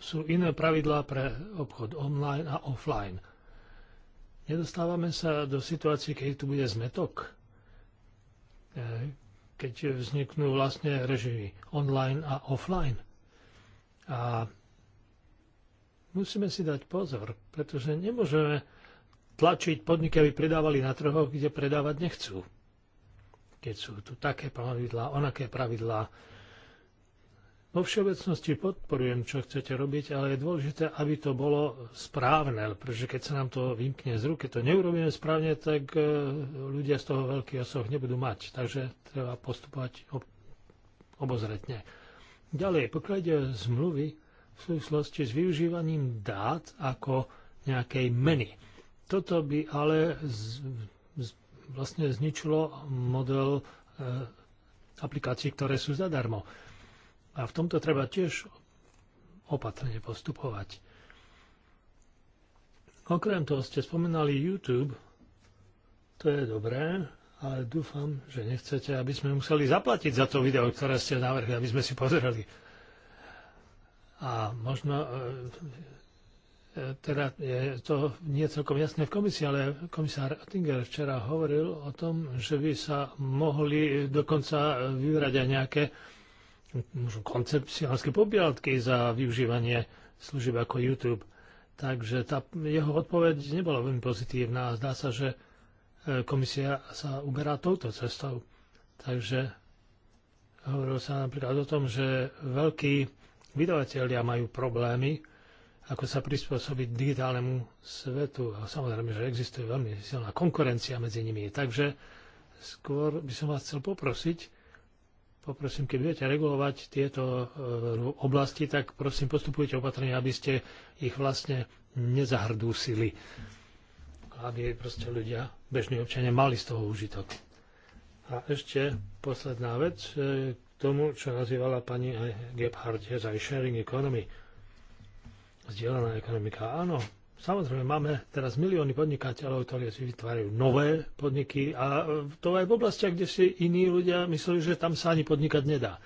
sú iné pravidlá pre obchod online a offline. Nedostávame sa do situácie, keď tu bude zmetok, e, keď vzniknú vlastne režimy online a offline. A musíme si dať pozor, pretože nemôžeme tlačiť podniky, aby predávali na trhoch, kde predávať nechcú. Keď sú tu také pravidlá, onaké pravidlá, vo všeobecnosti podporujem, čo chcete robiť, ale je dôležité, aby to bolo správne, pretože keď sa nám to vymkne z ruky, to neurobíme správne, tak e, ľudia z toho veľký osoch nebudú mať. Takže treba postupovať obozretne. Ďalej, pokiaľ ide zmluvy v súvislosti s využívaním dát ako nejakej meny. Toto by ale z, z, vlastne zničilo model e, aplikácií, ktoré sú zadarmo. A v tomto treba tiež opatrne postupovať. Okrem toho ste spomenali YouTube, to je dobré, ale dúfam, že nechcete, aby sme museli zaplatiť za to video, ktoré ste navrhli, aby sme si pozreli. A možno e, e, teda je to nie celkom jasné v komisii, ale komisár Oettinger včera hovoril o tom, že by sa mohli dokonca vybrať aj nejaké možno koncepcionálske pobiadky za využívanie služieb ako YouTube. Takže tá jeho odpoveď nebola veľmi pozitívna a zdá sa, že e, komisia sa uberá touto cestou. Takže hovorilo sa napríklad o tom, že veľkí vydavatelia majú problémy, ako sa prispôsobiť digitálnemu svetu. A samozrejme, že existuje veľmi silná konkurencia medzi nimi. Takže skôr by som vás chcel poprosiť, poprosím, keď budete regulovať tieto e, oblasti, tak prosím postupujte opatrne, aby ste ich vlastne nezahrdúsili. Aby proste ľudia, bežní občania, mali z toho užitok. A ešte posledná vec e, k tomu, čo nazývala pani Gebhardt, je za sharing economy. Zdieľaná ekonomika, áno, Samozrejme, máme teraz milióny podnikateľov, ktorí si vytvárajú nové podniky a to aj v oblastiach, kde si iní ľudia mysleli, že tam sa ani podnikať nedá.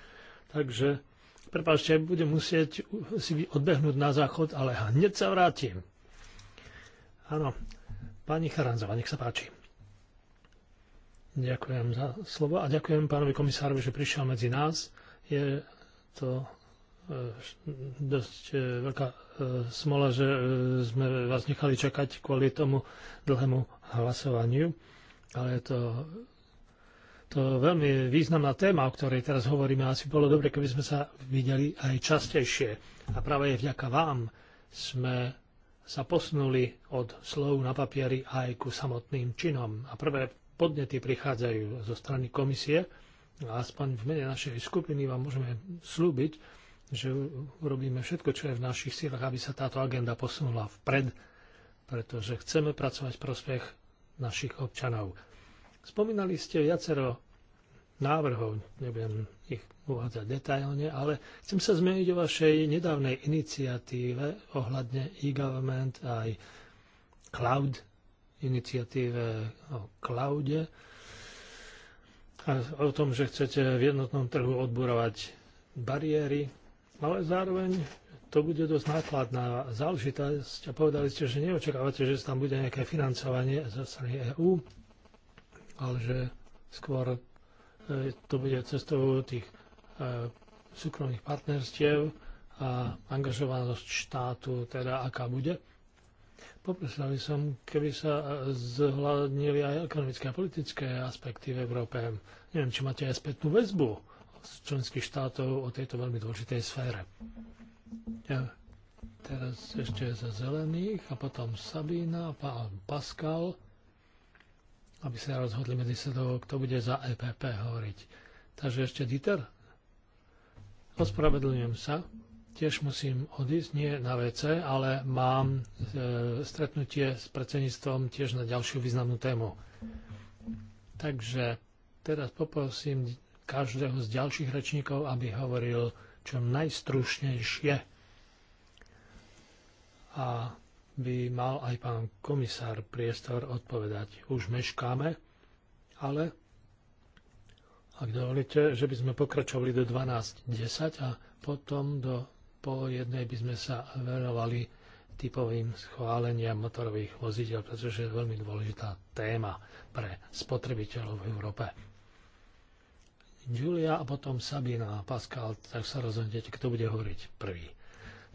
Takže, prepáčte, budem musieť si odbehnúť na záchod, ale hneď sa vrátim. Áno, pani Charanzova, nech sa páči. Ďakujem za slovo a ďakujem pánovi komisárovi, že prišiel medzi nás. Je to eh, dosť eh, veľká E, smola, že e, sme vás nechali čakať kvôli tomu dlhému hlasovaniu, ale je to, to veľmi významná téma, o ktorej teraz hovoríme. Asi bolo dobre, keby sme sa videli aj častejšie. A práve je vďaka vám sme sa posunuli od slov na papieri aj ku samotným činom. A prvé podnety prichádzajú zo strany komisie. A aspoň v mene našej skupiny vám môžeme slúbiť, že urobíme všetko, čo je v našich silách, aby sa táto agenda posunula vpred, pretože chceme pracovať v prospech našich občanov. Spomínali ste viacero návrhov, nebudem ich uvádzať detailne, ale chcem sa zmeniť o vašej nedávnej iniciatíve ohľadne e-government aj cloud iniciatíve o cloude a o tom, že chcete v jednotnom trhu odburovať bariéry ale zároveň to bude dosť nákladná záležitosť a povedali ste, že neočakávate, že tam bude nejaké financovanie zo strany EÚ, ale že skôr e, to bude cestou tých e, súkromných partnerstiev a angažovanosť štátu, teda aká bude. Poprosil som, keby sa zhľadnili aj ekonomické a politické aspekty v Európe. Neviem, či máte aj spätnú väzbu z členských štátov o tejto veľmi dôležitej sfére. Ja teraz ešte za zelených a potom Sabína, pán Pascal, aby sa rozhodli medzi sebou, kto bude za EPP hovoriť. Takže ešte Dieter. Ospravedlňujem sa. Tiež musím odísť, nie na WC, ale mám e, stretnutie s predsedníctvom tiež na ďalšiu významnú tému. Takže teraz poprosím každého z ďalších rečníkov, aby hovoril čo najstrušnejšie. A by mal aj pán komisár priestor odpovedať. Už meškáme, ale ak dovolíte, že by sme pokračovali do 12.10 a potom do po jednej by sme sa venovali typovým schváleniam motorových vozidel, pretože je veľmi dôležitá téma pre spotrebiteľov v Európe. Julia a potom Sabina a Pascal, tak sa rozhodnete, kto bude hovoriť prvý.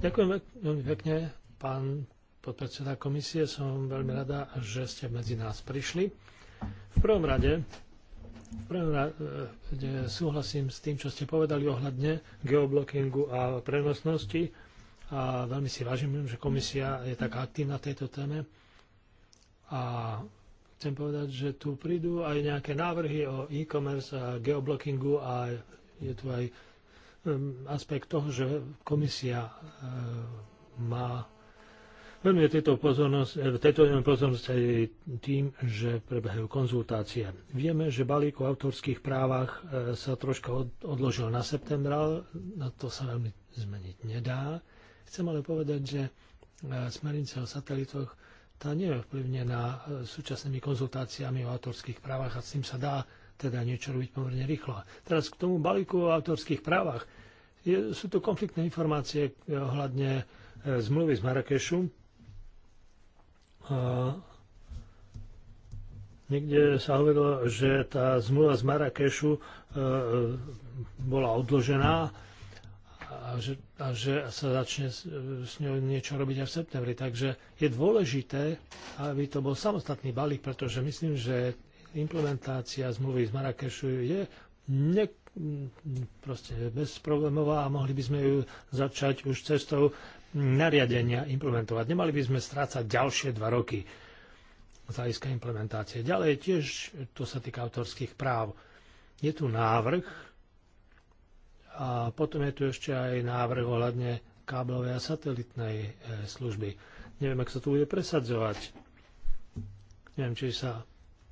Ďakujem veľmi pekne, pán podpredseda komisie, som veľmi rada, že ste medzi nás prišli. V prvom rade, v prvom rade súhlasím s tým, čo ste povedali ohľadne geoblockingu a prenosnosti a veľmi si vážim, že komisia je tak aktívna v tejto téme a chcem povedať, že tu prídu aj nejaké návrhy o e-commerce a geoblockingu a je tu aj um, aspekt toho, že komisia uh, má veľmi eh, tejto pozornosť, tejto pozornosť aj tým, že prebehajú konzultácie. Vieme, že balík o autorských právach eh, sa troška odložil na septembra, na to sa veľmi zmeniť nedá. Chcem ale povedať, že eh, smernice o satelitoch tá nie je ovplyvnená e, súčasnými konzultáciami o autorských právach a s tým sa dá teda niečo robiť pomerne rýchlo. Teraz k tomu balíku o autorských právach. Je, sú tu konfliktné informácie e, ohľadne e, zmluvy z Marrakešu. E, niekde sa hovorilo, že tá zmluva z Marrakešu bola odložená a že, a že sa začne s, s ňou niečo robiť aj v septembri. Takže je dôležité, aby to bol samostatný balík, pretože myslím, že implementácia zmluvy z Marrakešu je ne, proste bezproblémová a mohli by sme ju začať už cestou nariadenia implementovať. Nemali by sme strácať ďalšie dva roky z hľadiska implementácie. Ďalej tiež, to sa týka autorských práv, je tu návrh a potom je tu ešte aj návrh ohľadne káblovej a satelitnej e, služby. Neviem, ak sa tu bude presadzovať. Neviem, či sa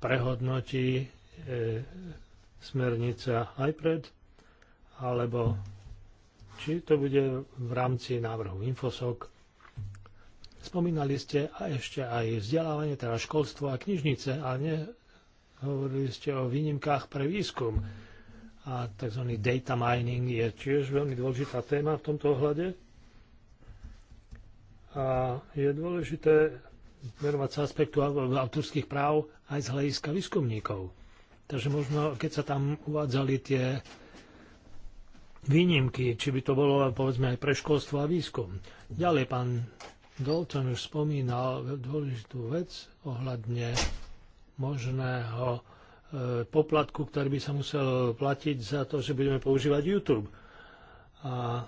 prehodnotí e, smernica aj pred, alebo či to bude v rámci návrhu Infosok. Spomínali ste a ešte aj vzdelávanie, teda školstvo a knižnice, ale nehovorili ste o výnimkách pre výskum a tzv. data mining je tiež veľmi dôležitá téma v tomto ohľade. A je dôležité venovať sa aspektu autorských práv aj z hľadiska výskumníkov. Takže možno, keď sa tam uvádzali tie výnimky, či by to bolo povedzme aj pre školstvo a výskum. Ďalej pán Dalton už spomínal dôležitú vec ohľadne možného E, poplatku, ktorý by sa musel platiť za to, že budeme používať YouTube. A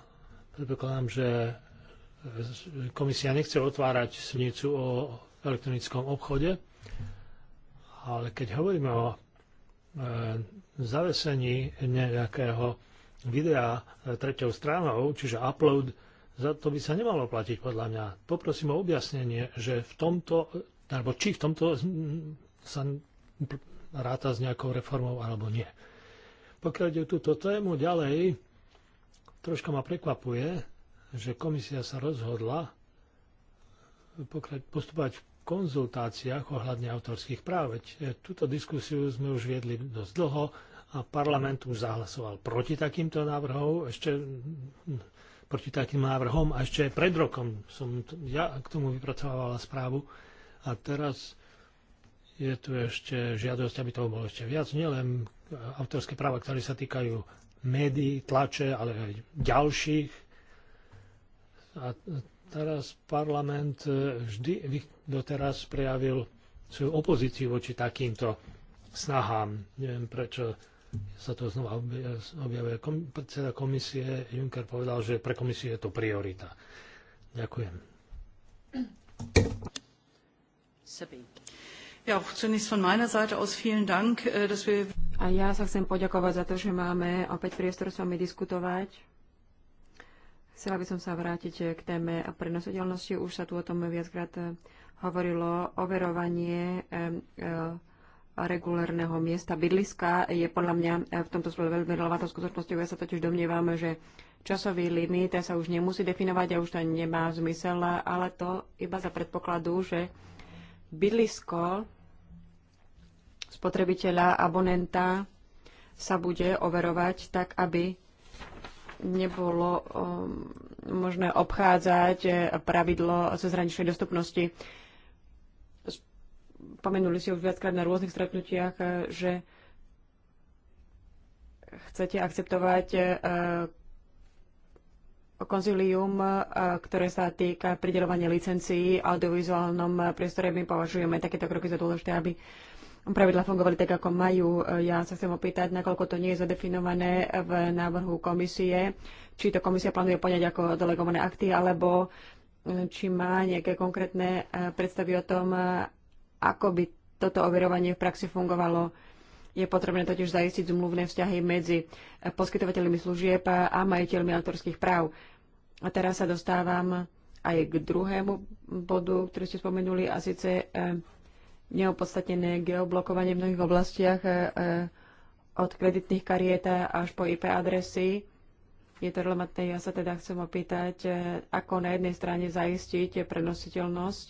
predpokladám, že e, komisia nechce otvárať snicu o elektronickom obchode, ale keď hovoríme o e, zavesení nejakého videa treťou stranou, čiže upload, za to by sa nemalo platiť podľa mňa. Poprosím o objasnenie, že v tomto, alebo či v tomto sa ráta s nejakou reformou alebo nie. Pokiaľ ide o túto tému ďalej, troška ma prekvapuje, že komisia sa rozhodla postupovať v konzultáciách ohľadne autorských práv. Veď e, túto diskusiu sme už viedli dosť dlho a parlament už zahlasoval proti takýmto návrhom, ešte proti takým návrhom a ešte pred rokom som ja k tomu vypracovala správu a teraz je tu ešte žiadosť, aby toho bolo ešte viac, nielen autorské práva, ktoré sa týkajú médií, tlače, ale aj ďalších. A teraz parlament e, vždy doteraz prejavil svoju opozíciu voči takýmto snahám. Neviem, prečo sa to znova objavuje. predseda komisie Juncker povedal, že pre komisiu je to priorita. Ďakujem. Sabine. Ja, auch zunächst von meiner Seite aus vielen Dank, äh, dass wir... A ja sa chcem poďakovať za to, že máme opäť priestor s vami diskutovať. Chcela by som sa vrátiť e, k téme prenositeľnosti. Už sa tu o tom viackrát e, hovorilo. Overovanie e, regulárneho miesta bydliska je podľa mňa v tomto slove veľmi relevantnou skutočnosťou. Ja sa totiž domnievam, že časový limit sa už nemusí definovať a už to nemá zmysel, ale to iba za predpokladu, že bydlisko spotrebiteľa, abonenta sa bude overovať tak, aby nebolo um, možné obchádzať eh, pravidlo cezhraničnej dostupnosti. Pomenuli si už viackrát na rôznych stretnutiach, eh, že chcete akceptovať uh, konzilium, uh, ktoré sa týka pridelovania licencií a audiovizuálnom priestore. My považujeme takéto kroky za dôležité, aby uh, pravidla fungovali tak, ako majú. E, ja sa chcem opýtať, nakoľko to nie je zadefinované v návrhu komisie, či to komisia plánuje poňať ako delegované akty, alebo e, či má nejaké konkrétne e, predstavy o tom, ako by toto overovanie v praxi fungovalo. Je potrebné totiž zaistiť zmluvné vzťahy medzi poskytovateľmi služieb a majiteľmi autorských práv. A teraz sa dostávam aj k druhému bodu, ktorý ste spomenuli, a síce neopodstatnené geoblokovanie v mnohých oblastiach e, e, od kreditných kariet až po IP adresy. Je to relevantné, ja sa teda chcem opýtať, e, ako na jednej strane zaistiť prenositeľnosť,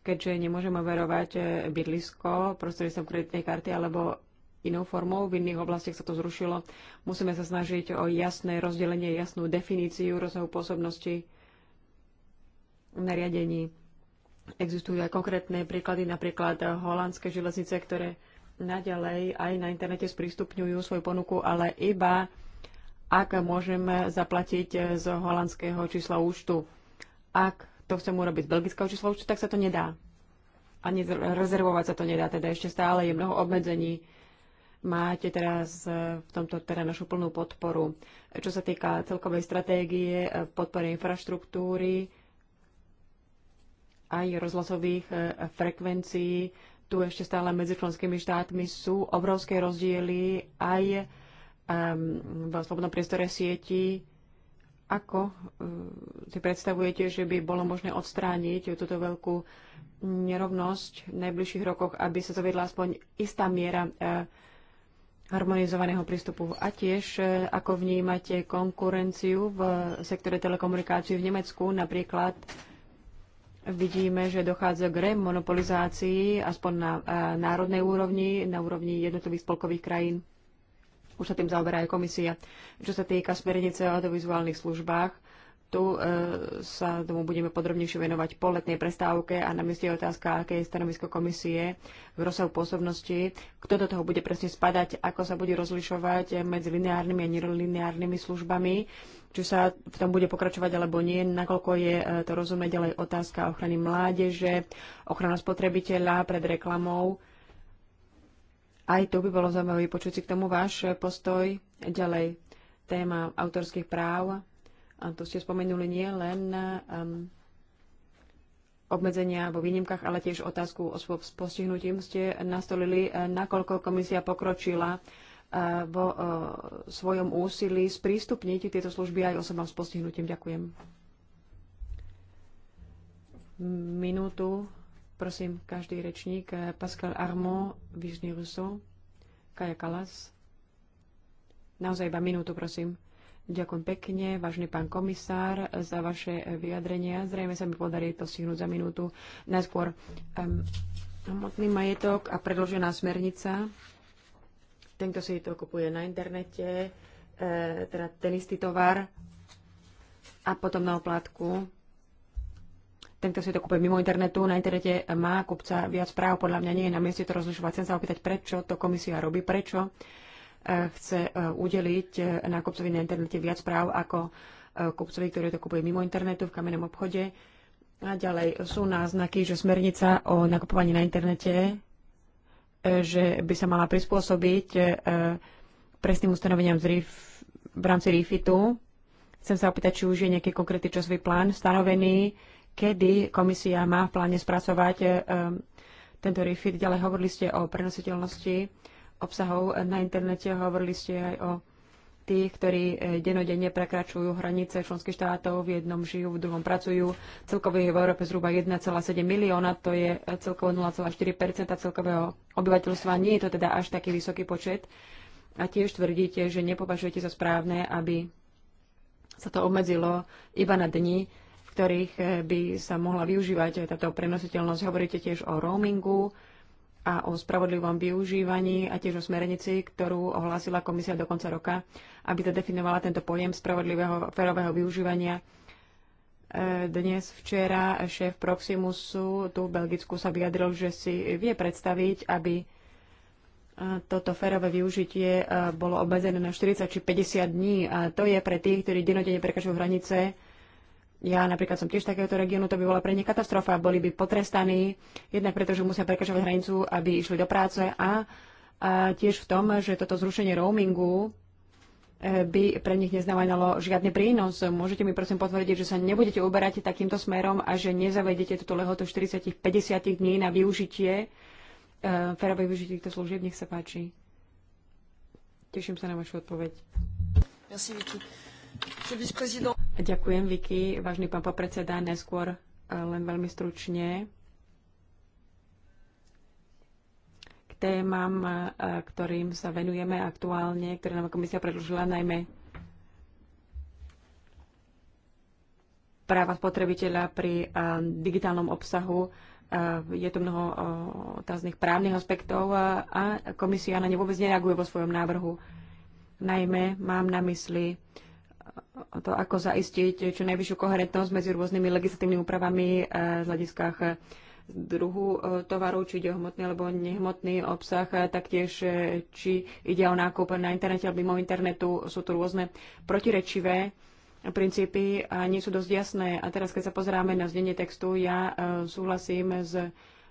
keďže nemôžem overovať bydlisko prostredníctvom kreditnej karty alebo inou formou. V iných oblastiach sa to zrušilo. Musíme sa snažiť o jasné rozdelenie, jasnú definíciu rozhovu pôsobnosti nariadení. Existujú aj konkrétne príklady, napríklad holandské železnice, ktoré naďalej aj na internete sprístupňujú svoju ponuku, ale iba ak môžem zaplatiť z holandského čísla účtu. Ak to chcem urobiť z belgického čísla účtu, tak sa to nedá. Ani rezervovať sa to nedá, teda ešte stále je mnoho obmedzení. Máte teraz e, v tomto teda našu plnú podporu. E, čo sa týka celkovej stratégie, e, podpory infraštruktúry, aj rozhlasových e, frekvencií. Tu ešte stále medzi členskými štátmi sú obrovské rozdiely aj v slobodnom priestore sieti. Ako e, si predstavujete, že by bolo možné odstrániť túto veľkú nerovnosť v najbližších rokoch, aby sa zaviedla aspoň istá miera e, harmonizovaného prístupu. A tiež, ako vnímate konkurenciu v sektore telekomunikácií v Nemecku, napríklad vidíme, že dochádza k remonopolizácii, aspoň na e, národnej úrovni, na úrovni jednotlivých spolkových krajín. Už sa tým zaoberá aj komisia. Čo sa týka smernice o audiovizuálnych službách, tu e, sa tomu budeme podrobnejšie venovať po letnej prestávke a na mieste je otázka, aké je stanovisko komisie v rozsahu pôsobnosti, kto do toho bude presne spadať, ako sa bude rozlišovať medzi lineárnymi a nelineárnymi službami, či sa v tom bude pokračovať alebo nie, nakoľko je e, to rozumné ďalej otázka ochrany mládeže, ochrana spotrebiteľa pred reklamou. Aj tu by bolo zaujímavé počuť si k tomu váš postoj ďalej téma autorských práv a to ste spomenuli nie len um, obmedzenia vo výnimkách, ale tiež otázku osôb s postihnutím ste nastolili, eh, nakoľko komisia pokročila eh, vo eh, svojom úsilí sprístupniť tieto služby aj osobám s postihnutím. Ďakujem. Minútu, prosím, každý rečník. Pascal Armand, Vižny Rousseau, Kaja Kalas. Naozaj iba minútu, prosím. Ďakujem pekne, vážny pán komisár, za vaše vyjadrenia. Zrejme sa mi podarí to stihnúť za minútu. Najskôr um, hmotný majetok a predložená smernica. Tento si to kupuje na internete, e, teda ten istý tovar a potom na oplátku. Tento si to kupuje mimo internetu. Na internete má kupca viac práv. Podľa mňa nie je na mieste to rozlišovať. Chcem sa opýtať, prečo to komisia robí, prečo E, chce e, udeliť e, nákupcovi na internete viac práv ako kupcovi, ktorý to kupuje mimo internetu v kamennom obchode. A ďalej sú náznaky, že smernica o nakupovaní na internete že by sa mala prispôsobiť presným ustanoveniam v rámci RIFITu. Chcem sa opýtať, či už je nejaký konkrétny časový plán stanovený, kedy komisia má v pláne spracovať tento REFIT. Ďalej hovorili ste o prenositeľnosti obsahov na internete. Hovorili ste aj o tých, ktorí eh, denodenne prekračujú hranice členských štátov, v jednom žijú, v druhom pracujú. Celkovo je v Európe zhruba 1,7 milióna, to je eh, celkovo 0,4 celkového obyvateľstva. Nie je to teda až taký vysoký počet. A tiež tvrdíte, že nepovažujete za správne, aby sa to obmedzilo iba na dni, v ktorých eh, by sa mohla využívať táto prenositeľnosť. Hovoríte tiež o roamingu a o spravodlivom využívaní a tiež o smernici, ktorú ohlásila komisia do konca roka, aby zadefinovala tento pojem spravodlivého férového využívania. E, dnes, včera, šéf Proximusu tu v Belgicku sa vyjadril, že si vie predstaviť, aby e, toto férové využitie e, bolo obmedzené na 40 či 50 dní. A to je pre tých, ktorí denodene prekračujú hranice, ja napríklad som tiež takéhoto regiónu, to by bola pre ne katastrofa. Boli by potrestaní, jednak preto, že musia prekračovať hranicu, aby išli do práce a, a tiež v tom, že toto zrušenie roamingu e, by pre nich neznamenalo žiadny prínos. Môžete mi prosím potvrdiť, že sa nebudete uberať takýmto smerom a že nezavedete túto lehotu 40-50 dní na využitie, e, férové využitie týchto služieb. Nech sa páči. Teším sa na vašu odpoveď. Merci, Ďakujem, Vicky. Vážny pán popredseda, neskôr eh, len veľmi stručne k témam, eh, ktorým sa venujeme aktuálne, ktoré nám komisia predložila najmä práva spotrebiteľa pri eh, digitálnom obsahu. Je tu mnoho otáznych právnych aspektov a komisia na ne vôbec nereaguje vo svojom návrhu. Najmä mám na mysli to, ako zaistiť čo najvyššiu koherentnosť medzi rôznymi legislatívnymi úpravami v e, hľadiskách e, druhu e, tovaru, či ide o hmotný alebo nehmotný obsah, taktiež či ide o nákup na internete alebo mimo internetu. Sú tu rôzne protirečivé princípy a nie sú dosť jasné. A teraz, keď sa pozeráme na znenie textu, ja súhlasím s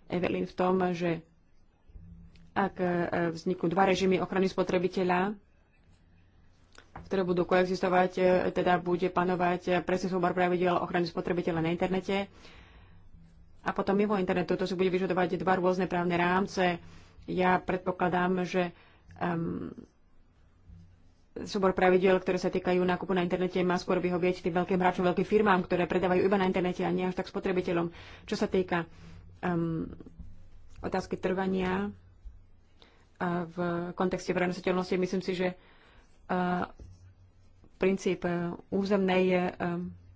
Evelyn v tom, že ak vzniknú dva režimy ochrany spotrebiteľa, ktoré budú koexistovať, e, teda bude panovať e, presný súbor pravidel ochrany spotrebiteľa na internete. A potom mimo internetu to si bude vyžadovať dva rôzne právne rámce. Ja predpokladám, že um, súbor pravidel, ktoré sa týkajú nákupu na internete, má skôr vyhovieť tým veľkým hráčom, veľkým firmám, ktoré predávajú iba na internete a nie až tak spotrebiteľom. Čo sa týka um, otázky trvania a v kontexte verejnosteľnosti, myslím si, že uh, princíp e, územnej e,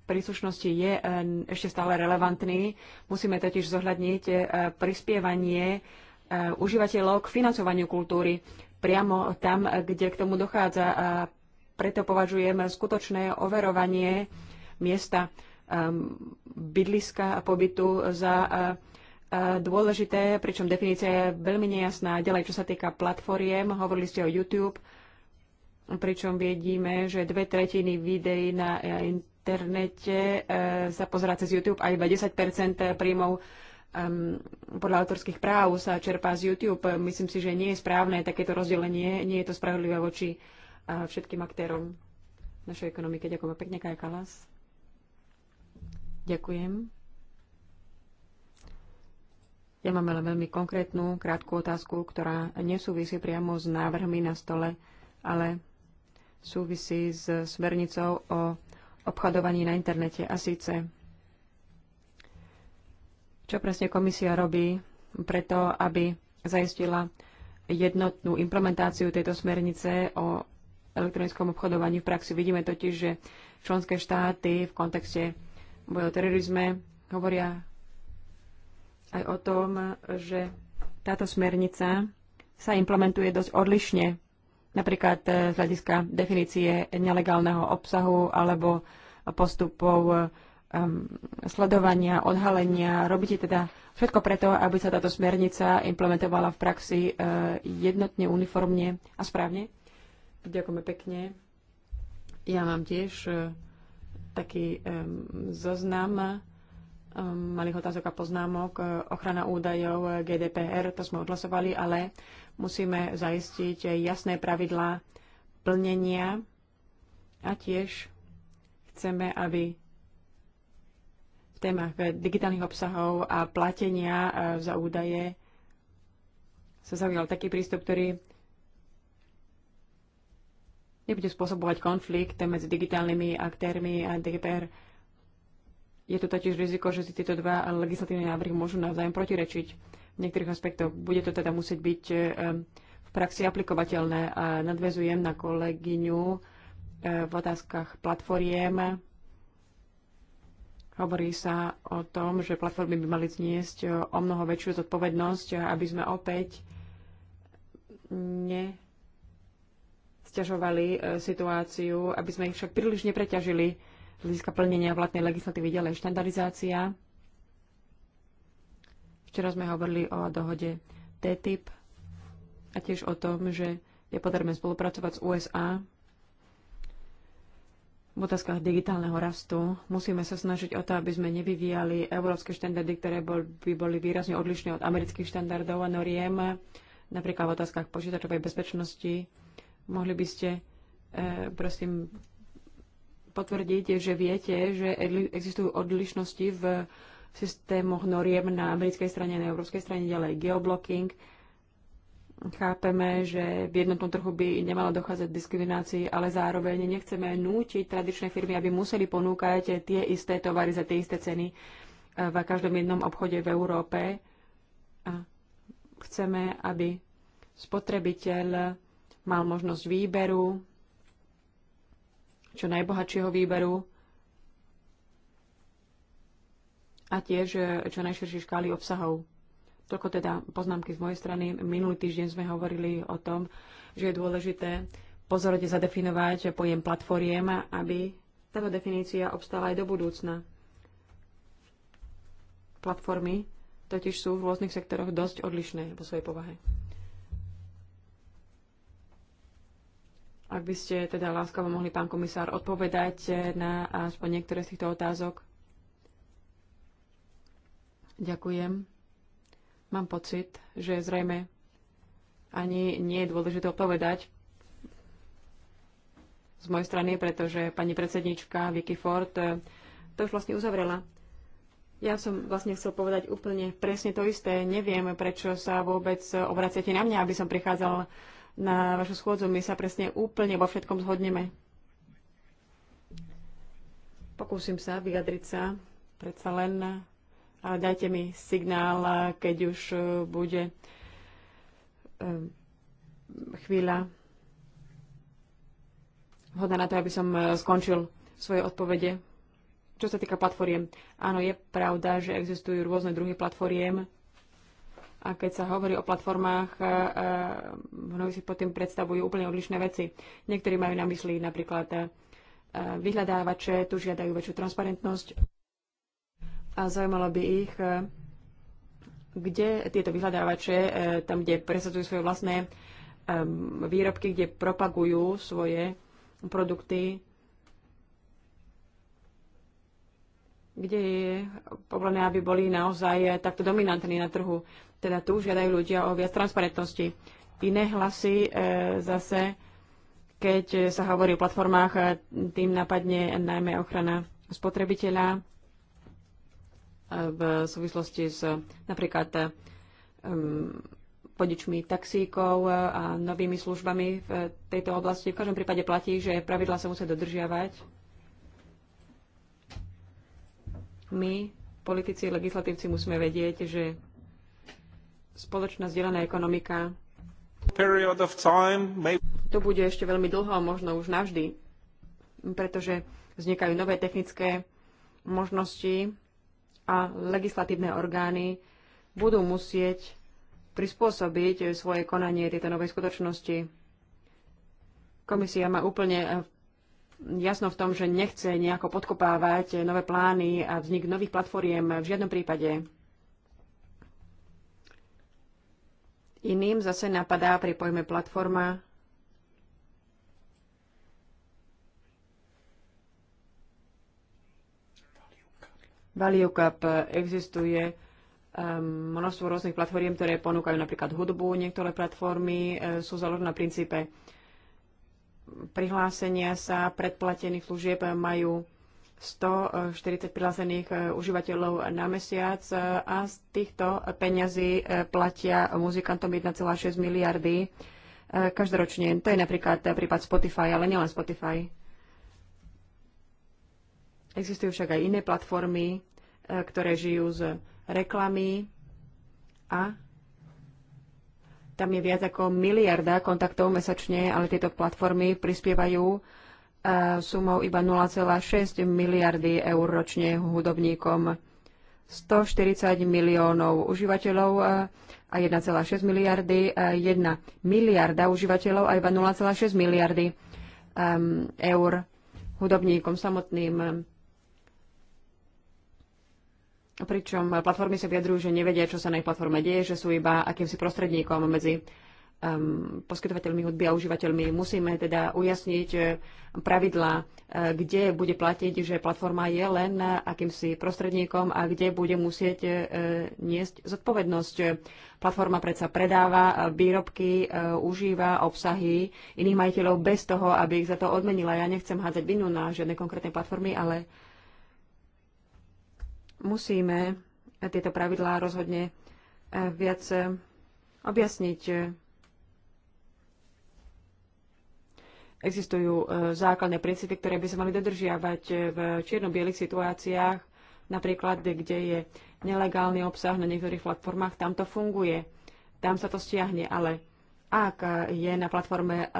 príslušnosti je e, ešte stále relevantný. Musíme totiž zohľadniť prispievanie užívateľov k financovaniu kultúry priamo tam, kde k tomu dochádza. A preto považujem skutočné overovanie miesta bydliska a pobytu za dôležité, pričom definícia je veľmi nejasná. Ďalej, čo sa týka platformiem, hovorili ste o YouTube, pričom vidíme, že dve tretiny videí na e, internete e, sa pozerá cez YouTube a iba 10 príjmov um, podľa autorských práv sa čerpá z YouTube. Myslím si, že nie je správne takéto rozdelenie, nie je to spravodlivé voči uh, všetkým aktérom našej ekonomiky. Ďakujem pekne, Kaja Kalas. Ďakujem. Ja mám len veľmi konkrétnu, krátku otázku, ktorá nesúvisí priamo s návrhmi na stole, ale súvisí s smernicou o obchodovaní na internete. A síce, čo presne komisia robí preto, aby zaistila jednotnú implementáciu tejto smernice o elektronickom obchodovaní v praxi. Vidíme totiž, že členské štáty v kontexte boja o terorizme hovoria aj o tom, že táto smernica sa implementuje dosť odlišne napríklad e, z hľadiska definície nelegálneho obsahu alebo postupov um, sledovania, odhalenia. Robíte teda všetko preto, aby sa táto smernica implementovala v praxi uh, jednotne, uniformne a správne? Ďakujeme pekne. Ja mám tiež uh, taký um, zoznam um, malých otázok a poznámok. Uh, ochrana údajov, GDPR, to sme odhlasovali, ale Musíme zaistiť jasné pravidlá plnenia a tiež chceme, aby v témach digitálnych obsahov a platenia e, za údaje sa zaujal taký prístup, ktorý nebude spôsobovať konflikt medzi digitálnymi aktérmi a DGPR. Je tu totiž riziko, že si tieto dva legislatívne návrhy môžu navzájom protirečiť niektorých aspektoch. Bude to teda musieť byť eh, v praxi aplikovateľné a nadvezujem na kolegyňu eh, v otázkach platformiem. Hovorí sa o tom, že platformy by mali zniesť eh, o mnoho väčšiu zodpovednosť, aby sme opäť ne situáciu, aby sme ich však príliš nepreťažili z hľadiska plnenia vlastnej legislatívy ďalej štandardizácia Včera sme hovorili o dohode TTIP a tiež o tom, že je potrebné spolupracovať s USA v otázkach digitálneho rastu. Musíme sa snažiť o to, aby sme nevyvíjali európske štandardy, ktoré bol, by boli výrazne odlišné od amerických štandardov a noriem, napríklad v otázkach počítačovej bezpečnosti. Mohli by ste, e, prosím, potvrdiť, že viete, že existujú odlišnosti v systémoch noriem na americkej strane a na európskej strane, ďalej geoblocking. Chápeme, že v jednotnom trhu by nemalo dochádzať k diskriminácii, ale zároveň nechceme nútiť tradičné firmy, aby museli ponúkať tie isté tovary za tie isté ceny eh, v každom jednom obchode v Európe. A chceme, aby spotrebiteľ mal možnosť výberu, čo najbohatšieho výberu a tiež e, čo najširšie škály obsahov. Toľko teda poznámky z mojej strany. Minulý týždeň sme hovorili o tom, že je dôležité pozorne zadefinovať pojem platformiem, aby táto definícia obstala aj do budúcna. Platformy totiž sú v rôznych sektoroch dosť odlišné vo svojej povahe. Ak by ste teda láskavo mohli, pán komisár, odpovedať na aspoň niektoré z týchto otázok. Ďakujem. Mám pocit, že zrejme ani nie je dôležité odpovedať z mojej strany, pretože pani predsednička Vicky Ford eh, to už vlastne uzavrela. Ja som vlastne chcel povedať úplne presne to isté. Neviem, prečo sa vôbec obraciate na mňa, aby som prichádzal na vašu schôdzu. My sa presne úplne vo všetkom zhodneme. Pokúsim sa vyjadriť sa predsa len ale dajte mi signál, keď už e, bude e, chvíľa vhodná na to, aby som e, skončil svoje odpovede. Čo sa týka platformiem, áno, je pravda, že existujú rôzne druhy platformiem. A keď sa hovorí o platformách, mnohí si pod tým predstavujú úplne odlišné veci. Niektorí majú na mysli napríklad vyhľadávače, tu žiadajú väčšiu transparentnosť a zaujímalo by ich, e, kde tieto vyhľadávače, e, tam, kde presadzujú svoje vlastné e, výrobky, kde propagujú svoje produkty, kde je povolené, aby boli naozaj takto dominantní na trhu. Teda tu žiadajú ľudia o viac transparentnosti. Iné hlasy zase, keď sa hovorí o platformách, tým napadne najmä ochrana spotrebiteľa, v súvislosti s napríklad podičmi taxíkov a novými službami v tejto oblasti. V každom prípade platí, že pravidlá sa musia dodržiavať. My, politici, legislatívci, musíme vedieť, že spoločná zdieľaná ekonomika to bude ešte veľmi dlho, možno už navždy, pretože vznikajú nové technické možnosti, a legislatívne orgány budú musieť prispôsobiť svoje konanie tejto novej skutočnosti. Komisia má úplne eh, jasno v tom, že nechce nejako podkopávať nové plány a vznik nových platformiem v žiadnom prípade. Iným zase napadá pri pojme platforma ValueCup eh, existuje ehm, množstvo rôznych platform, ktoré ponúkajú napríklad hudbu. Niektoré platformy eh, sú založené na princípe prihlásenia sa predplatených služieb majú 140 eh, prihlásených užívateľov na mesiac a z týchto peňazí platia muzikantom 1,6 miliardy každoročne. To je napríklad prípad Spotify, ale nielen Spotify. Existujú však aj iné platformy, e, ktoré žijú z reklamy a tam je viac ako miliarda kontaktov mesačne, ale tieto platformy prispievajú e, sumou iba 0,6 miliardy eur ročne hudobníkom. 140 miliónov užívateľov e, a 1,6 miliardy, 1 miliarda užívateľov a iba 0,6 miliardy eur hudobníkom samotným. Pričom platformy sa vyjadrujú, že nevedia, čo sa na ich platforme deje, že sú iba akýmsi prostredníkom medzi um, poskytovateľmi hudby a užívateľmi. Musíme teda ujasniť eh, pravidlá, eh, kde bude platiť, že platforma je len akýmsi prostredníkom a kde bude musieť uh, niesť zodpovednosť. Platforma predsa predáva výrobky, uh, užíva obsahy iných majiteľov bez toho, aby ich za to odmenila. Ja nechcem hádzať vinu na žiadne konkrétne platformy, ale uh, musíme tieto pravidlá rozhodne eh, viac eh, objasniť. Existujú eh, základné princípy, ktoré by sa mali dodržiavať v čierno-bielých situáciách, napríklad, kde je nelegálny obsah na niektorých platformách, tam to funguje, tam sa to stiahne, ale ak je na platforme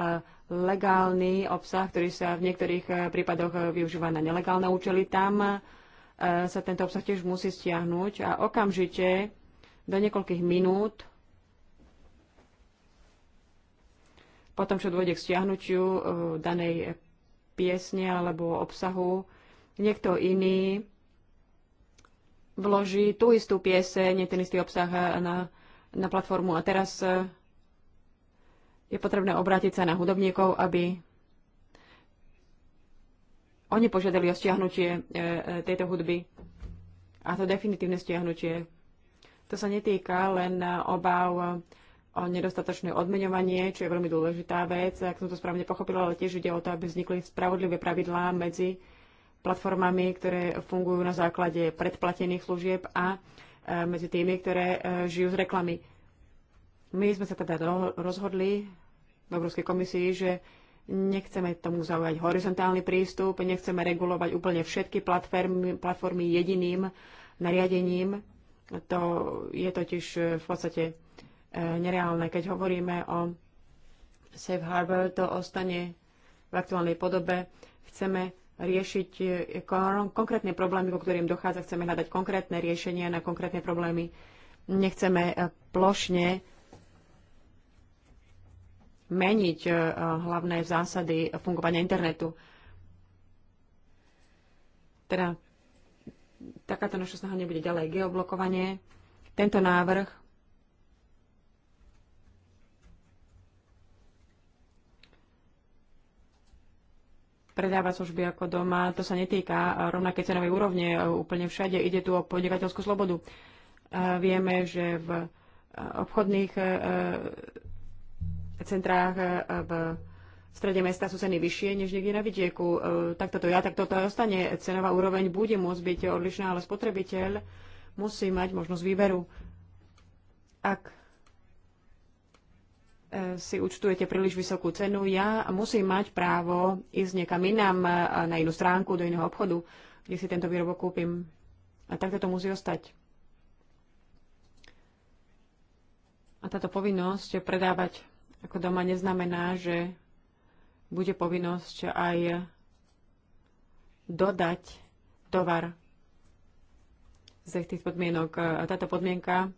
legálny obsah, ktorý sa v niektorých prípadoch využíva na nelegálne účely, tam E, sa tento obsah tiež musí stiahnuť a okamžite do niekoľkých minút potom, čo dôjde k stiahnutiu e, danej piesne alebo obsahu, niekto iný vloží tú istú pieseň, ten istý obsah e, na, na platformu. A teraz je potrebné obrátiť sa na hudobníkov, aby oni požiadali o stiahnutie e, e, tejto hudby a to definitívne stiahnutie. To sa netýka len e, obav o nedostatočné odmeňovanie, čo je veľmi dôležitá vec, ak som to správne pochopila, ale tiež ide o to, aby vznikli spravodlivé pravidlá medzi platformami, ktoré fungujú na základe predplatených služieb a medzi tými, ktoré žijú z reklamy. My sme sa teda rozhodli v Európskej komisii, že Nechceme tomu zaujať horizontálny prístup, nechceme regulovať úplne všetky platformy, platformy jediným nariadením. To je totiž eh, v podstate eh, nereálne. Keď hovoríme o Safe Harbor, to ostane v aktuálnej podobe. Chceme riešiť eh, konkrétne problémy, ku ktorým dochádza. Chceme hľadať konkrétne riešenia na konkrétne problémy. Nechceme plošne meniť e, e, hlavné zásady fungovania internetu. Teda takáto naša snaha nebude ďalej geoblokovanie. Tento návrh predáva služby ako doma, to sa netýka rovnaké cenovej úrovne e, úplne všade. Ide tu o podnikateľskú slobodu. Vieme, že v obchodných centrách v e, v strede mesta sú ceny vyššie než niekde na vidieku. E, tak toto ja, tak toto ostane. Cenová úroveň bude môcť byť odlišná, ale spotrebiteľ musí mať možnosť výberu. Ak e, si účtujete príliš vysokú cenu, ja musím mať právo ísť niekam inám, na inú stránku, do iného obchodu, kde si tento výrobok kúpim. A takto to musí ostať. A táto povinnosť predávať ako doma neznamená, že bude povinnosť aj dodať tovar z tých podmienok. Táto podmienka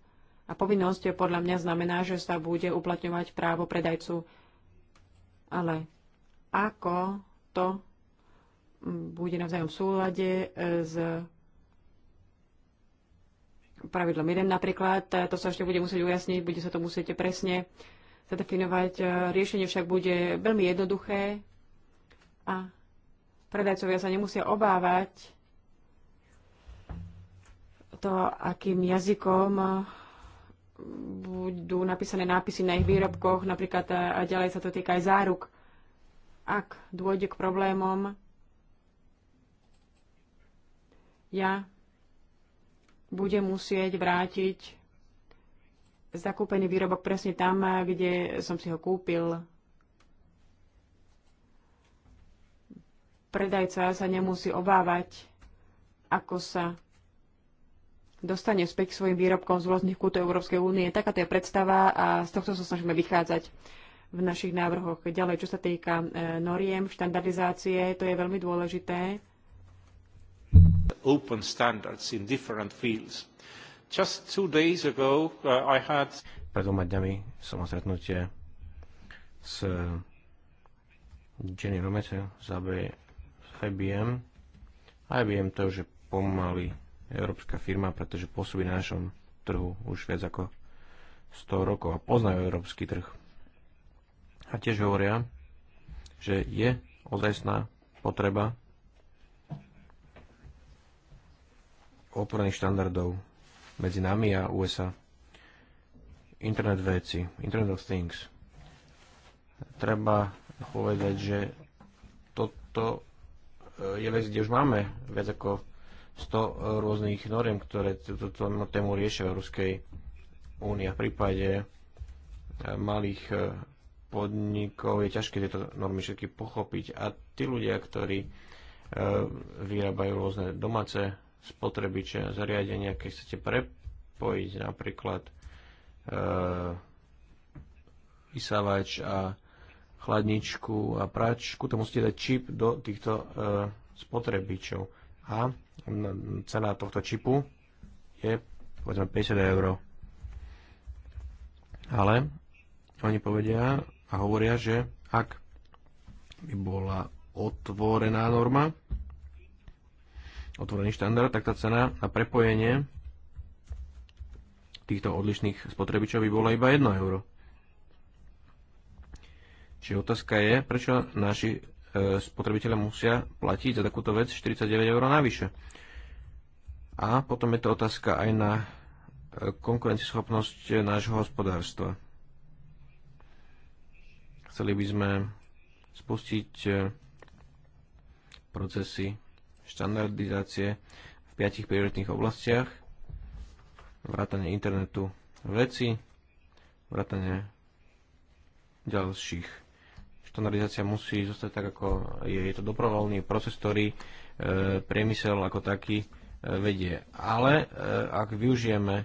a povinnosť podľa mňa znamená, že sa bude uplatňovať právo predajcu. Ale ako to bude navzájom v súlade s pravidlom 1 napríklad, to sa ešte bude musieť ujasniť, bude sa to musieť presne zadefinovať. E, riešenie však bude veľmi jednoduché a predajcovia sa nemusia obávať to, akým jazykom e, budú napísané nápisy na ich výrobkoch, napríklad e, a ďalej sa to týka aj záruk. Ak dôjde k problémom, ja budem musieť vrátiť zakúpený výrobok presne tam, kde som si ho kúpil. Predajca sa nemusí obávať, ako sa dostane späť k svojim výrobkom z rôznych kútov Európskej únie. Takáto je predstava a z tohto sa snažíme vychádzať v našich návrhoch. Ďalej, čo sa týka e, noriem, štandardizácie, to je veľmi dôležité. Open standards in different fields Just two days ago uh, I had... Pred dvoma dňami som mal stretnutie s Jenny Romete z IBM. IBM to už je pomaly európska firma, pretože pôsobí na našom trhu už viac ako 100 rokov a poznajú európsky trh. A tiež hovoria, že je ozajstná potreba oporných štandardov medzi nami a USA. Internet veci, Internet of Things. Treba povedať, že toto eh, je vec, kde už máme viac ako 100 rôznych noriem, ktoré túto tému riešia v Európskej únii. v prípade eh, malých eh, podnikov je ťažké tieto normy všetky pochopiť. A tí ľudia, ktorí vyrábajú rôzne domáce spotrebiče a zariadenia, keď chcete prepojiť napríklad e, vysávač a chladničku a pračku, to musíte dať čip do týchto e, spotrebičov. A cena tohto čipu je povedzme 50 eur. Ale oni povedia a hovoria, že ak by bola otvorená norma, otvorený štandard, tak tá cena na prepojenie týchto odlišných spotrebičov by bolo iba 1 euro. Čiže otázka je, prečo naši e, spotrebitelia musia platiť za takúto vec 49 eur navyše. A potom je to otázka aj na e, konkurencieschopnosť nášho hospodárstva. Chceli by sme spustiť e, procesy štandardizácie v piatich prioritných oblastiach, vrátanie internetu veci, vrátanie ďalších. Štandardizácia musí zostať tak, ako je. Je to dobrovoľný proces, ktorý e, priemysel ako taký e, vedie. Ale e, ak využijeme e,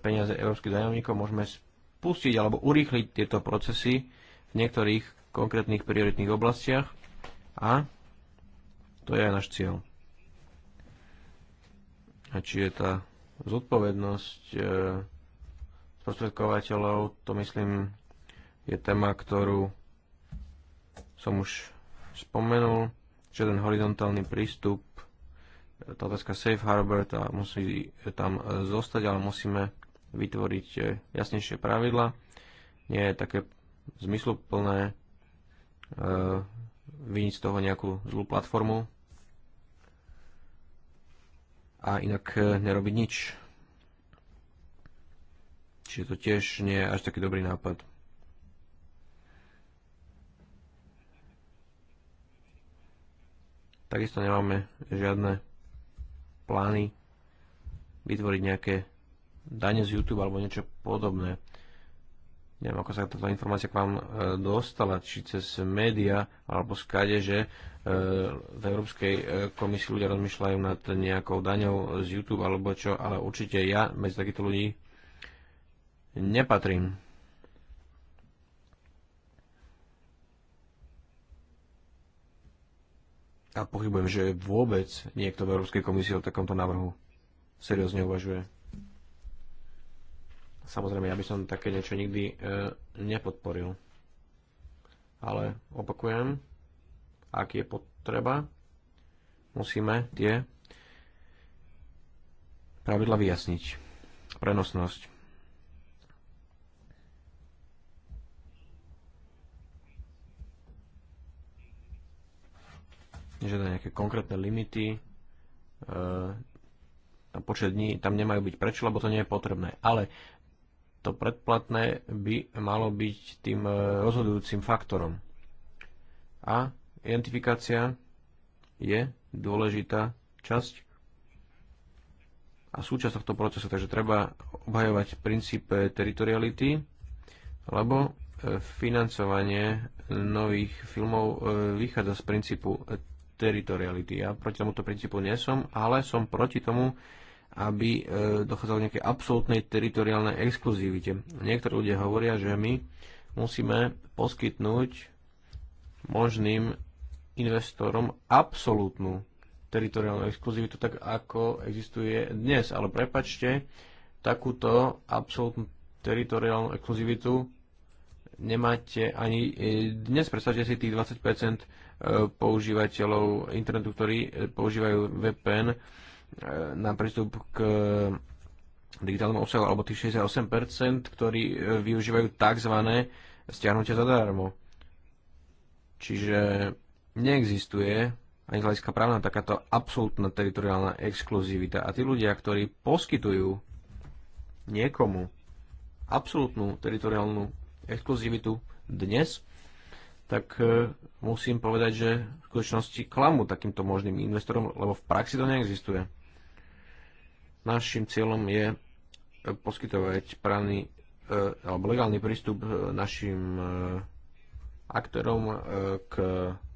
peniaze európskych daňovníkov, môžeme spustiť alebo urýchliť tieto procesy v niektorých konkrétnych prioritných oblastiach a to je aj náš cieľ. A či je tá zodpovednosť e, to myslím je téma, ktorú som už spomenul, že ten horizontálny prístup, e, tá otázka Safe Harbor, tá musí tam e, zostať, ale musíme vytvoriť e, jasnejšie pravidla. Nie je také zmysluplné e, vyniť z toho nejakú zlú platformu a inak e, nerobiť nič. Čiže to tiež nie je až taký dobrý nápad. Takisto nemáme žiadne plány vytvoriť nejaké dane z YouTube alebo niečo podobné neviem, ako sa táto informácia k vám e, dostala, či cez média, alebo skade, že e, v Európskej e, komisii ľudia rozmýšľajú nad nejakou daňou z YouTube, alebo čo, ale určite ja medzi takýchto ľudí nepatrím. A pochybujem, že vôbec niekto v Európskej komisii o takomto návrhu seriózne uvažuje. Samozrejme, ja by som také niečo nikdy e, nepodporil. Ale opakujem, ak je potreba, musíme tie pravidla vyjasniť. Prenosnosť. Žiadne nejaké konkrétne limity e, na počet dní tam nemajú byť. Prečo? Lebo to nie je potrebné. Ale to predplatné by malo byť tým e, rozhodujúcim faktorom. A identifikácia je dôležitá časť a súčasť tohto procesu, takže treba obhajovať princíp e, teritoriality, lebo e, financovanie nových filmov vychádza z princípu teritoriality. Ja proti tomuto princípu nie som, ale som proti tomu, aby e, dochádzalo nejakej absolútnej teritoriálnej exkluzivite. Niektorí ľudia hovoria, že my musíme poskytnúť možným investorom absolútnu teritoriálnu exkluzivitu, tak ako existuje dnes. Ale prepačte, takúto absolútnu teritoriálnu exkluzivitu nemáte ani e, dnes. Predstavte si tých 20% e, používateľov internetu, ktorí používajú VPN na prístup k e, digitálnemu obsahu, alebo tých 68%, ktorí e, využívajú tzv. stiahnutie zadarmo. Čiže neexistuje ani z hľadiska právna takáto absolútna teritoriálna exkluzivita. A tí ľudia, ktorí poskytujú niekomu absolútnu teritoriálnu exkluzivitu dnes, tak e, musím povedať, že v skutočnosti klamú takýmto možným investorom, lebo v praxi to neexistuje. Našim cieľom je e, poskytovať právny e, alebo legálny prístup e, našim aktorom k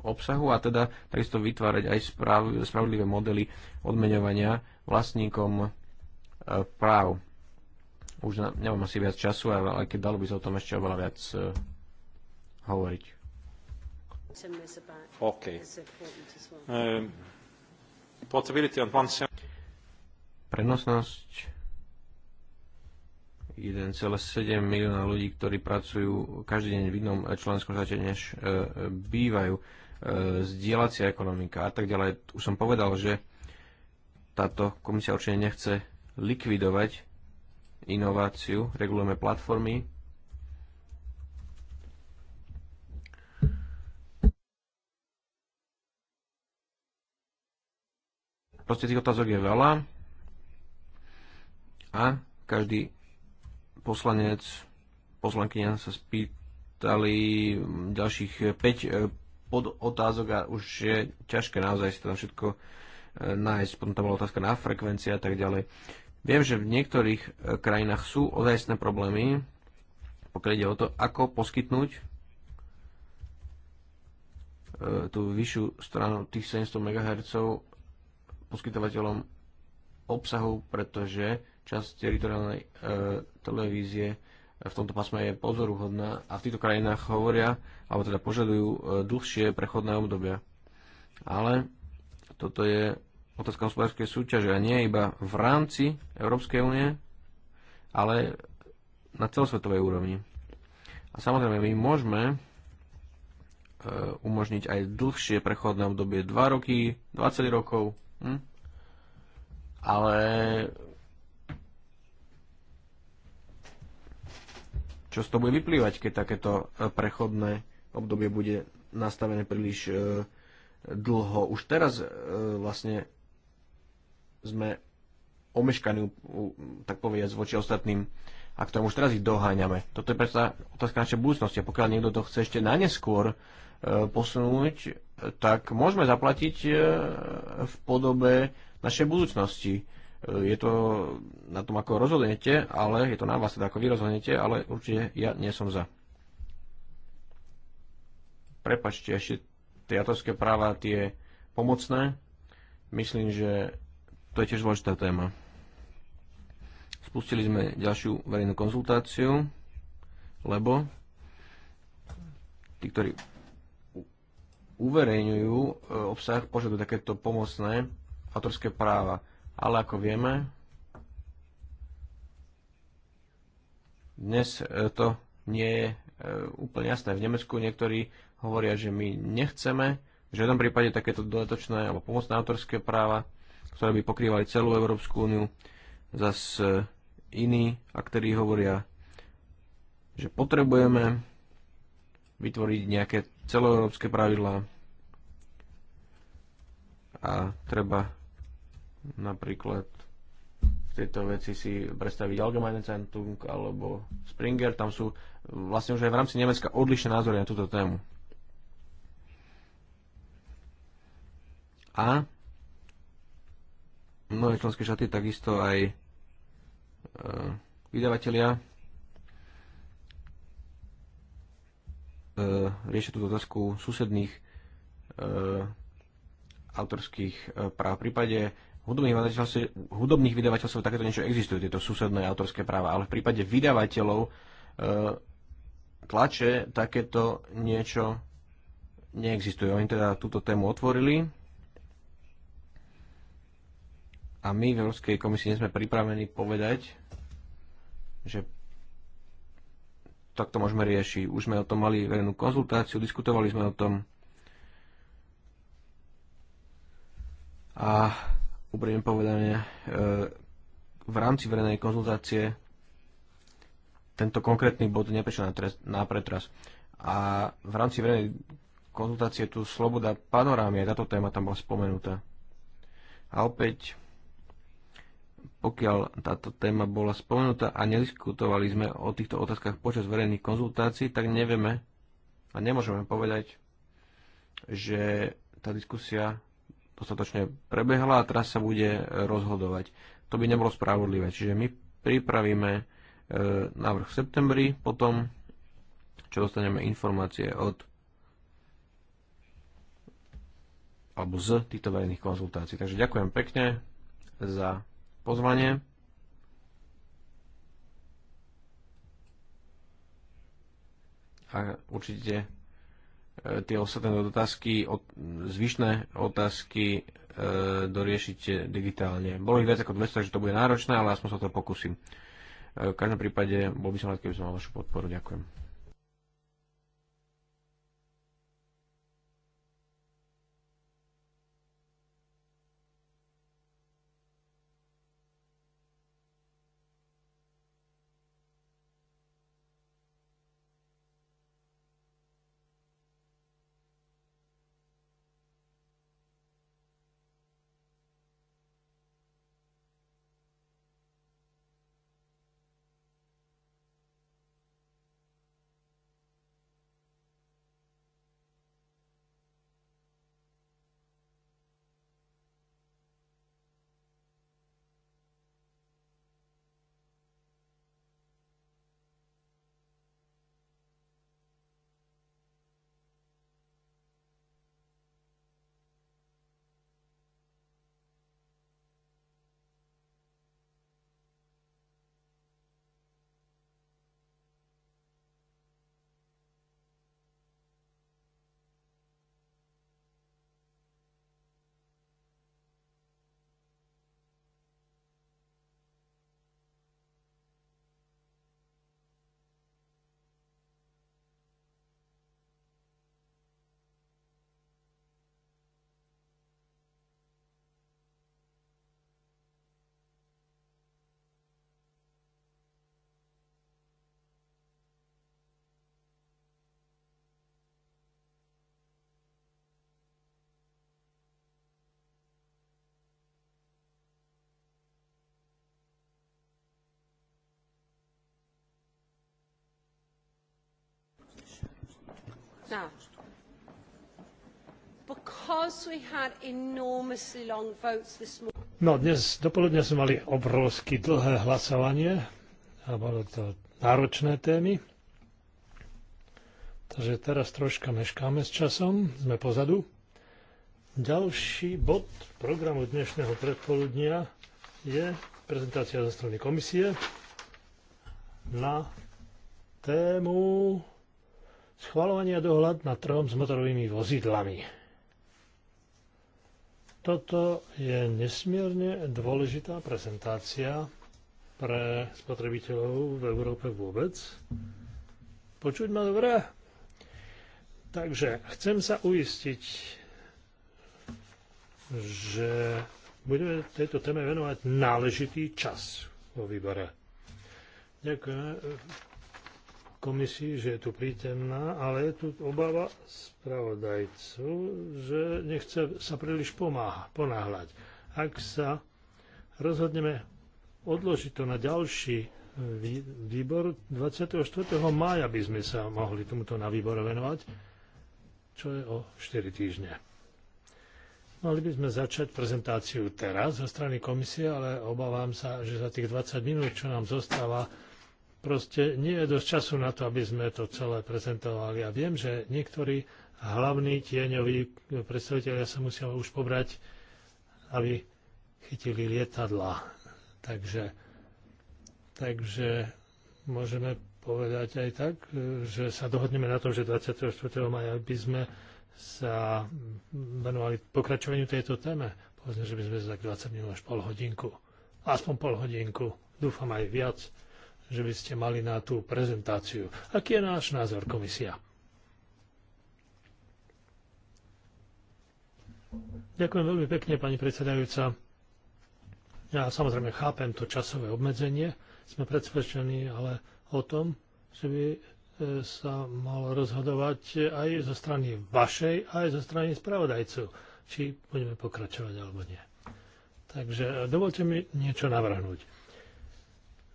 obsahu a teda takisto vytvárať aj spravodlivé modely odmeňovania vlastníkom práv. Už na, nemám asi viac času, ale keď dalo by sa o tom ešte oveľa viac hovoriť. OK. Um, prenosnosť 1,7 milióna ľudí, ktorí pracujú každý deň v inom členskom štáte, než e, bývajú, e, zdieľacia ekonomika a tak ďalej. Už som povedal, že táto komisia určite nechce likvidovať inováciu, regulujeme platformy, Proste tých otázok je veľa a každý poslanec, poslankyňa sa spýtali ďalších 5 eh, otázok a už je ťažké naozaj si tam všetko eh, nájsť. Potom tam bola otázka na frekvencie a tak ďalej. Viem, že v niektorých eh, krajinách sú ozajstné problémy, pokiaľ ide o to, ako poskytnúť tú vyššiu stranu tých 700 MHz poskytovateľom obsahu, pretože Časť teritoriálnej e, televízie v tomto pásme je pozoruhodná a v týchto krajinách hovoria, alebo teda požadujú e, dlhšie prechodné obdobia. Ale toto je otázka hospodárskej súťaže a nie iba v rámci Európskej únie, ale na celosvetovej úrovni. A samozrejme, my môžeme e, umožniť aj dlhšie prechodné obdobie 2 roky, 20 rokov. Hm? Ale čo z toho bude vyplývať, keď takéto e, prechodné obdobie bude nastavené príliš e, dlho. Už teraz e, vlastne sme omeškaní, tak povediať, voči ostatným tomu Už teraz ich doháňame. Toto je predsa otázka našej budúcnosti. A pokiaľ niekto to chce ešte na neskôr posunúť, tak môžeme zaplatiť v podobe našej budúcnosti. E, je to na tom, ako rozhodnete, ale je to na vás, teda ako vy rozhodnete, ale určite ja nie som za. Prepačte ešte tie autorské práva, tie pomocné. Myslím, že to je tiež dôležitá téma. Spustili sme ďalšiu verejnú konzultáciu, lebo tí, ktorí uverejňujú e, obsah, požadujú takéto pomocné autorské práva ale ako vieme, dnes e, to nie je e, úplne jasné. V Nemecku niektorí hovoria, že my nechceme v žiadnom prípade takéto dodatočné alebo pomocné autorské práva, ktoré by pokrývali celú Európsku úniu. Zas e, iní a ktorí hovoria, že potrebujeme vytvoriť nejaké celoeurópske pravidlá a treba Napríklad v tejto veci si predstaviť Allgemeine Zeitung alebo Springer, tam sú vlastne už aj v rámci Nemecka odlišné názory na túto tému. A mnohé členské štáty, takisto aj e, vydavatelia e, riešia túto otázku susedných e, autorských e, práv. V prípade hudobných, vydavateľstiev, hudobných vydavateľstiev takéto niečo existuje, tieto susedné autorské práva, ale v prípade vydavateľov e, tlače takéto niečo neexistuje. Oni teda túto tému otvorili a my v Európskej komisii nie sme pripravení povedať, že takto môžeme riešiť. Už sme o tom mali verejnú konzultáciu, diskutovali sme o tom a úprimne povedané, e, v rámci verejnej konzultácie tento konkrétny bod neprešiel na, trest, na pretras. A v rámci verejnej konzultácie tu sloboda panorámy, táto téma tam bola spomenutá. A opäť, pokiaľ táto téma bola spomenutá a nediskutovali sme o týchto otázkach počas verejných konzultácií, tak nevieme a nemôžeme povedať, že tá diskusia dostatočne prebehla a teraz sa bude e, rozhodovať. To by nebolo spravodlivé. Čiže my pripravíme e, návrh v septembri, potom čo dostaneme informácie od alebo z týchto verejných konzultácií. Takže ďakujem pekne za pozvanie. A určite E, tie ostatné otázky, zvyšné otázky e, doriešiť digitálne. Bolo ich viac ako 200, takže to bude náročné, ale aspoň sa to pokúsim. E, v každom prípade bol by som rád, keby som mal vašu podporu. Ďakujem. now. No, dnes dopoludne sme mali obrovsky dlhé hlasovanie a bolo to náročné témy. Takže teraz troška meškáme s časom, sme pozadu. Ďalší bod programu dnešného predpoludnia je prezentácia zo strany komisie na tému schvalovania a dohľad nad trhom s motorovými vozidlami. Toto je nesmierne dôležitá prezentácia pre spotrebiteľov v Európe vôbec. Počuť ma dobré? Takže chcem sa uistiť, že budeme tejto téme venovať náležitý čas vo výbore. Ďakujem komisii, že je tu prítemná, ale je tu obava spravodajcu, že nechce sa príliš pomáha, ponáhľať. Ak sa rozhodneme odložiť to na ďalší e, výbor, 24. mája by sme sa mohli tomuto na výbor venovať, čo je o 4 týždne. Mali by sme začať prezentáciu teraz zo strany komisie, ale obávam sa, že za tých 20 minút, čo nám zostáva, proste nie je dosť času na to, aby sme to celé prezentovali. A viem, že niektorí hlavní tieňoví predstaviteľia sa musia už pobrať, aby chytili lietadla. Takže, takže môžeme povedať aj tak, že sa dohodneme na tom, že 24. maja by sme sa venovali pokračovaniu tejto téme. Povedzme, že by sme tak 20 minút až pol hodinku. Aspoň pol hodinku. Dúfam aj viac že by ste mali na tú prezentáciu. Aký je náš názor komisia? Ďakujem veľmi pekne, pani predsedajúca. Ja samozrejme chápem to časové obmedzenie, sme predsvedčení ale o tom, že by e, sa malo rozhodovať aj zo strany vašej, aj zo strany spravodajcu, či budeme pokračovať alebo nie. Takže e, dovolte mi niečo navrhnúť.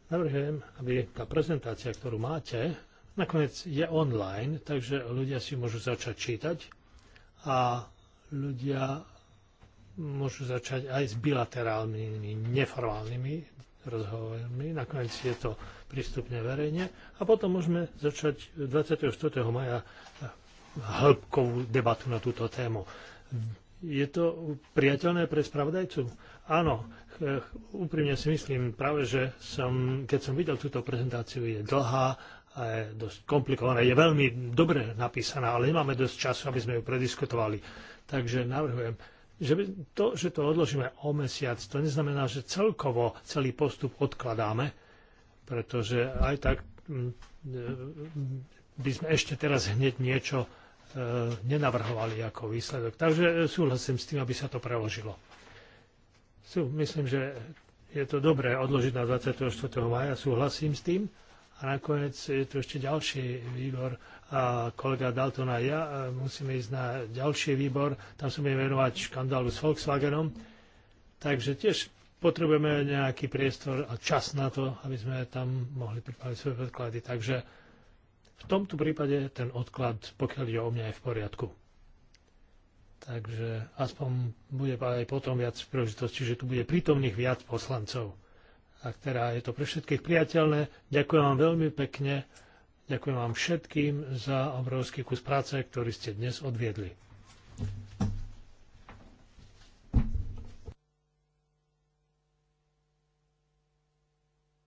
Navrhujem, aby tá prezentácia, ktorú máte, nakoniec je online, takže ľudia si môžu začať čítať a ľudia môžu začať aj s bilaterálnymi, neformálnymi rozhovormi. Nakoniec je to prístupne verejne. A potom môžeme začať 24. maja hĺbkovú debatu na túto tému. Je to priateľné pre spravodajcu? Áno, Eh, úprimne si myslím práve, že som, keď som videl túto prezentáciu, je dlhá a je dosť komplikovaná. Je veľmi dobre napísaná, ale nemáme dosť času, aby sme ju prediskutovali. Takže navrhujem, že to, že to odložíme o mesiac, to neznamená, že celkovo celý postup odkladáme, pretože aj tak mm, eh, by sme ešte teraz hneď niečo eh, nenavrhovali ako výsledok. Takže súhlasím s tým, aby sa to preložilo sú, myslím, že je to dobré odložiť na 24. maja, súhlasím s tým. A nakoniec je tu ešte ďalší výbor, a kolega Dalton a ja e, musíme ísť na ďalší výbor, tam sa budeme venovať škandálu s Volkswagenom. Takže tiež potrebujeme nejaký priestor a čas na to, aby sme tam mohli pripraviť svoje podklady. Takže v tomto prípade ten odklad, pokiaľ je o mňa, je v poriadku takže aspoň bude aj potom viac príležitosti, že tu bude prítomných viac poslancov. A teda je to pre všetkých priateľné. Ďakujem vám veľmi pekne. Ďakujem vám všetkým za obrovský kus práce, ktorý ste dnes odviedli.